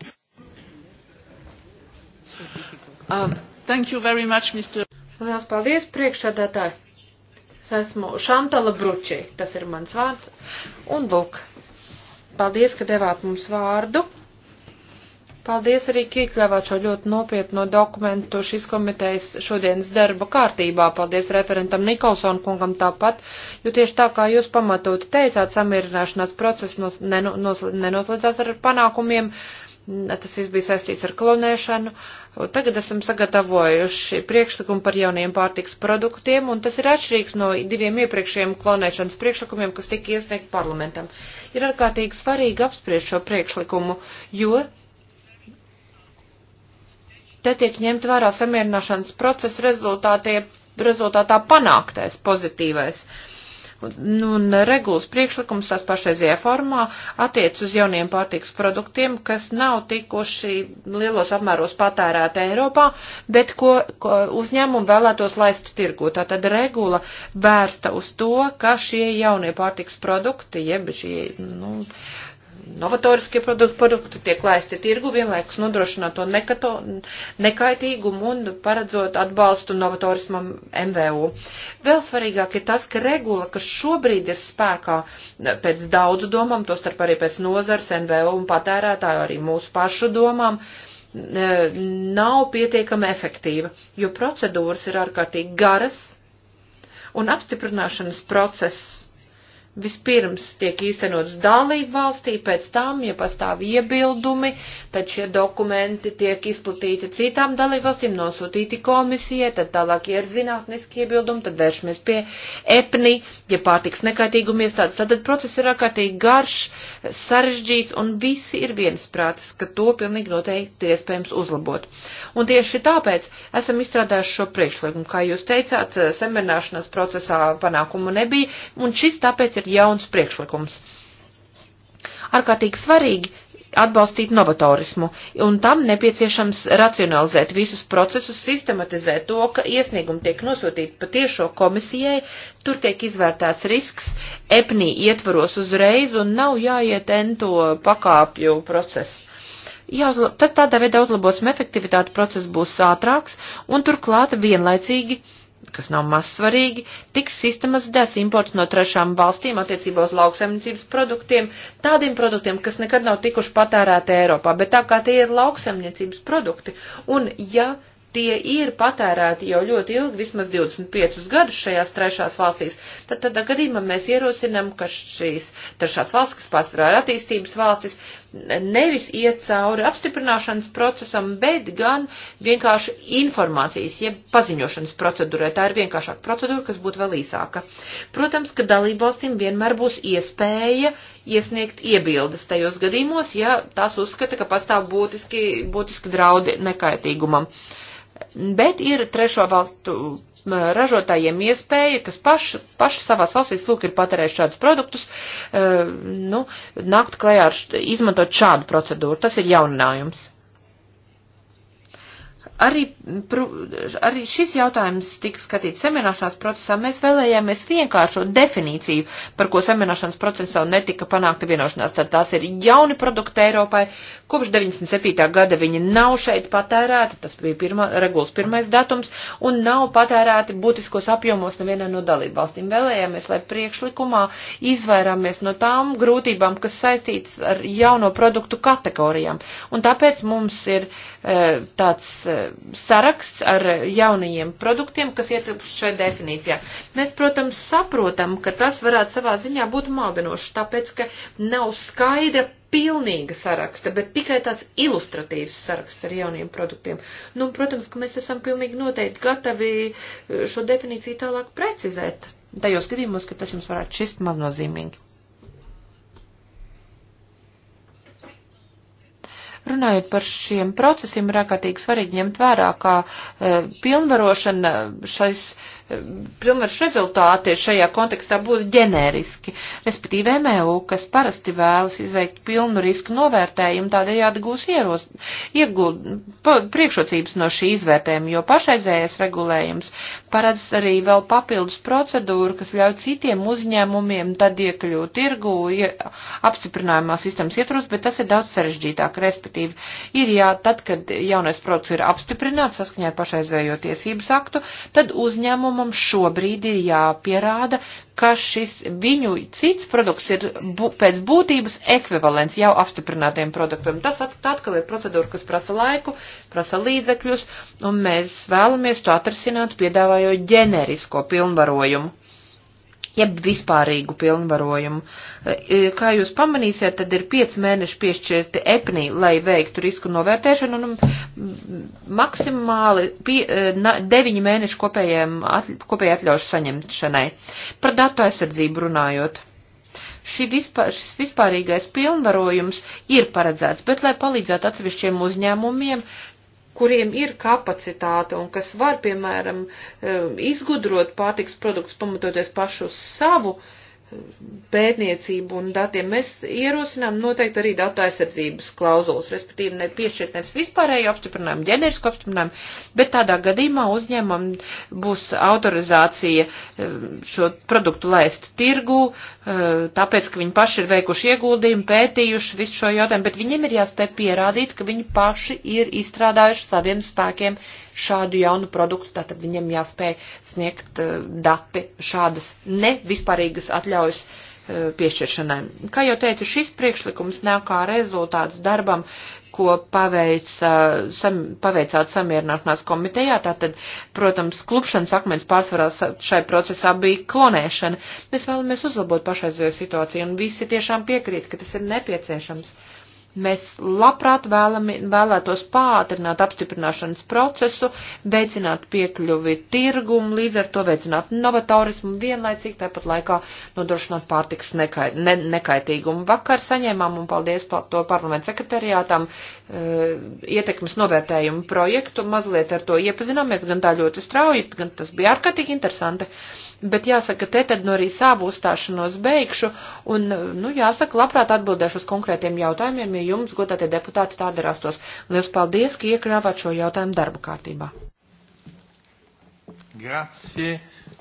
Um, thank you very much, Mr. Lielas paldies, priekšsādātāji. Es esmu Šantala Bruči, tas ir mans vārds. Un lūk, paldies, ka devāt mums vārdu. Paldies arī, ka iekļāvāt šo ļoti nopietno dokumentu šīs komitejas šodienas darba kārtībā. Paldies referentam Nikolsonu kungam tāpat, jo tieši tā kā jūs pamatot teicāt, samierināšanās process nos, nenos, nenoslēdzās ar panākumiem. Tas viss bija saistīts ar klonēšanu. Tagad esam sagatavojuši priekšlikumu par jauniem pārtiks produktiem, un tas ir atšķirīgs no diviem iepriekšējiem klonēšanas priekšlikumiem, kas tika iesniegt parlamentam. Ir ārkārtīgi svarīgi apspriest šo priekšlikumu, jo Te tiek ņemt vērā samierināšanas procesa rezultātā panāktais pozitīvais. Nu, un regulas priekšlikums tās pašreizajā formā attiec uz jauniem pārtiks produktiem, kas nav tikuši lielos apmēros patērēti Eiropā, bet ko, ko uzņēmumi vēlētos laist tirgu. Tātad regula vērsta uz to, ka šie jaunie pārtiks produkti, jeb šie, nu, uh, novatoriskie produkti, produkti tiek laisti tirgu, vienlaikus nodrošināt to nekato, nekaitīgumu un paredzot atbalstu novatorismam MVU. Vēl svarīgāk ir tas, ka regula, kas šobrīd ir spēkā pēc daudzu domām, tostarp arī pēc nozars, MVU un patērētāju, arī mūsu pašu domām, e, nav pietiekami efektīva, jo procedūras ir ārkārtīgi garas un apstiprināšanas process vispirms tiek īstenots dalību valstī, pēc tam, ja pastāv iebildumi, tad šie dokumenti tiek izplatīti citām dalību valstīm, nosūtīti komisijai, tad tālāk ir zinātniski iebildumi, tad vēršamies pie EPNI, ja pārtiks nekaitīgumi iestādes, tad, tad process ir ārkārtīgi garš, sarežģīts, un visi ir viensprātis, ka to pilnīgi noteikti ir iespējams uzlabot. Un tieši tāpēc esam izstrādājuši šo priekšlikumu, kā jūs teicāt, semināršanas procesā panākumu nebija, un šis tāpēc ir ir jauns priekšlikums. Ārkārtīgi svarīgi atbalstīt novatorismu, un tam nepieciešams racionalizēt visus procesus, sistematizēt to, ka iesniegumi tiek nosūtīti patiešo komisijai, tur tiek izvērtēts risks, epnī ietvaros uzreiz, un nav jāiet ento pakāpju procesu. Jā, tas tādā veidā uzlabosim efektivitāti, process būs ātrāks, un turklāt vienlaicīgi kas nav mazsvarīgi, tiks sistematizēts imports no trešām valstīm attiecībā uz lauksaimniecības produktiem, tādiem produktiem, kas nekad nav tikuši patērēti Eiropā, bet tā kā tie ir lauksaimniecības produkti, un ja tie ir patērēti jau ļoti ilgi, vismaz 25 gadus šajās trešās valstīs, tad tādā gadījumā mēs ierosinam, ka šīs trešās valstis, kas pārstāvā attīstības valstis, nevis iet cauri apstiprināšanas procesam, bet gan vienkārši informācijas, jeb paziņošanas procedūrai. Tā ir vienkāršāka procedūra, kas būtu vēl īsāka. Protams, ka dalībvalstīm vienmēr būs iespēja iesniegt iebildes tajos gadījumos, ja tās uzskata, ka pastāv būtiski, būtiski draudi nekaitīgumam. Uh, bet ir trešo valstu ražotājiem iespēja, kas paši, paši savās valstīs, lūk, ir patērējuši šādus produktus, e, nu, nākt klējā ar, izmantot šādu procedūru. Tas ir jauninājums. Arī, pru, arī šis jautājums tika skatīts semināšanās procesā. Mēs vēlējāmies vienkāršo definīciju, par ko semināšanas procesā netika panākta vienošanās. Tad tās ir jauni produkti Eiropai. Kopš 97. gada viņi nav šeit patērēti, tas bija pirma, regulas pirmais datums, un nav patērēti būtiskos apjomos nevienā no dalību valstīm. Vēlējāmies, lai priekšlikumā izvairāmies no tām grūtībām, kas saistītas ar jauno produktu kategorijām. Un tāpēc mums ir e, tāds. E, saraksts ar jaunajiem produktiem, kas ietilpst šai definīcijā. Mēs, protams, saprotam, ka tas varētu savā ziņā būt maldinoši, tāpēc, ka nav skaidra pilnīga saraksta, bet tikai tāds ilustratīvs saraksts ar jauniem produktiem. Nu, protams, ka mēs esam pilnīgi noteikti gatavi eh, šo definīciju tālāk precizēt. Tajos gadījumos, ka tas jums varētu šķist maznozīmīgi. Runājot par šiem procesiem, ir ārkārtīgi svarīgi ņemt vērā, kā eh, pilnvarošana eh, šais pilnvaršu rezultāti šajā kontekstā būtu ģenēriski, respektīvi MEU, kas parasti vēlas izveikt pilnu risku novērtējumu, tādējādi gūs ieros, iegūd priekšrocības no šī izvērtējuma, jo pašreizējais regulējums paredz arī vēl papildus procedūru, kas ļauj citiem uzņēmumiem tad iekļūt tirgu ie, apstiprinājumā sistēmas ietvaros, bet tas ir daudz sarežģītāk, respektīvi ir jā, tad, kad jaunais produkts ir apstiprināts saskaņā ar pašreizējo tiesības aktu, tad uzņēmumu uzņēmumam šobrīd ir jāpierāda, ka šis viņu cits produkts ir bu pēc būtības ekvivalents jau apstiprinātiem produktiem. Tas at atkal ir procedūra, kas prasa laiku, prasa līdzekļus, un mēs vēlamies to atrasināt, piedāvājot ģenerisko pilnvarojumu jeb vispārīgu pilnvarojumu. E, kā jūs pamanīsiet, tad ir 5 mēneši piešķirti EPNI, lai veiktu risku novērtēšanu, un maksimāli pie, e, na, 9 mēneši kopējiem, atļ, kopēji atļaušu saņemšanai. Par datu aizsardzību runājot šī vispār, šis vispārīgais pilnvarojums ir paredzēts, bet, lai palīdzētu atsevišķiem uzņēmumiem, kuriem ir kapacitāte un kas var, piemēram, eh, izgudrot pārtiks produktus pamatoties pašu uz savu uh, pētniecību un datiem, mēs ierosinām noteikti arī datu aizsardzības klauzulas, respektīvi ne piešķirt nevis vispārēju apstiprinājumu, ģenerisku apstiprinājumu, bet tādā gadījumā uzņēmumam būs autorizācija eh, šo produktu laist tirgu, eh, tāpēc, ka viņi paši ir veikuši ieguldījumu, pētījuši visu šo jautājumu, bet viņiem ir jāspēj pierādīt, ka viņi paši ir izstrādājuši saviem spēkiem šādu jaunu produktu, tātad viņiem jāspēj sniegt eh, dati šādas nevispārīgas atļaujas eh, piešķiršanai. Kā jau teicu, šis priekšlikums nāk kā rezultāts darbam, ko paveica, sam, paveicāt samierināšanās komitejā. Tātad, protams, klupšanas akmens pārsvarā šai procesā bija klonēšana. Mēs vēlamies uzlabot pašreizējo situāciju, un visi tiešām piekrīt, ka tas ir nepieciešams. Uh, Mēs labprāt vēlami, vēlētos pātrināt apstiprināšanas procesu, veicināt piekļuvi tirgumu, līdz ar to veicināt novatorismu, vienlaicīgi tāpat laikā nodrošināt pārtiks nekai, ne, nekaitīgumu. Vakar saņēmām un paldies par to parlamentu sekretariātam e, ietekmes novērtējumu projektu, mazliet ar to iepazināmies, gan tā ļoti strauji, gan tas bija ārkārtīgi interesanti. E, bet jāsaka, te tad no nu arī savu uzstāšanos beigšu, un, nu, jāsaka, labprāt atbildēšu uz konkrētiem jautājumiem, ja jums, godātie deputāti, tādi rastos. Lielas paldies, ka iekļāvāt šo jautājumu darba kārtībā. Grazie.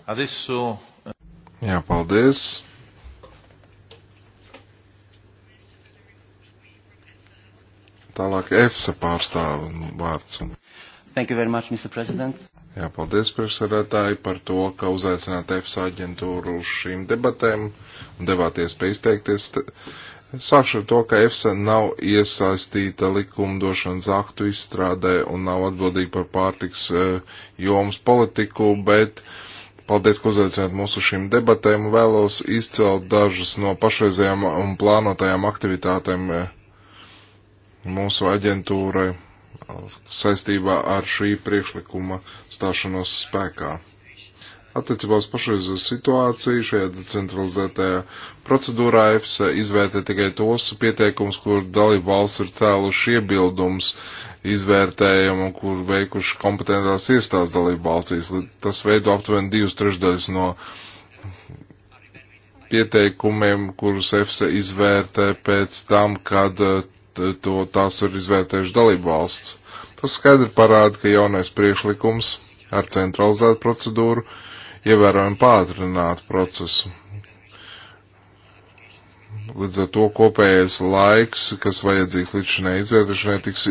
Adesso... Eh, Jā, paldies. Tālāk EFSA pārstāvu vārds. Thank you very much, Mr. President. Jā, paldies priekšsarētāji par to, ka uzaicināt EFSA aģentūru uz šīm debatēm un devāties pie izteikties. Sākšu ar to, ka EFSA nav iesaistīta likumdošanas aktu izstrādē un nav atbildīga par pārtiks e, jomas politiku, bet paldies, ka uzaicināt mūsu šīm debatēm. Vēlos izcelt dažas no pašreizējām un plānotajām aktivitātēm e, mūsu aģentūrai saistībā ar šī priekšlikuma stāšanos spēkā. Attiecībā uz pašreizu situāciju šajā decentralizētajā procedūrā EFSA izvērtē tikai tos pieteikumus, kur dalību valsts ir cēluši iebildums izvērtējumu, kur veikuši kompetentās iestādes dalību valstīs. Tas veido aptuveni divas trešdaļas no pieteikumiem, kurus EFSA izvērtē pēc tam, kad Eh, to tās ir izvērtējuši dalību valsts. Tas skaidri parāda, ka jaunais priekšlikums ar centralizētu procedūru ievērojami pātrinātu procesu. Līdz ar to kopējais laiks, kas vajadzīgs līdz šai izvērtēšanai, tiks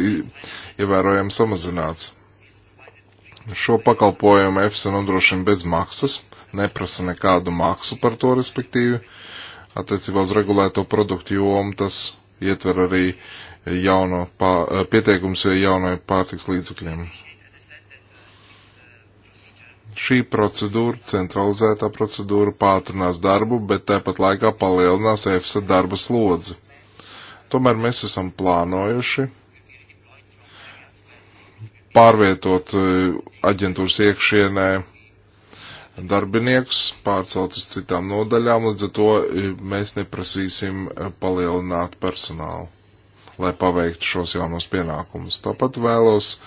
ievērojami samazināts. Šo pakalpojumu EFSA nodrošina bez maksas, neprasa nekādu maksu par to, respektīvi, attiecībā uz regulēto produktu jomu tas ietver arī jauno pā, eh, pieteikums jaunai pārtiks līdzekļiem. Šī procedūra, centralizētā procedūra, pātrinās darbu, bet tāpat laikā palielinās EFSA darba slodzi. Tomēr mēs esam plānojuši pārvietot eh, aģentūras iekšienē darbinieks pārcelt uz citām nodaļām, līdz ar to eh, mēs neprasīsim eh, palielināt personālu, lai paveiktu šos jaunos pienākumus. Tāpat vēlos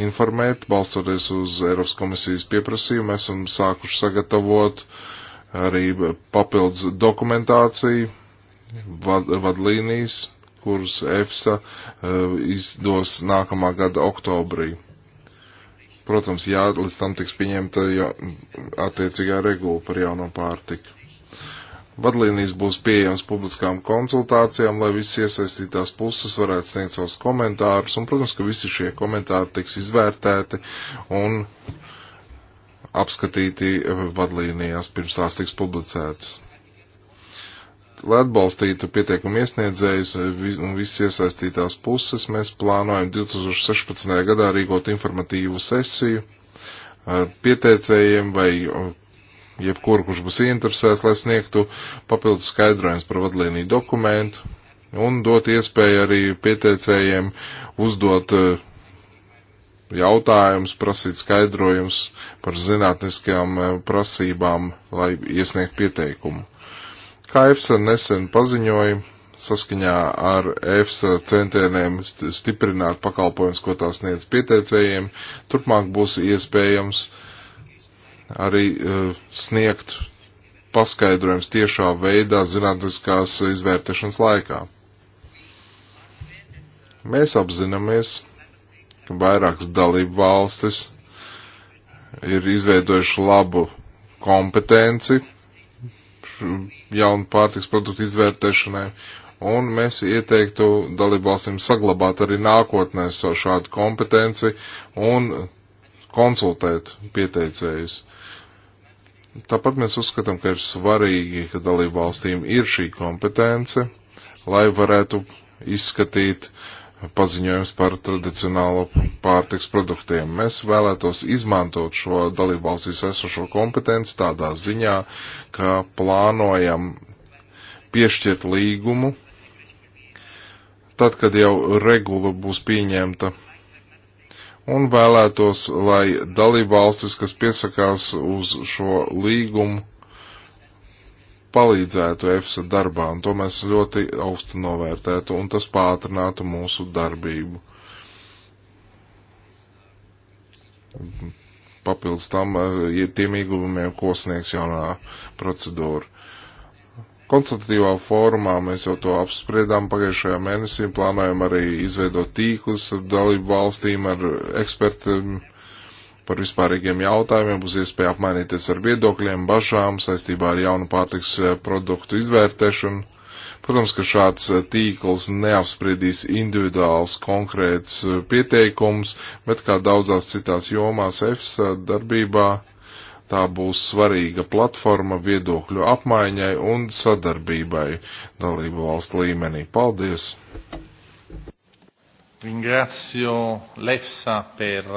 informēt, balstoties uz Eiropas komisijas pieprasījumu, esam sākuši sagatavot arī papildus dokumentāciju, vad, vadlīnijas, kuras EFSA eh, izdos nākamā gada oktobrī Protams, jā, līdz tam tiks pieņemta ja, attiecīgā regula par jauno pārtiku. Vadlīnijas būs pieejams publiskām konsultācijām, lai visi iesaistītās puses varētu sniegt savus komentārus, un, protams, ka visi šie komentāri tiks izvērtēti un apskatīti vadlīnijās pirms tās tiks publicētas lai atbalstītu pietiekumu iesniedzējus un visas iesaistītās puses, mēs plānojam 2016. gadā rīkot informatīvu sesiju ar pieteicējiem vai jebkuru, kurš būs ieinteresēts, lai sniegtu papildus skaidrojums par vadlīniju dokumentu un dot iespēju arī pieteicējiem uzdot e, jautājumus, prasīt skaidrojumus par zinātniskajām e, prasībām, lai iesniegtu pieteikumu. Kā EFSA nesen paziņoja, saskaņā ar EFSA centieniem stiprināt pakalpojumus, ko tās sniedz pieteicējiem, turpmāk būs iespējams arī uh, sniegt paskaidrojums tiešā veidā zinātniskās izvērtēšanas laikā. Mēs apzināmies, ka vairākas dalību valstis ir izveidojuši labu kompetenci jaunu pārtiks produktu izvērtēšanai. Un mēs ieteiktu dalībvalstīm saglabāt arī nākotnē savu šādu kompetenci un konsultēt pieteicējus. Tāpat mēs uzskatām, ka ir svarīgi, ka dalībvalstīm ir šī kompetence, lai varētu izskatīt uh, paziņojums par tradicionālo pārtiks produktiem. Mēs vēlētos izmantot šo dalībvalstīs esošo kompetenci tādā ziņā, ka plānojam piešķirt līgumu tad, kad jau regula būs pieņemta. Un vēlētos, lai dalībvalstis, kas piesakās uz šo līgumu, palīdzētu EFSA darbā, un to mēs ļoti augstu novērtētu, un tas pātrinātu mūsu darbību. Papildus tam eh, tiem ieguvumiem, ko sniegs jaunā procedūra. Konsultatīvā fórumā mēs jau to apspriedām pagājušajā mēnesī, plānojam arī izveidot tīklus ar dalību valstīm, ar ekspertiem par vispārīgiem jautājumiem, būs iespēja apmainīties ar viedokļiem, bažām saistībā ar jaunu pārtiks eh, produktu izvērtēšanu. Protams, ka šāds eh, tīkls neapspriedīs individuāls konkrēts eh, pieteikums, bet kā daudzās citās jomās EFSA darbībā tā būs svarīga platforma viedokļu apmaiņai un sadarbībai dalību valstu līmenī. Paldies! Ringrazio l'EFSA per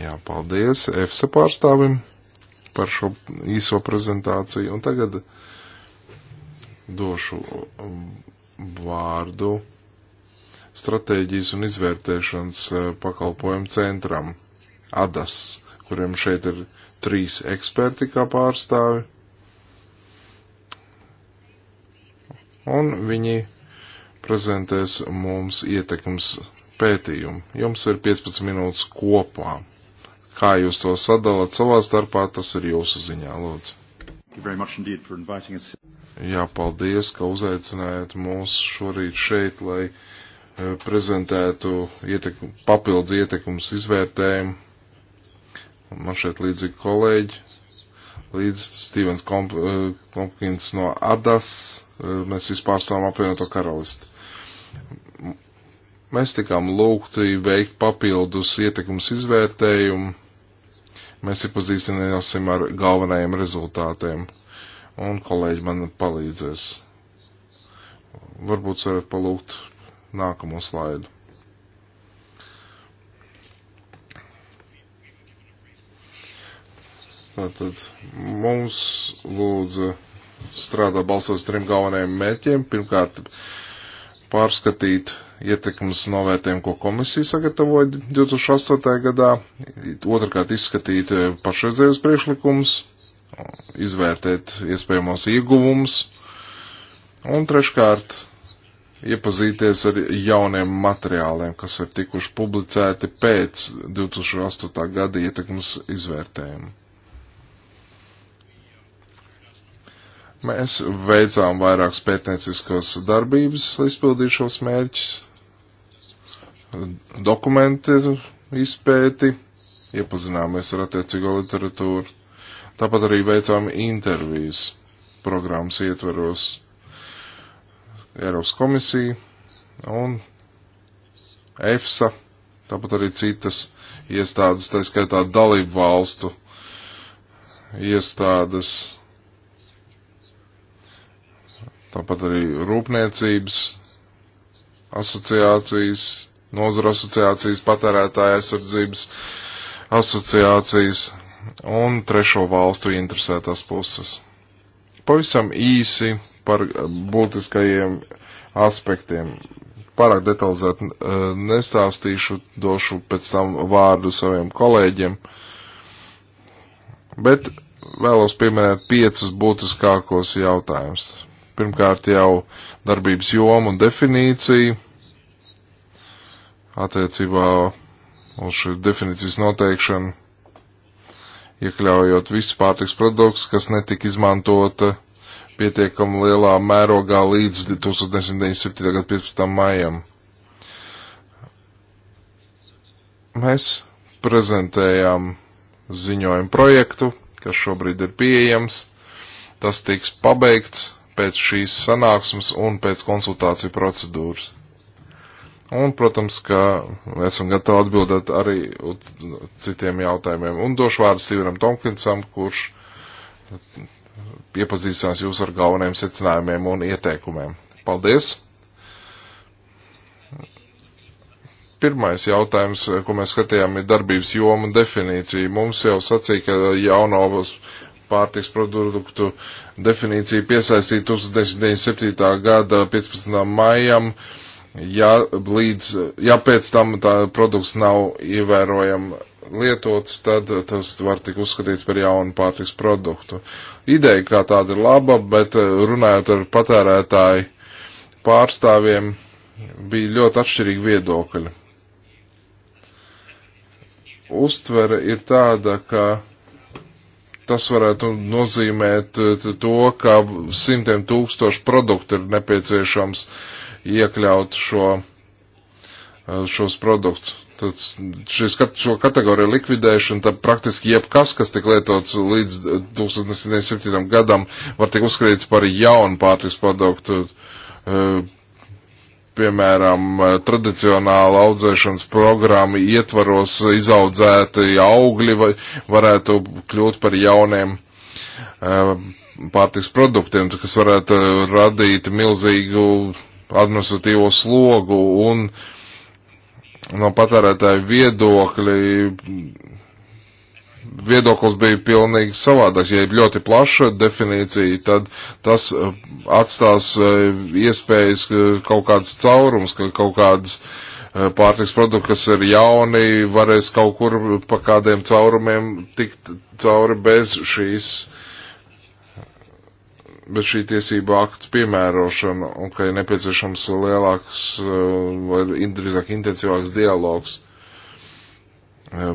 Jā, paldies EFSA pārstāvim par šo īso prezentāciju. Un tagad došu vārdu stratēģijas un izvērtēšanas eh, pakalpojumu centram ADAS, kuriem šeit ir trīs eksperti kā pārstāvi. Un viņi prezentēs mums ietekmes pētījumu. Jums ir 15 minūtes kopā. Kā jūs to sadalāt savā starpā, tas ir jūsu ziņā, lūdzu. Jā, paldies, ka uzaicinājāt mūs šorīt šeit, lai e, prezentētu ietekum, papildus ietekums izvērtējumu. Man šeit līdzīgi kolēģi, līdz Stevens Komp e, Kompkins no Adas, e, mēs vispār stāvam apvienoto karalisti. Mēs tikām lūgti veikt papildus ietekums izvērtējumu Mēs iepazīstināsim ar galvenajiem rezultātiem, un kolēģi man palīdzēs. Varbūt varat palūgt nākamo slaidu. Tātad mums lūdza strādā balsot trim galvenajiem mērķiem. Pirmkārt, pārskatīt ietekmes novērtējumu, ko komisija sagatavoja 2008. gadā, otrkārt izskatīt e, pašreizējos priekšlikumus, izvērtēt iespējamos ieguvumus, un treškārt iepazīties ar jauniem materiāliem, kas ir tikuši publicēti pēc 2008. gada ietekmes izvērtējuma. Mēs veicām vairākas pētnieciskās darbības, lai izpildītu šos mērķus, dokumentu izpēti, iepazināmies ar attiecīgo literatūru. Tāpat arī veicām intervijas programmas ietveros Eiropas komisija un EFSA, tāpat arī citas iestādes, tā skaitā dalību valstu iestādes, tāpat arī rūpniecības asociācijas, nozara asociācijas, patērētāja aizsardzības asociācijas un trešo valstu interesētās puses. Pavisam īsi par būtiskajiem aspektiem. Pārāk detalizēt e, nestāstīšu, došu pēc tam vārdu saviem kolēģiem, bet vēlos pieminēt piecus būtiskākos jautājumus. Pirmkārt jau darbības jomu un definīciju, attiecībā uz šī definīcijas noteikšanu, iekļaujot visus pārtiks produktus, kas netika izmantota pietiekami lielā mērogā līdz 1997. gada 15. maijam. Mēs prezentējām ziņojumu projektu, kas šobrīd ir pieejams. Tas tiks pabeigts pēc šīs sanāksmes un pēc konsultāciju procedūras. Un, protams, ka esam gatavi atbildēt arī citiem jautājumiem. Un došu vārdu Stīvenam Tomkinsam, kurš iepazīstinās jūs ar galvenajiem secinājumiem un ieteikumiem. Paldies! pirmais jautājums, ko mēs skatījām, ir darbības joma un definīcija. Mums jau sacīja, ka jaunovas pārtiks produktu definīcija piesaistīta 1997. gada 15. maijam. Uh, ja, līdz, ja pēc tam tā produkts nav ievērojami lietots, tad tas var tik uzskatīts par jaunu pārtiks produktu. Ideja kā tāda ir laba, bet eh, runājot ar patērētāju pārstāvjiem, bija ļoti atšķirīgi viedokļi. Uztvere ir tāda, ka tas varētu nozīmēt eh, to, ka simtiem tūkstošu produktu ir nepieciešams uh, iekļaut šo, eh, šos produktus. Tad šis, šo kategoriju likvidēšana, tad praktiski jebkas, kas tiek lietots līdz 2007. gadam, var tiek uzskatīts par jaunu pārtiks produktu. Eh, piemēram, tradicionāla audzēšanas programma ietvaros izaudzēti augļi vai varētu kļūt par jauniem eh, pārtiks produktiem, kas varētu radīt milzīgu administratīvo slogu un no patērētāju viedokļi viedoklis bija pilnīgi savādāks. Ja ir ļoti plaša definīcija, tad tas eh, atstās eh, iespējas kaut kāds caurums, ka kaut kāds eh, pārtiks produkti, kas ir jauni, varēs kaut kur pa kādiem caurumiem tikt cauri bez šīs uh, bet šī tiesība akts piemērošana un ka ir nepieciešams lielāks eh, vai drīzāk intensīvāks dialogs eh,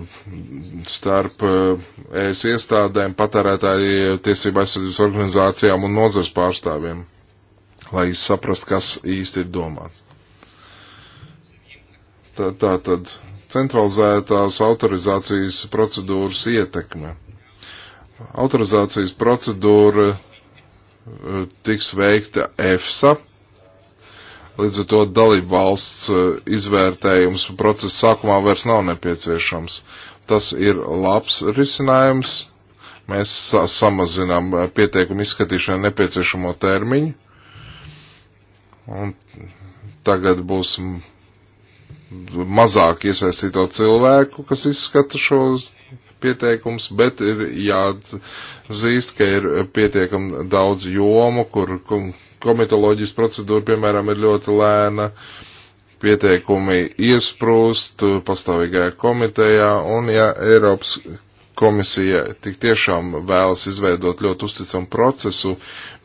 starp eh, ES iestādēm, patērētāju tiesību aizsardzības organizācijām un nozars pārstāvjiem, lai saprast, kas īsti ir domāts. Tā, tā tad centralizētās autorizācijas procedūras ietekme. Autorizācijas procedūra tiks veikta EFSA. Līdz ar to dalību valsts e, izvērtējums procesa sākumā vairs nav nepieciešams. Tas ir labs risinājums. Mēs samazinām e, pieteikumu izskatīšanai nepieciešamo termiņu. Un tagad būs mazāk iesaistīto cilvēku, kas izskata šos pieteikums, bet ir jāatzīst, ka ir pietiekami daudz jomu, kur komitoloģijas procedūra, piemēram, ir ļoti lēna, pieteikumi iesprūst pastāvīgajā komitejā, un ja Eiropas komisija tik tiešām vēlas izveidot ļoti uzticamu procesu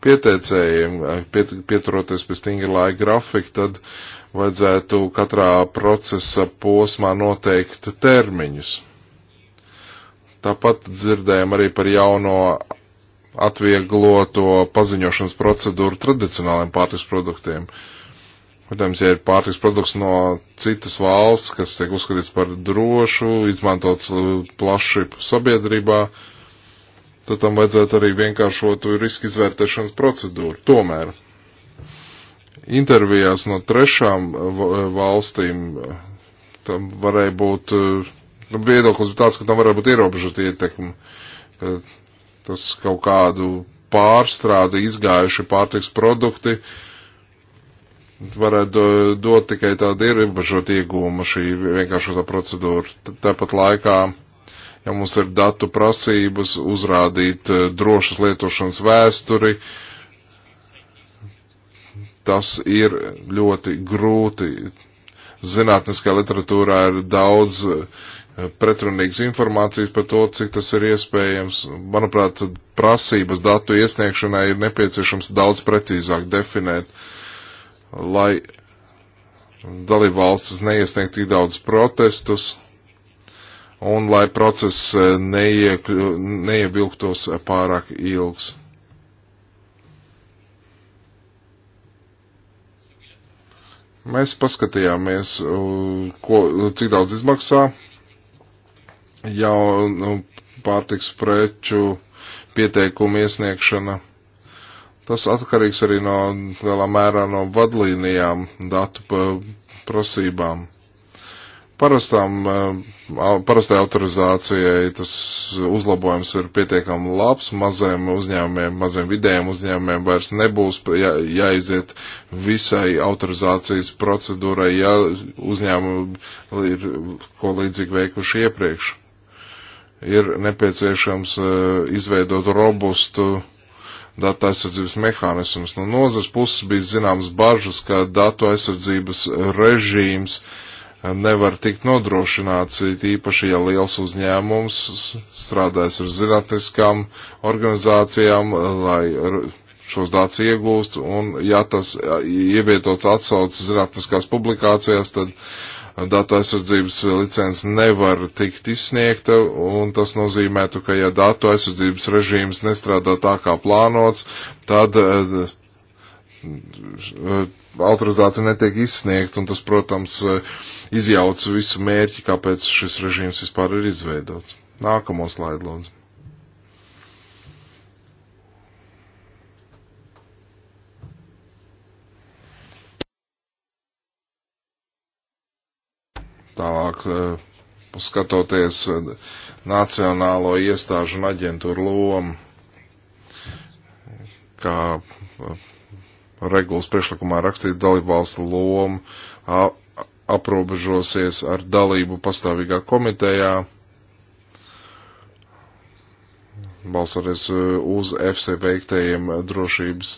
pieteicējiem, piet, pieturoties pie stingra laika grafika, tad vajadzētu katrā procesa posmā noteikt termiņus. Tāpat dzirdējām arī par jauno atviegloto paziņošanas procedūru tradicionāliem pārtiks produktiem. Protams, ja ir pārtiks produkts no citas valsts, kas tiek uzskatīts par drošu, izmantots uh, plaši sabiedrībā, tad tam vajadzētu arī vienkāršotu riska izvērtēšanas procedūru. Tomēr intervijās no trešām valstīm uh, tam varēja būt uh, nu, viedoklis ir tāds, ka tam varētu būt ierobežota ietekme. Tas kaut kādu pārstrādi izgājuši pārtiks produkti varētu dot tikai tādu ierobežotu iegūmu šī vienkāršotā procedūra. Tāpat laikā, ja mums ir datu prasības, uzrādīt eh, drošas lietošanas vēsturi, tas ir ļoti grūti zinātniskā literatūrā ir daudz eh, pretrunīgas informācijas par to, cik tas ir iespējams. Manuprāt, prasības datu iesniegšanai ir nepieciešams daudz precīzāk definēt, lai dalībvalstis neiesniegtu tik daudz protestus un lai process eh, neiekļu, neievilktos pārāk ilgs. Mēs paskatījāmies, ko, cik daudz izmaksā jau nu, pārtiks preču pieteikumu iesniegšana. Tas atkarīgs arī no lielā mērā no vadlīnijām, datu prasībām. Parastām, eh, parastai autorizācijai tas uzlabojums ir pietiekami labs, maziem uzņēmumiem, maziem vidējiem uzņēmumiem vairs nebūs jā, jāiziet visai autorizācijas procedūrai, ja uzņēmumi ir ko līdzīgi veikuši iepriekš ir nepieciešams e, izveidot robustu datu aizsardzības mehānismus. No nozars puses bija zināms bažas, ka datu aizsardzības režīms e, nevar tikt nodrošināts, īpaši, ja liels uzņēmums strādājas ar zinātniskām organizācijām, e, lai šos datus iegūst, un ja tas ja ievietots atsaucas zinātniskās publikācijās, tad uh, datu aizsardzības licence nevar tikt izsniegta, un tas nozīmētu, ka ja datu aizsardzības režīms nestrādā tā kā plānots, tad eh, eh, autorizācija netiek izsniegta, un tas, protams, eh, izjauc visu mērķi, kāpēc šis režīms vispār ir izveidots. Nākamo slaidu, lūdzu. Tālāk, eh, skatoties eh, nacionālo iestāžu un aģentūru lomu, kā eh, regulas priekšlikumā rakstīts dalībvalstu lomu, aprobežosies ar dalību pastāvīgā komitejā, balsoties uz FC veiktajiem drošības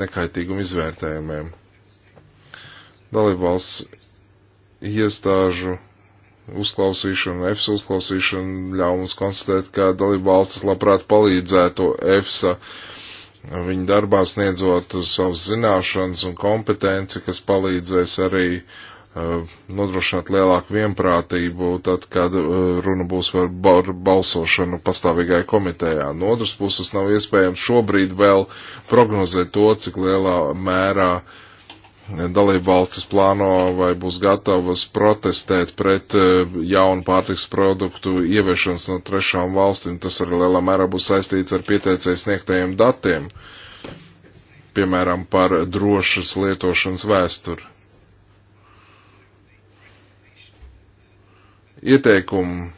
nekaitīgumu izvērtējumiem. Dalībvalsts iestāžu uzklausīšanu, EFSA uzklausīšanu ļauj mums konstatēt, ka dalība valstis labprāt palīdzētu EFSA viņa darbā sniedzot savas zināšanas un kompetenci, kas palīdzēs arī uh, nodrošināt lielāku vienprātību, tad, kad uh, runa būs par balsošanu pastāvīgai komitejā. No otras puses nav iespējams šobrīd vēl prognozēt to, cik lielā mērā uh, dalību valstis plāno vai būs gatavas protestēt pret e, jaunu pārtiks produktu ieviešanas no trešām valstīm. Tas arī lielā mērā būs saistīts ar pieteicēju sniegtajiem datiem, piemēram, par drošas lietošanas vēsturi. Ieteikumi,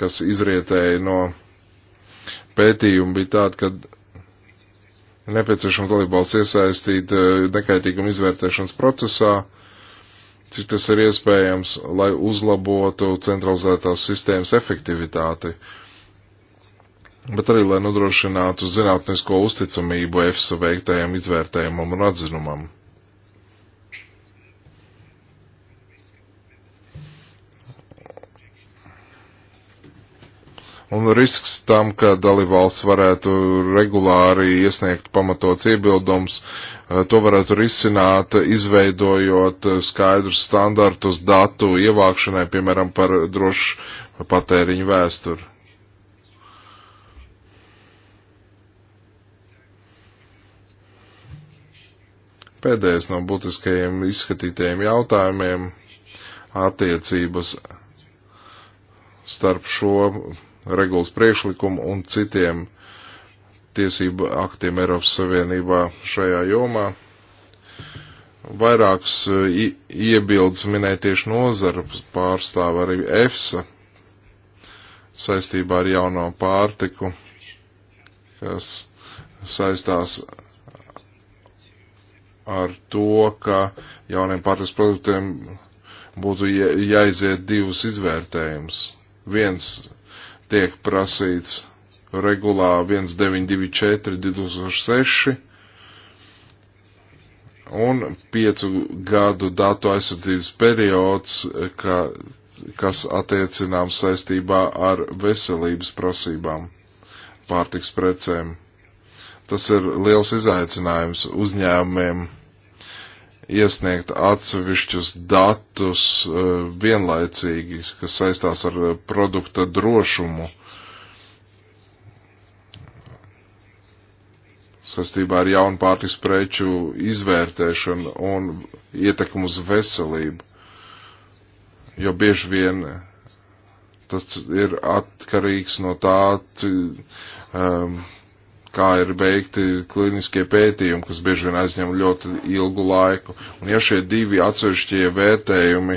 kas izrietēja no pētījuma, bija tādi, ka nepieciešams dalībvalsts iesaistīt eh, nekaitīguma izvērtēšanas procesā, cik tas ir iespējams, lai uzlabotu centralizētās sistēmas efektivitāti, bet arī lai nodrošinātu zinātnisko uzticamību EFSA veiktajam izvērtējumam un atzinumam. un risks tam, ka dalībvalsts varētu regulāri iesniegt pamatots iebildums, eh, to varētu risināt, izveidojot eh, skaidrus standartus datu ievākšanai, piemēram, par drošu patēriņu vēsturi. Pēdējais no būtiskajiem izskatītajiem jautājumiem attiecības starp šo regulas priekšlikumu un citiem tiesību aktiem Eiropas Savienībā šajā jomā. Vairākas eh, iebildes minēja tieši nozara pārstāva arī EFSA saistībā ar jauno pārtiku, kas saistās ar to, ka jauniem pārtiks produktiem būtu jāiziet divus izvērtējumus. Viens tiek prasīts regulā 1924 2006 un 5 gadu datu aizsardzības periods, ka, kas attiecināms saistībā ar veselības prasībām pārtiks precēm. Tas ir liels izaicinājums uzņēmumiem iesniegt atsevišķus datus e, vienlaicīgi, kas saistās ar e, produkta drošumu. saistībā ar jaunu pārtiks preču izvērtēšanu un ietekmu uz veselību. Jo bieži vien tas ir atkarīgs no tā, um, kā ir veikti klīniskie pētījumi, kas bieži vien aizņem ļoti ilgu laiku. Un ja šie divi atsevišķie vērtējumi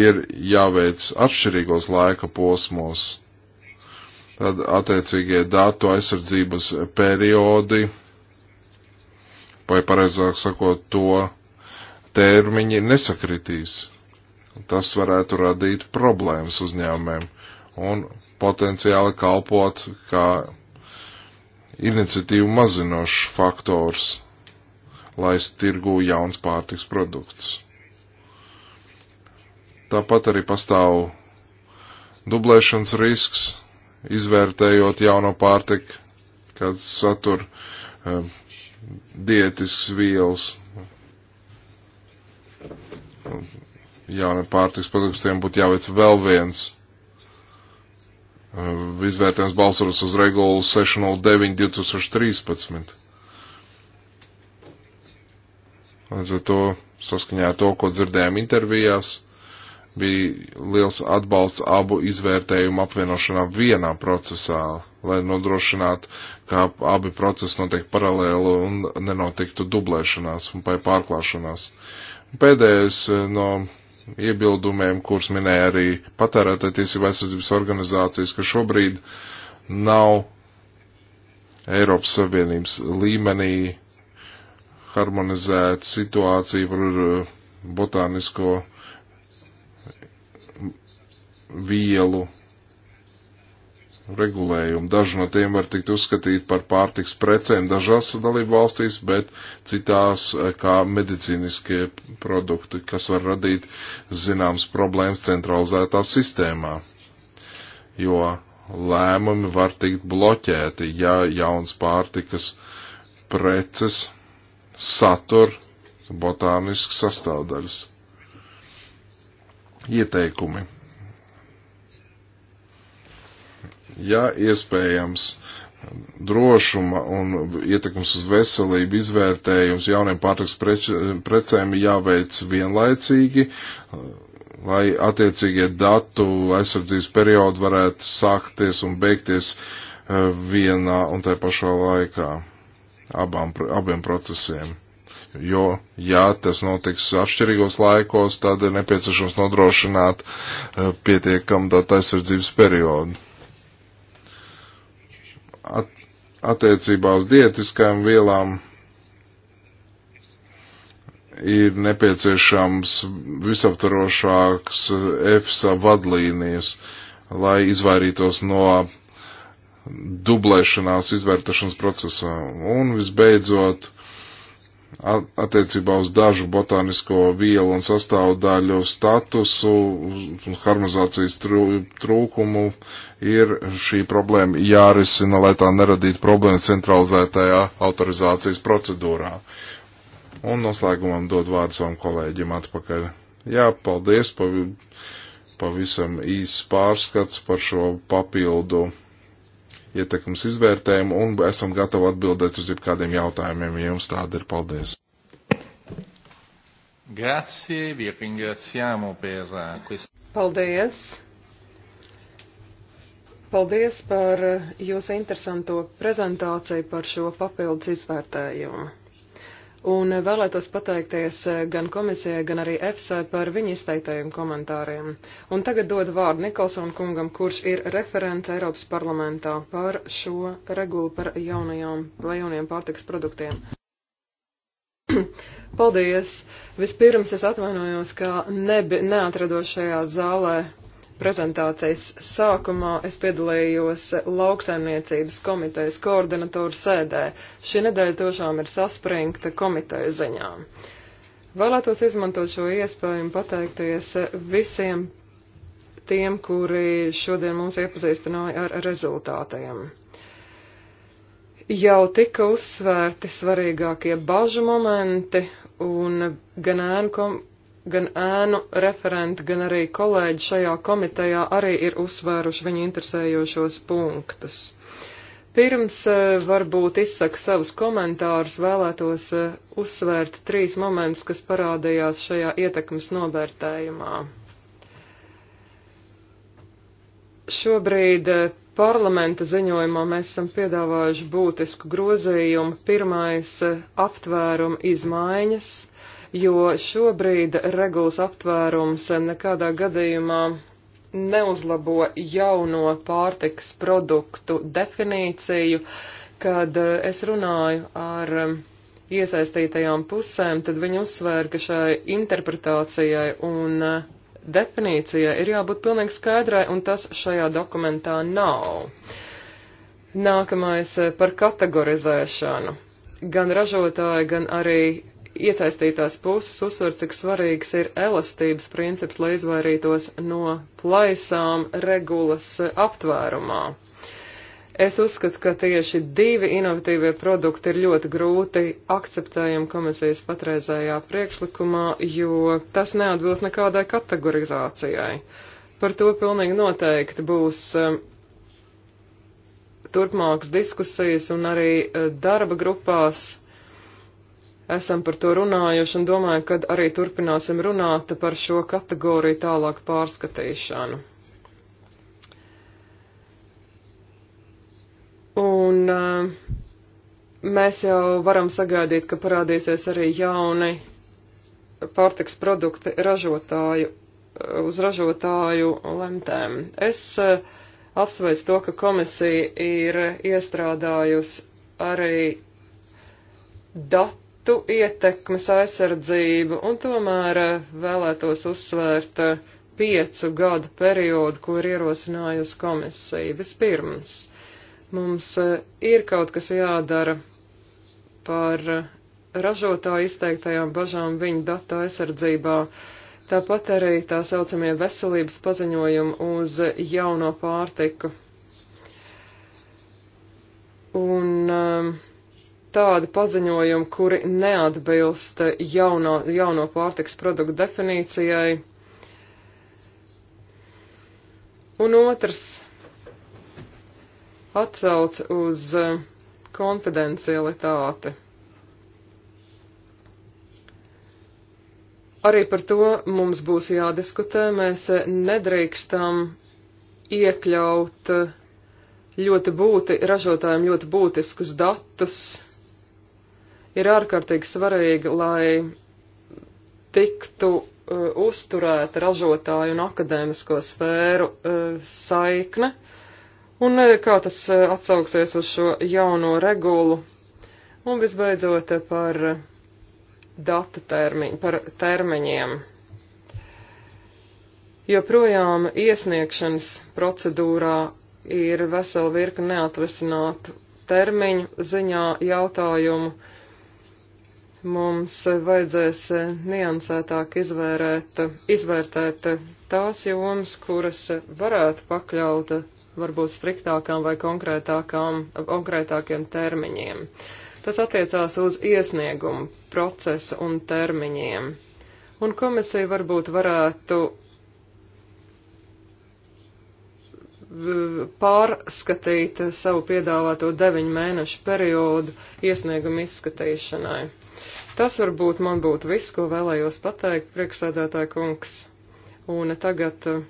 ir jāveic atšķirīgos laika posmos, tad attiecīgie datu aizsardzības periodi, vai pareizāk sakot, to termiņi nesakritīs. Tas varētu radīt problēmas uzņēmumiem un potenciāli kalpot kā iniciatīvu mazinošs faktors, lai tirgu jauns pārtiks produkts. Tāpat arī pastāv dublēšanas risks, izvērtējot jauno pārtiku, kad satur um, dietisks vielas. Jauniem pārtiks produktiem būtu jāveic vēl viens Э, izvērtējums balsojums uz regulu 609 2013. Līdz ar to saskaņā ar to, ko dzirdējām intervijās, bija liels atbalsts abu izvērtējumu apvienošanā vienā procesā, lai nodrošinātu, ka abi procesi notiek paralēli un nenotiktu dublēšanās un pārklāšanās. Pēdējais eh, no iebildumiem, kurus minēja arī patērētāja tiesība aizsardzības organizācijas, ka šobrīd nav Eiropas Savienības līmenī harmonizēta situācija par eh, botānisko vielu regulējumu. Daži no tiem var tikt uzskatīti par pārtiks precēm dažās dalību valstīs, bet citās eh, kā medicīniskie produkti, kas var radīt zināmas problēmas centralizētā sistēmā. Jo lēmumi var tikt bloķēti, ja jauns pārtikas preces satur botānisks sastāvdaļas. Ieteikumi Ja iespējams, drošuma un ietekmes uz veselību izvērtējums jauniem pārtiks precēm jāveic vienlaicīgi, lai attiecīgie datu aizsardzības periodi varētu sākties un beigties e, vienā un tajā pašā laikā abām, abiem procesiem. Jo, ja tas notiks atšķirīgos laikos, tad ir nepieciešams nodrošināt e, pietiekam datu aizsardzības periodu at, attiecībā uz dietiskajām vielām ir nepieciešams visaptarošāks EFSA vadlīnijas, lai izvairītos no dublēšanās izvērtašanas procesā. Un visbeidzot, attiecībā uz dažu botānisko vielu un sastāvdaļu statusu un harmonizācijas trūkumu ir šī problēma jārisina, lai tā neradītu problēmas centralizētajā autorizācijas procedūrā. Un noslēgumam dod vārdu savam kolēģim atpakaļ. Jā, paldies, pav pavisam īsts pārskats par šo papildu ietekmes izvērtējumu un esam gatavi atbildēt uz jebkādiem jautājumiem, ja jums tāda ir. Paldies! Grazie, vi ringraziamo per eh, questo. Paldies! Paldies par eh, jūsu interesanto prezentāciju par šo papildus izvērtējumu un vēlētos pateikties eh, gan komisijai, gan arī EFSA par viņu izteiktajiem komentāriem. Un tagad dodu vārdu Nikolson kungam, kurš ir referents Eiropas parlamentā par šo regulu par jaunajām, jaunajiem pārtikas produktiem. Paldies! Vispirms es atvainojos, ka nebi, neatradošajā zālē prezentācijas sākumā es piedalījos lauksaimniecības komitejas koordinatoru sēdē. Šī nedēļa tošām ir saspringta komiteja ziņā. Vēlētos izmantot šo iespēju un pateikties visiem tiem, kuri šodien mums iepazīstināja ar rezultātiem. Jau tika uzsvērti svarīgākie bažu momenti un gan ēnu gan ēnu referenti, gan arī kolēģi šajā komitejā arī ir uzsvēruši viņu interesējošos punktus. Pirms eh, varbūt izsaka savus komentārus, vēlētos eh, uzsvērt trīs momentus, kas parādījās šajā ietekmes novērtējumā. Šobrīd eh, parlamenta ziņojumā mēs esam piedāvājuši būtisku grozījumu. Pirmais - aptvērumu izmaiņas jo šobrīd regulas aptvērums nekādā gadījumā neuzlabo jauno pārtikas produktu definīciju. Kad eh, es runāju ar eh, iesaistītajām pusēm, tad viņi uzsvēra, ka šai interpretācijai un eh, definīcijai ir jābūt pilnīgi skaidrai, un tas šajā dokumentā nav. Nākamais par kategorizēšanu. Gan ražotāji, gan arī iesaistītās puses uzsver, cik svarīgs ir elastības princips, lai izvairītos no plaisām regulas aptvērumā. Es uzskatu, ka tieši divi inovatīvie produkti ir ļoti grūti akceptējami komisijas patreizējā priekšlikumā, jo tas neatbilst nekādai kategorizācijai. Par to pilnīgi noteikti būs um, turpmākas diskusijas un arī uh, darba grupās esam par to runājuši un domāju, kad arī turpināsim runāt par šo kategoriju tālāk pārskatīšanu. Un eh, mēs jau varam sagaidīt, ka parādīsies arī jauni pārtiks produkti ražotāju, eh, uz ražotāju lemtēm. Es eh, apsveicu to, ka komisija ir iestrādājusi arī datu citu ietekmes aizsardzību, un tomēr eh, vēlētos uzsvērt eh, piecu gadu periodu, ko ir ierosinājusi komisija. Vispirms, mums eh, ir kaut kas jādara par ražotāju izteiktajām bažām viņu datu aizsardzībā. Tāpat arī tā saucamie veselības paziņojumi uz jauno pārtiku. Un uh, um, tādi paziņojumi, kuri neatbilst jauno, jauno pārtiks produktu definīcijai. Un otrs atsauc uz eh, konfidencialitāti. Arī par to mums būs jādiskutē. Mēs eh, nedrīkstam iekļaut eh, ļoti būti, ražotājiem ļoti būtiskus datus ir ārkārtīgi svarīgi, lai tiktu uh, uzturēta ražotāju un akadēmisko sfēru uh, saikne, un uh, kā tas uh, atsauksies uz šo jauno regulu, un visbeidzot uh, par uh, data termiņ, par termiņiem. Joprojām iesniegšanas procedūrā ir vesela virka neatrisinātu termiņu ziņā jautājumu, uh, mums vajadzēs niansētāk izvērēt, izvērtēt tās jomas, kuras varētu pakļaut varbūt striktākām vai konkrētākām, konkrētākiem termiņiem. Tas attiecās uz iesniegumu procesu un termiņiem. Un komisija varbūt varētu pārskatīt savu piedāvāto deviņu mēnešu periodu iesniegumu izskatīšanai. Tas varbūt man būtu viss, ko vēlējos pateikt, priekšsēdētāja kungs. Un tagad uh,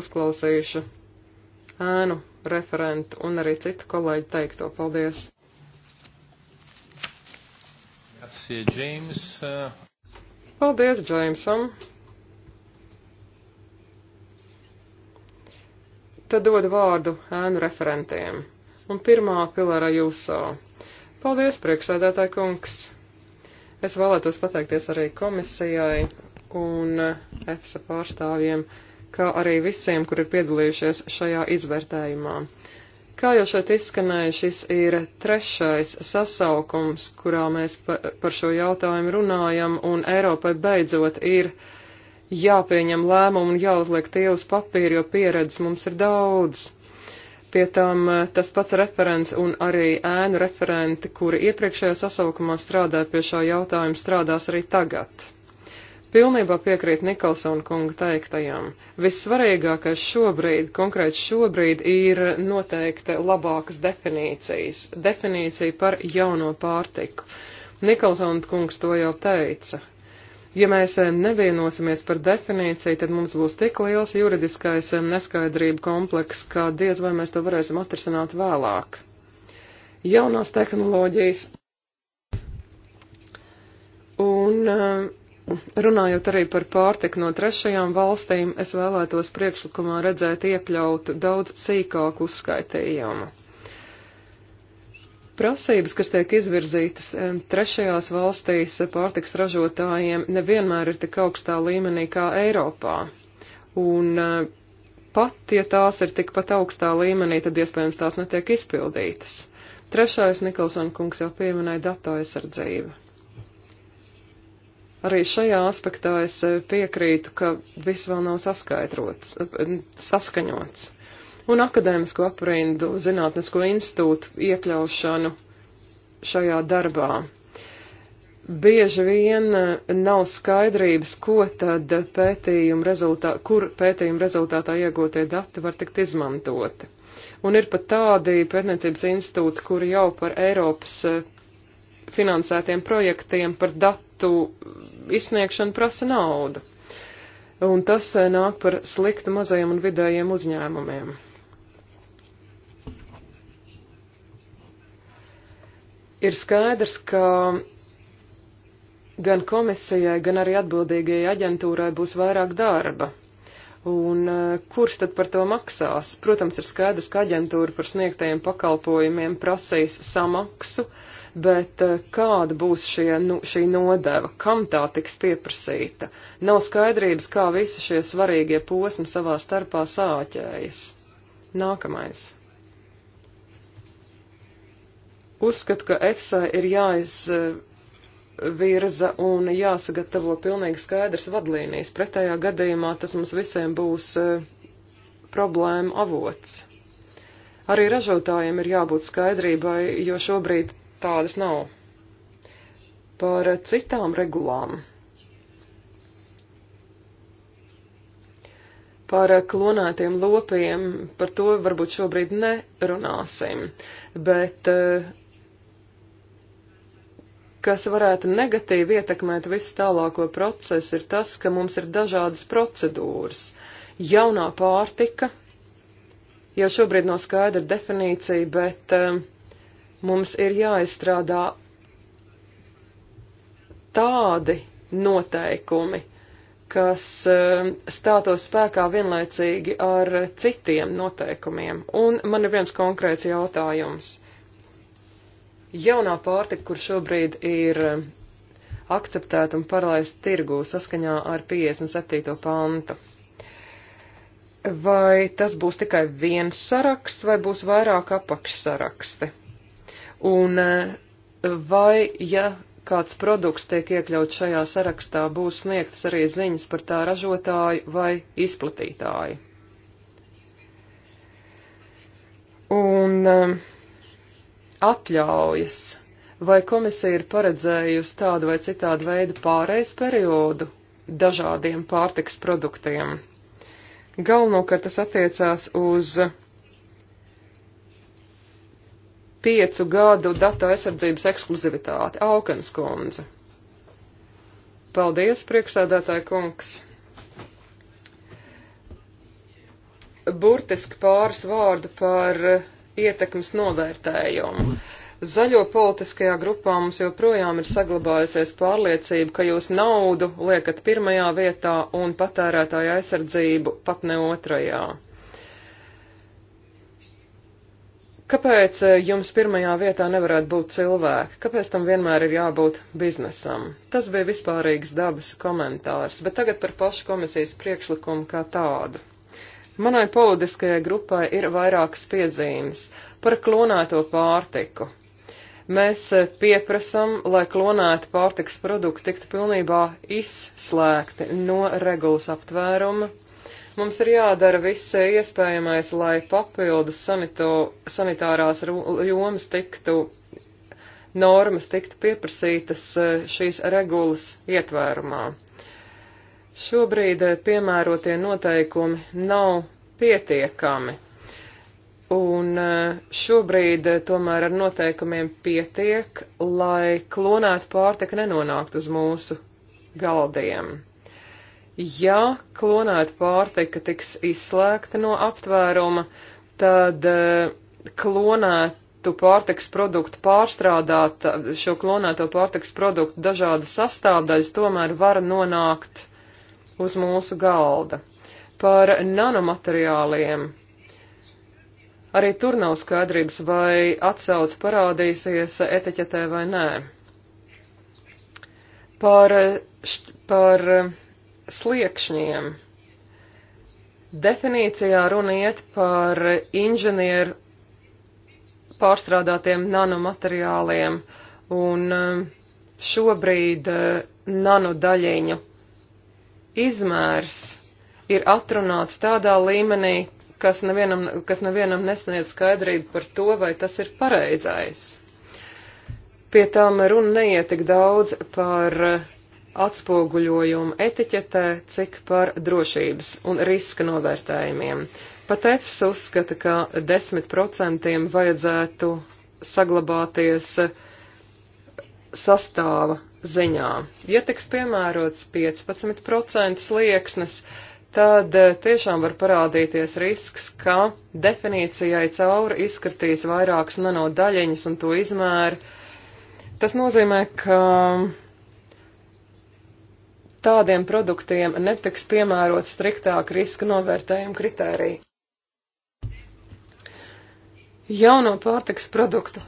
uzklausīšu ēnu referentu un arī citu kolēģu teikto. Paldies! Grazie, James. Paldies, Džeimsam! Tad dod vārdu ēnu referentiem. Un pirmā pilāra jūsā. Paldies, priekšsēdētāji kungs! Es vēlētos pateikties arī komisijai un EFSA pārstāvjiem, kā arī visiem, kur ir piedalījušies šajā izvērtējumā. Kā jau šeit izskanēja, šis ir trešais sasaukums, kurā mēs par šo jautājumu runājam, un Eiropai beidzot ir jāpieņem lēmumu un jāuzliek tie uz papīru, jo pieredzes mums ir daudz. Pie tam eh, tas pats referents un arī ēnu referenti, kuri iepriekšējā sasaukumā strādāja pie šā jautājuma, strādās arī tagad. Pilnībā piekrīt Nikolsona kunga teiktajam. Vissvarīgākais šobrīd, konkrēt šobrīd, ir noteikti labākas definīcijas. Definīcija par jauno pārtiku. Nikolsona kungs to jau teica. Ja mēs nevienosimies par definīciju, tad mums būs tik liels juridiskais neskaidrību kompleks, ka diez vai mēs to varēsim atrisināt vēlāk. Jaunās tehnoloģijas. Un runājot arī par pārtiku no trešajām valstīm, es vēlētos priekšlikumā redzēt iekļaut daudz sīkāku uzskaitījumu. Prasības, kas tiek izvirzītas trešajās valstīs pārtiks ražotājiem, nevienmēr ir tik augstā līmenī kā Eiropā. Un e, pat, ja tās ir tikpat augstā līmenī, tad iespējams tās netiek izpildītas. Trešais Nikolsona kungs jau pieminēja datu aizsardzību. Arī šajā aspektā es e, piekrītu, ka viss vēl nav saskaidrots, e, saskaņots un akadēmisko aprindu zinātnesko institūtu iekļaušanu šajā darbā. Bieži vien eh, nav skaidrības, ko tad pētījuma rezultātā, kur pētījuma rezultātā iegūtie dati var tikt izmantoti. Un ir pat tādi pētniecības institūti, kuri jau par Eiropas eh, finansētiem projektiem par datu izsniegšanu prasa naudu. Un tas eh, nāk par sliktu mazajiem un vidējiem uzņēmumiem. Ir skaidrs, ka gan komisijai, gan arī atbildīgajai aģentūrai būs vairāk darba. Un e, kurš tad par to maksās? Protams, ir skaidrs, ka aģentūra par sniegtajiem pakalpojumiem prasīs samaksu, bet e, kāda būs šie, nu, šī nodeva, kam tā tiks pieprasīta? Nav skaidrības, kā visi šie svarīgie posmi savā starpā sāķējas. Nākamais uzskatu, ka EFSA ir jāizvirza un jāsagatavo pilnīgi skaidrs vadlīnijas. Pretējā gadījumā tas mums visiem būs eh, problēma avots. Arī ražotājiem ir jābūt skaidrībai, jo šobrīd tādas nav. Par citām regulām. par klonētiem lopiem, par to varbūt šobrīd nerunāsim, bet uh, kas varētu negatīvi ietekmēt visu tālāko procesu, ir tas, ka mums ir dažādas procedūras. Jaunā pārtika, jau šobrīd nav no skaidra definīcija, bet um, mums ir jāizstrādā tādi noteikumi, kas um, stātos spēkā vienlaicīgi ar citiem noteikumiem. Un man ir viens konkrēts jautājums. Uh, Jaunā pārtika, kur šobrīd ir eh, akceptēta un paralaista tirgū saskaņā ar 57. pantu. Vai tas būs tikai viens saraksts, vai būs vairāk apakšsaraksti? Un eh, vai, ja kāds produkts tiek iekļauts šajā sarakstā, būs sniegtas arī ziņas par tā ražotāju vai izplatītāju? Un uh, atļaujas, vai komisija ir paredzējusi tādu vai citādu veidu pārejas periodu dažādiem pārtiks produktiem. Galvenokārt tas attiecās uz piecu gadu datu aizsardzības ekskluzivitāti. Aukens kundze. Paldies, priekšsēdētāja kungs. Burtiski pāris vārdu par ietekmes novērtējumu. Zaļo politiskajā grupā mums joprojām ir saglabājusies pārliecība, ka jūs naudu liekat pirmajā vietā un patērētāju aizsardzību pat ne otrajā. Kāpēc eh, jums pirmajā vietā nevarētu būt cilvēki? Kāpēc tam vienmēr ir jābūt biznesam? Tas bija vispārīgs dabas komentārs, bet tagad par pašu komisijas priekšlikumu kā tādu. Manai politiskajai grupai ir vairākas piezīmes par klonēto pārtiku. Mēs eh, pieprasam, lai klonēti pārtiks produkti tiktu pilnībā izslēgti no regulas aptvēruma. Mums ir jādara viss iespējamais, lai papildus sanito, sanitārās jomas tiktu, normas tiktu pieprasītas eh, šīs regulas ietvērumā. Šobrīd eh, piemērotie noteikumi nav pietiekami. Un eh, šobrīd eh, tomēr ar noteikumiem pietiek, lai klonēta pārtika nenonāktu uz mūsu galdiem. Ja klonēta pārtika tiks izslēgta no aptvēruma, tad klonētu pārtiks produktu pārstrādāt, šo klonēto pārtiks produktu dažādas sastāvdaļas tomēr var nonākt uz mūsu galda. Par nanomateriāliem. Arī tur nav skaidrības, vai atsauce parādīsies etiķetē vai nē. Par, št, par sliekšņiem. Definīcijā runa iet par inženieru pārstrādātiem nanomateriāliem un um, šobrīd uh, nanodaļiņu izmērs ir atrunāts tādā līmenī, kas nevienam, kas nevienam nesniedz skaidrību par to, vai tas ir pareizais. Pie tām runa neiet tik daudz par atspoguļojumu etiķetē, cik par drošības un riska novērtējumiem. Pat EFS uzskata, ka 10% vajadzētu saglabāties sastāva ziņā. Ja tiks piemērots 15% slieksnes, tad eh, tiešām var parādīties risks, ka definīcijai cauri izskatīs vairākas nano daļiņas un to izmēri. Tas nozīmē, ka tādiem produktiem netiks piemērot striktāk riska novērtējuma kritērija. Jauno pārtiks produktu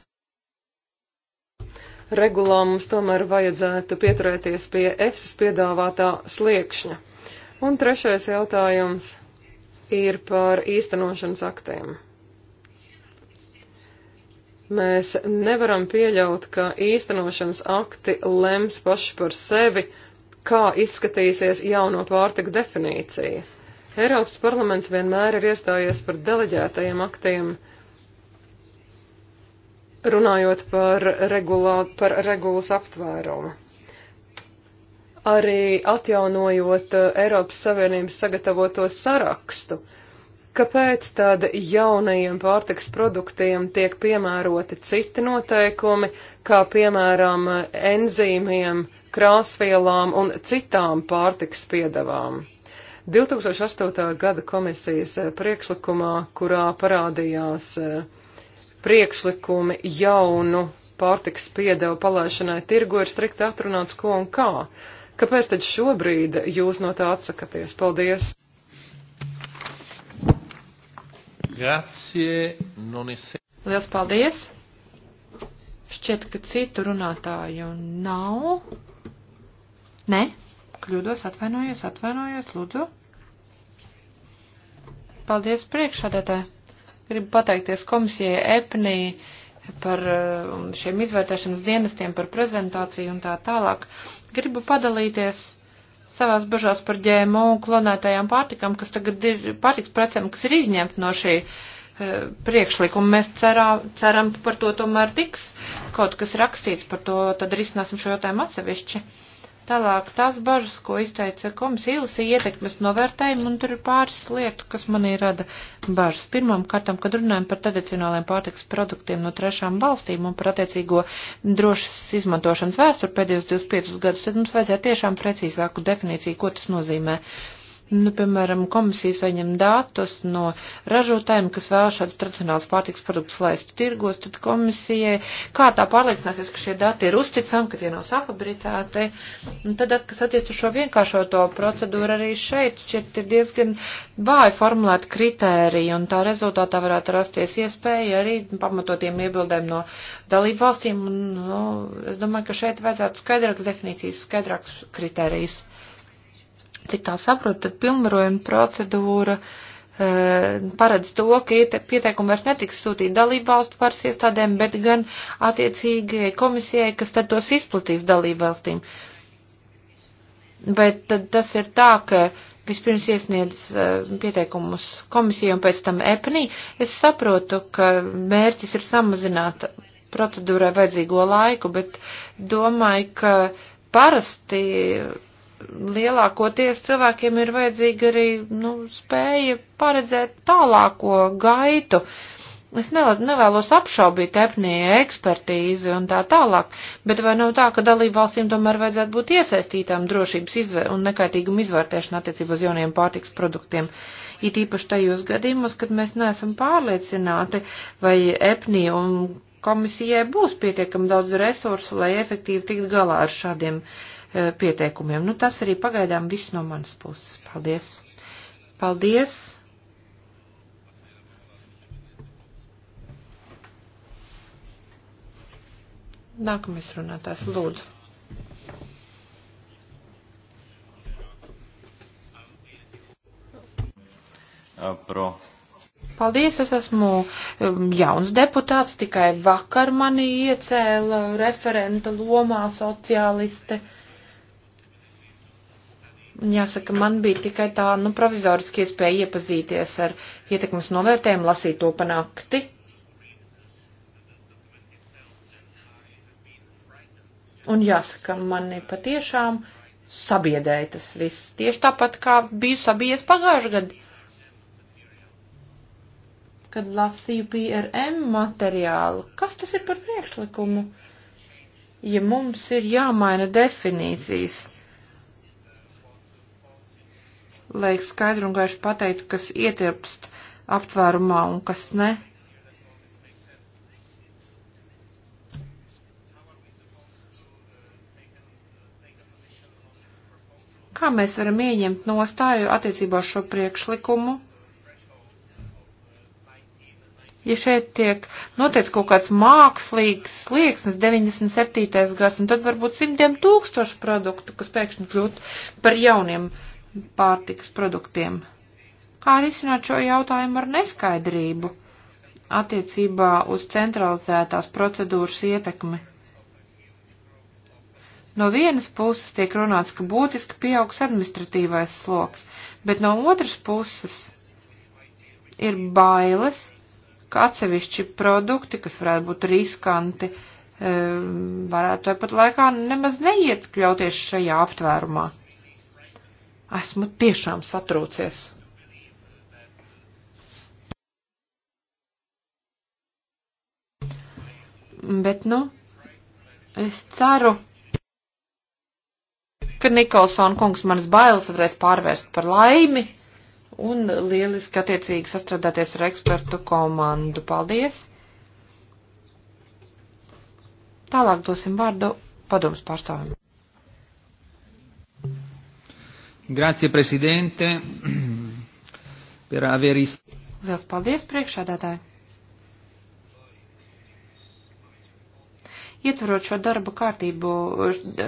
regulā mums tomēr vajadzētu pieturēties pie EFSAS piedāvātā sliekšņa. Un trešais jautājums ir par īstenošanas aktiem. Mēs nevaram pieļaut, ka īstenošanas akti lems paši par sevi, kā izskatīsies jauno pārtiku definīcija. Eiropas parlaments vienmēr ir iestājies par deleģētajiem aktiem, uh, runājot par, regulā, par regulas aptvērumu. Arī atjaunojot uh, Eiropas Savienības sagatavoto sarakstu, kāpēc tad jaunajiem pārtiks produktiem tiek piemēroti citi noteikumi, kā piemēram uh, enzīmiem, krāsvielām un citām pārtiks piedavām? 2008. gada komisijas uh, priekšlikumā, kurā parādījās uh, priekšlikumi jaunu pārtiks piedevu palaišanai tirgu ir strikti atrunāts ko un kā. Kāpēc tad šobrīd jūs no tā atsakaties? Paldies! Grazie, nonise. Liels paldies! Šķiet, ka citu runātāju nav. Nē, kļūdos, atvainojos, atvainojos, lūdzu. Paldies priekšādētāji. Gribu pateikties komisijai EPNI par um, šiem izvērtēšanas dienestiem, par prezentāciju un tā tālāk. Gribu padalīties savās bažās par ģēmo un klonētajām pārtikām, kas tagad ir pārtiks precēm, kas ir izņemta no šī eh, priekšlikumu. Mēs cerā, ceram, par to tomēr tiks kaut kas rakstīts, par to tad risināsim šo jautājumu atsevišķi. Uh, Tālāk tās bažas, ko izteica komisija, ilasīja ietekmes novērtējumu, un tur ir pāris lietu, kas manī rada bažas. Pirmām kārtām, kad runājam par tradicionāliem pārtiks produktiem no trešām valstīm un par attiecīgo drošas izmantošanas vēsturi pēdējos 25 gadus, tad mums vajadzēja tiešām precīzāku definīciju, ko tas nozīmē. Uh, nu, piemēram, komisija saņem datus no ražotājiem, kas vēl šādas tradicionālas pārtiks produktus laist tirgos, tad komisijai, kā tā pārliecināsies, ka šie dati ir uzticami, ka tie nav safabricēti, un tad, kas attiec uz šo vienkāršoto procedūru arī šeit, šķiet ir diezgan vāji formulēt kritēriju, un tā rezultātā varētu rasties iespēja arī pamatotiem iebildēm no dalību valstīm, un, nu, es domāju, ka šeit vajadzētu skaidrākas definīcijas, skaidrākas kritērijas. Cik tā saprotu, tad pilnvarojuma procedūra e, paredz to, ka pieteikumi vairs netiks sūtīti dalību valstu varas iestādēm, bet gan attiecīgajai komisijai, kas tad tos izplatīs dalību valstīm. Bet tad tas ir tā, ka vispirms iesniedz e, pieteikumus komisijai un pēc tam EPNI. Es saprotu, ka mērķis ir samazināt procedūrai vajadzīgo laiku, bet domāju, ka parasti lielākoties cilvēkiem ir vajadzīga arī nu, spēja paredzēt tālāko gaitu. Es nevēlos apšaubīt epnija ekspertīzi un tā tālāk, bet vai nav tā, ka dalību valstīm tomēr vajadzētu būt iesaistītām drošības izvēr un nekaitīgumu izvērtēšanu attiecībā uz jauniem pārtiks produktiem? It īpaši tajos gadījumos, kad mēs neesam pārliecināti, vai epnija un komisijai būs pietiekami daudz resursu, lai efektīvi tikt galā ar šādiem uh, Eh, pieteikumiem. Nu, tas arī pagaidām viss no manas puses. Paldies! Paldies! Nākamais runātājs, lūdzu. Eh, pro. Paldies, es esmu eh, jauns deputāts, tikai vakar mani iecēla referenta lomā sociāliste. Uh, Jāsaka, man bija tikai tā, nu, provizoriski iespēja iepazīties ar ietekmes novērtējumu, lasīt to panakti. Un jāsaka, mani patiešām sabiedēja tas viss. Tieši tāpat kā biju sabijies pagājušajā gadā, kad lasīju PRM materiālu. Kas tas ir par priekšlikumu? Ja mums ir jāmaina definīcijas, lai skaidru un gaišu pateiktu, kas ietilpst aptvērumā un kas ne. Kā mēs varam ieņemt nostāju attiecībā šo priekšlikumu? Ja šeit tiek noteikts kaut kāds mākslīgs slieksnis 97. gads, un tad varbūt simtiem tūkstošu produktu, kas pēkšņi kļūtu par jauniem uh, pārtiks produktiem. Kā risināt šo jautājumu ar neskaidrību attiecībā uz centralizētās procedūras ietekmi? No vienas puses tiek runāts, ka būtiski pieaugs administratīvais sloks, bet no otras puses ir bailes, ka atsevišķi produkti, kas varētu būt riskanti, eh, varētu tāpat laikā nemaz neiet kļauties šajā aptvērumā. Esmu tiešām satrūcies. Bet, nu, es ceru, ka Nikolsona kungs manas bailes varēs pārvērst par laimi un lieliski attiecīgi sastrādāties ar ekspertu komandu. Paldies! Tālāk dosim vārdu padomus pārstāvim. Grazie, prezidente, par aver iz... Liels paldies, priekšādātāji! Ietverot šo darba kārtību,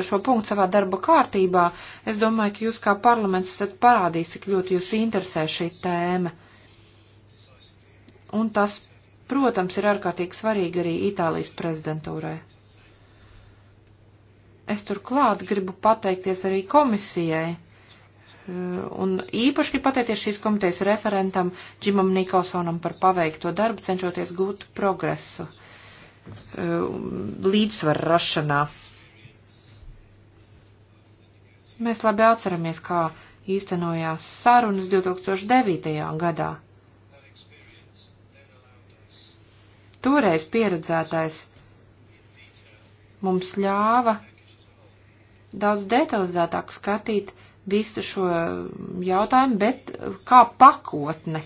šo punktu savā darba kārtībā, es domāju, ka jūs kā parlaments esat parādījis, cik ļoti jūs interesē šī tēma. Un tas, protams, ir ārkārtīgi svarīgi arī Itālijas prezidentūrai. Es turklāt gribu pateikties arī komisijai Eh, un īpaši gribu pateikties šīs komitejas referentam Džimam Nikolsonam par paveikto darbu, cenšoties gūt progresu eh, līdzsvaru rašanā. Mēs labi atceramies, kā īstenojās sarunas 2009. gadā. Toreiz pieredzētais mums ļāva daudz detalizētāk skatīt visu šo jautājumu, bet kā pakotne.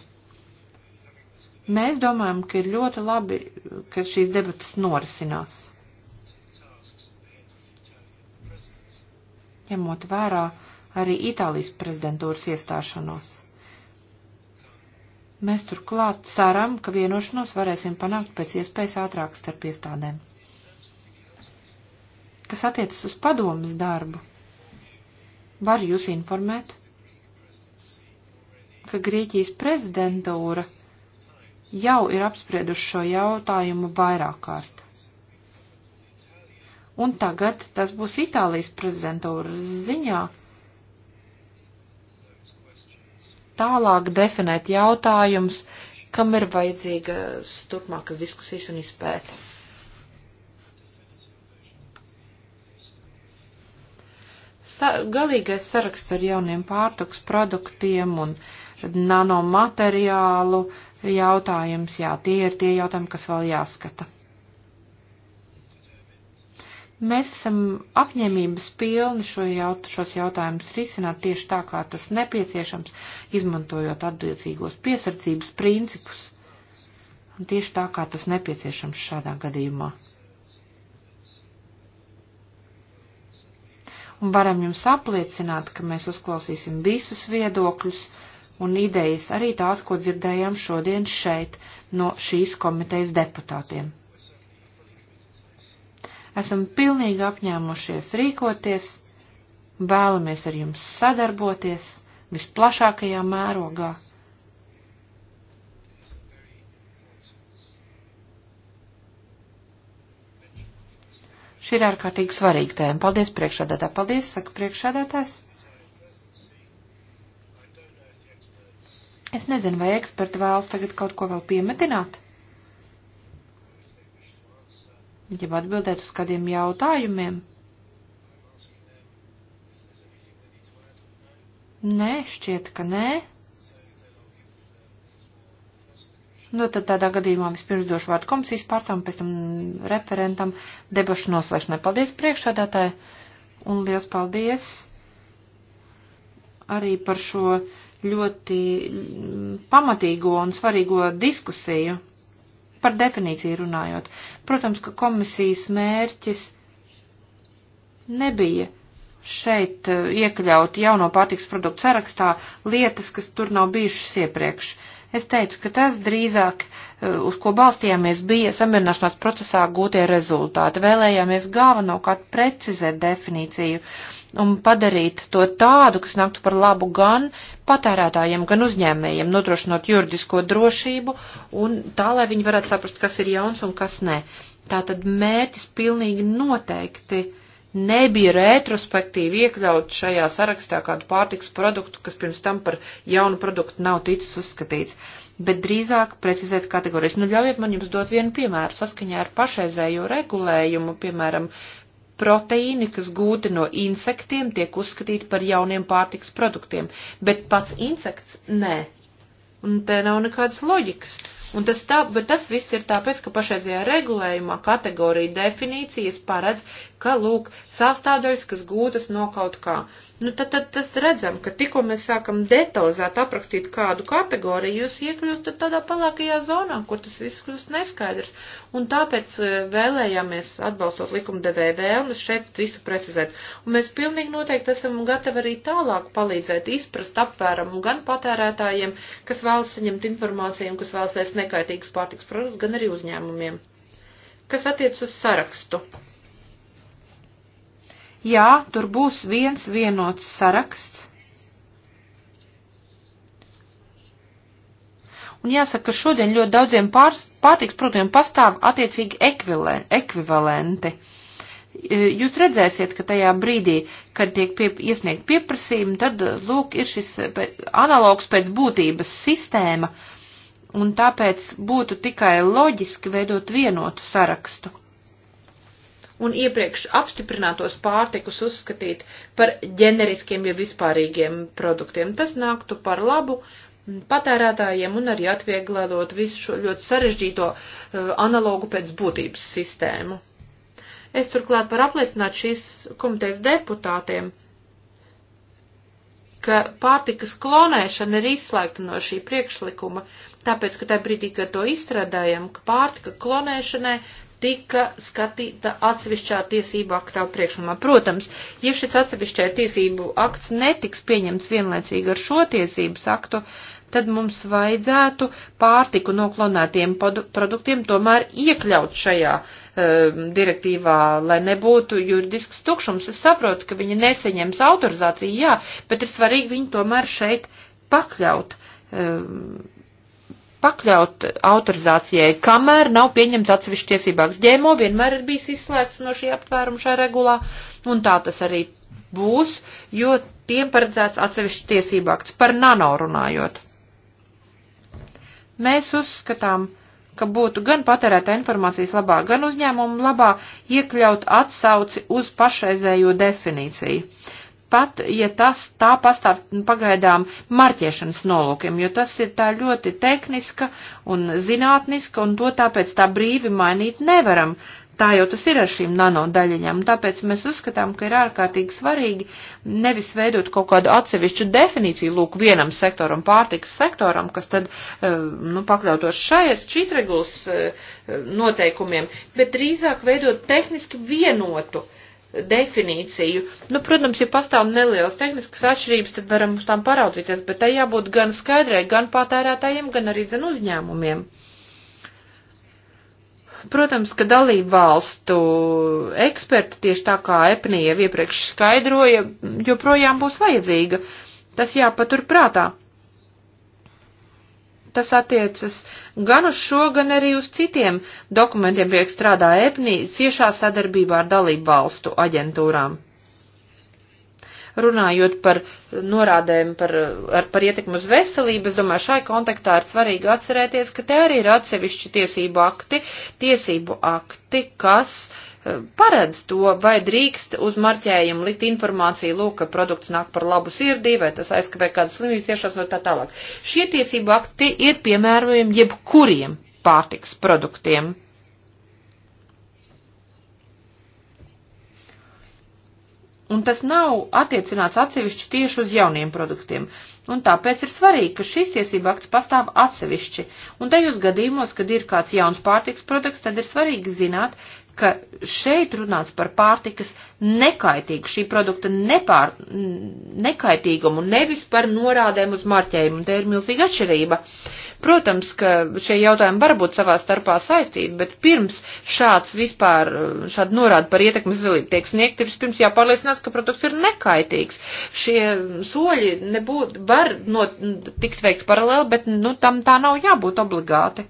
Mēs domājam, ka ir ļoti labi, ka šīs debatas norisinās. Ņemot vērā arī Itālijas prezidentūras iestāšanos. Mēs turklāt ceram, ka vienošanos varēsim panākt pēc iespējas ātrāk starp iestādēm. Kas attiecas uz padomas darbu, Var jūs informēt, ka Grieķijas prezidentūra jau ir apsprieduši šo jautājumu vairāk kārt. Un tagad tas būs Itālijas prezidentūras ziņā tālāk definēt jautājumus, kam ir vajadzīgas turpmākas diskusijas un izpēta. sa galīgais saraksts ar jauniem pārtiks produktiem un nanomateriālu jautājums, jā, tie ir tie jautājumi, kas vēl jāskata. Mēs esam apņēmības pilni šo jaut šos jautājumus risināt tieši tā, kā tas nepieciešams, izmantojot attiecīgos piesardzības principus. Un tieši tā, kā tas nepieciešams šādā gadījumā. un varam jums apliecināt, ka mēs uzklausīsim visus viedokļus un idejas, arī tās, ko dzirdējām šodien šeit no šīs komitejas deputātiem. Esam pilnīgi apņēmušies rīkoties, vēlamies ar jums sadarboties visplašākajā mērogā Šī ir ārkārtīgi svarīga tēma. Paldies, priekšādātā. Paldies, saka priekšādātājs. Es nezinu, vai eksperti vēlas tagad kaut ko vēl piemetināt. Ja atbildēt uz kādiem jautājumiem. Nē, šķiet, ka nē. Nu, tad tādā gadījumā vispirms došu vārdu komisijas pārstāvam, pēc tam referentam debašu noslēgšanai. Paldies priekšādātāji un liels paldies arī par šo ļoti mm, pamatīgo un svarīgo diskusiju par definīciju runājot. Protams, ka komisijas mērķis nebija šeit eh, iekļaut jauno pārtiks produktu sarakstā lietas, kas tur nav bijušas iepriekš. Uh, Es teicu, ka tas drīzāk, eh, uz ko balstījāmies, bija samierināšanās procesā gūtie rezultāti. Vēlējāmies galvenokārt precizēt definīciju un padarīt to tādu, kas nāktu par labu gan patērētājiem, gan uzņēmējiem, nodrošinot juridisko drošību un tā, lai viņi varētu saprast, kas ir jauns un kas nē. Tātad mērķis pilnīgi noteikti nebija retrospektīvi iekļaut šajā sarakstā kādu pārtiks produktu, kas pirms tam par jaunu produktu nav ticis uzskatīts, bet drīzāk precizēt kategorijas. Nu, ļaujiet man jums dot vienu piemēru saskaņā ar pašreizējo regulējumu, piemēram, proteīni, kas gūti no insektiem, tiek uzskatīti par jauniem pārtiks produktiem, bet pats insekts nē. Un te nav nekādas loģikas. Un tas tā, bet tas viss ir tāpēc, ka pašreizajā regulējumā kategorija definīcijas paredz, ka, lūk, sastāvdaļas, kas gūtas no kaut kā. Uh, Nu, tad, tad tas redzam, ka tikko mēs sākam detalizēt aprakstīt kādu kategoriju, jūs iekļūstat tādā palākajā zonā, kur tas viss kļūst neskaidrs. Un tāpēc e, vēlējāmies atbalstot likumdevēja vēlmes šeit visu precizēt. Un mēs pilnīgi noteikti esam gatavi arī tālāk palīdzēt izprast apvērumu gan patērētājiem, kas vēlas saņemt informāciju un kas vēlas ēst nekaitīgus pārtiks produktus, gan arī uzņēmumiem. Kas attiec uz sarakstu? Jā, tur būs viens vienots saraksts. Un jāsaka, ka šodien ļoti daudziem pārtiks produktiem pastāv attiecīgi ekvivalenti. E, jūs redzēsiet, ka tajā brīdī, kad tiek pie, iesniegt pieprasījumi, tad, e, lūk, ir šis e, analogs pēc būtības sistēma, un tāpēc būtu tikai loģiski veidot vienotu sarakstu un iepriekš apstiprinātos pārtikus uzskatīt par ģeneriskiem, ja vispārīgiem produktiem. Tas nāktu par labu patērētājiem un arī atvieglot visu šo ļoti sarežģīto uh, analogu pēc būtības sistēmu. Es turklāt varu apliecināt šīs komitejas deputātiem, ka pārtikas klonēšana ir izslēgta no šī priekšlikuma, tāpēc, ka tajā brīdī, kad to izstrādājam, ka pārtika klonēšanai tika skatīta atsevišķā tiesību aktā priekšlikumā. Protams, ja šis atsevišķai tiesību akts netiks pieņemts vienlaicīgi ar šo tiesības aktu, tad mums vajadzētu pārtiku no klonētiem produktiem tomēr iekļaut šajā uh, direktīvā, lai nebūtu juridisks tukšums. Es saprotu, ka viņi neseņems autorizāciju, jā, bet ir svarīgi viņu tomēr šeit pakļaut. Um, pakļaut autorizācijai, kamēr nav pieņemts atsevišķi tiesībāks. Ģēmo vienmēr ir bijis izslēgts no šī aptvēruma šajā regulā, un tā tas arī būs, jo tiem paredzēts atsevišķi tiesībāks par nano runājot. Mēs uzskatām, ka būtu gan patērēta informācijas labā, gan uzņēmuma labā iekļaut atsauci uz pašreizējo definīciju pat ja tas tā pastāv pagaidām marķēšanas nolūkiem, jo tas ir tā ļoti tehniska un zinātniska, un to tāpēc tā brīvi mainīt nevaram. Tā jau tas ir ar šīm nanodaļiņām, tāpēc mēs uzskatām, ka ir ārkārtīgi svarīgi nevis veidot kaut kādu atsevišķu definīciju, lūk, vienam sektoram, pārtikas sektoram, kas tad, eh, nu, pakļautos šais, šīs regulas eh, noteikumiem, bet drīzāk veidot tehniski vienotu uh, definīciju. Nu, protams, ja pastāv nelielas tehniskas atšķirības, tad varam uz tām paraudzīties, bet tai jābūt gan skaidrai, gan patērētājiem, gan arī zin uzņēmumiem. Protams, ka dalību valstu eksperti, tieši tā kā Epnija iepriekš skaidroja, joprojām būs vajadzīga. Tas jāpatur prātā tas attiecas gan uz šo, gan arī uz citiem dokumentiem, pie strādā EPNI ciešā sadarbībā ar dalību valstu aģentūrām. Runājot par norādēm par, ar, par ietekmu uz veselību, es domāju, šai kontaktā ir svarīgi atcerēties, ka te arī ir atsevišķi tiesību akti, tiesību akti, kas uh, paredz to, vai drīkst uz marķējumu likt informāciju, lūk, ka produkts nāk par labu sirdī, vai tas aizskavē kādas slimības iešanas no tā tālāk. Šie tiesību akti ir piemērojami jebkuriem pārtiks produktiem. Un tas nav attiecināts atsevišķi tieši uz jauniem produktiem. Un tāpēc ir svarīgi, ka šīs tiesība akts pastāv atsevišķi. Un tajos gadījumos, kad ir kāds jauns pārtiks produkts, tad ir svarīgi zināt, ka šeit runāts par pārtikas nekaitīgu, šī produkta nepār, nekaitīgumu, nevis par norādēm uz marķējumu. Te ir milzīga atšķirība. Protams, ka šie jautājumi var būt savā starpā saistīti, bet pirms šāds vispār, šāda norāda par ietekmi zilību tiek sniegta, vispirms jāpārliecinās, ka produkts ir nekaitīgs. Šie soļi nebūt, var not, tikt veikt paralēli, bet, nu, tam tā nav jābūt obligāti.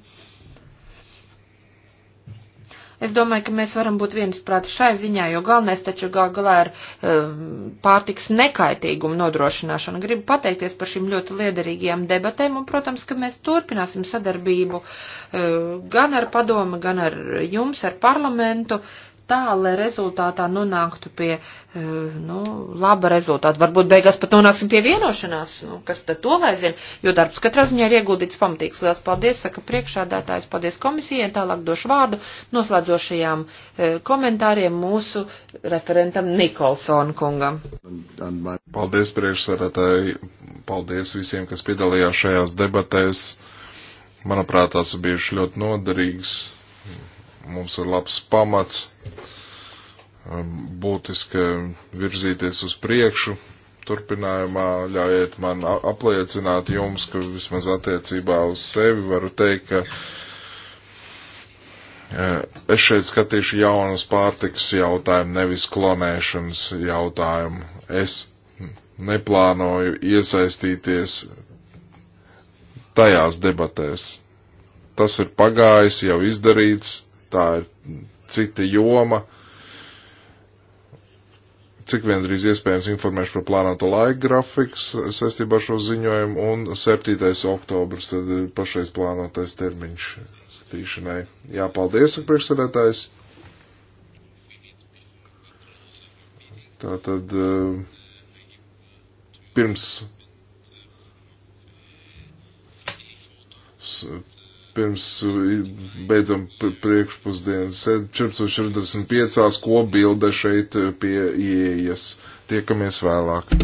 Es domāju, ka mēs varam būt viensprāti šai ziņā, jo galvenais taču gal galā ir um, pārtiks nekaitīgumu nodrošināšana. Gribu pateikties par šīm ļoti liederīgajām debatēm un, protams, ka mēs turpināsim sadarbību uh, gan ar padomu, gan ar jums, ar parlamentu. Uh, tā, lai rezultātā nonāktu pie, eh, nu, laba rezultāta. Varbūt beigās pat nonāksim pie vienošanās, nu, kas tad to lai zina, jo darbs katrā ziņā ir ieguldīts pamatīgs. Liels paldies, saka priekšādātājs, paldies komisijai, tālāk došu vārdu noslēdzošajām eh, komentāriem mūsu referentam Nikolsonu kungam. Paldies priekšsarētāji, paldies visiem, kas piedalījās šajās debatēs. Manuprāt, tās ir bijušas ļoti noderīgas. Mums ir labs pamats būtiski virzīties uz priekšu. Turpinājumā ļaujiet man apliecināt jums, ka vismaz attiecībā uz sevi varu teikt, ka e, es šeit skatīšu jaunus pārtiks jautājumu, nevis klonēšanas jautājumu. Es neplānoju iesaistīties tajās debatēs. Tas ir pagājis, jau izdarīts, tā ir cita joma cik vien drīz iespējams informēšu par plānoto laika grafiku saistībā ar šo ziņojumu, un 7. oktobrs tad ir pašreiz plānotais termiņš skatīšanai. Jā, paldies, saka priekšsēdētājs. Tātad eh, pirms pirms eh, beidzam priekšpusdienas. 14.45. kobilde šeit eh, pie ieejas. Tiekamies vēlāk.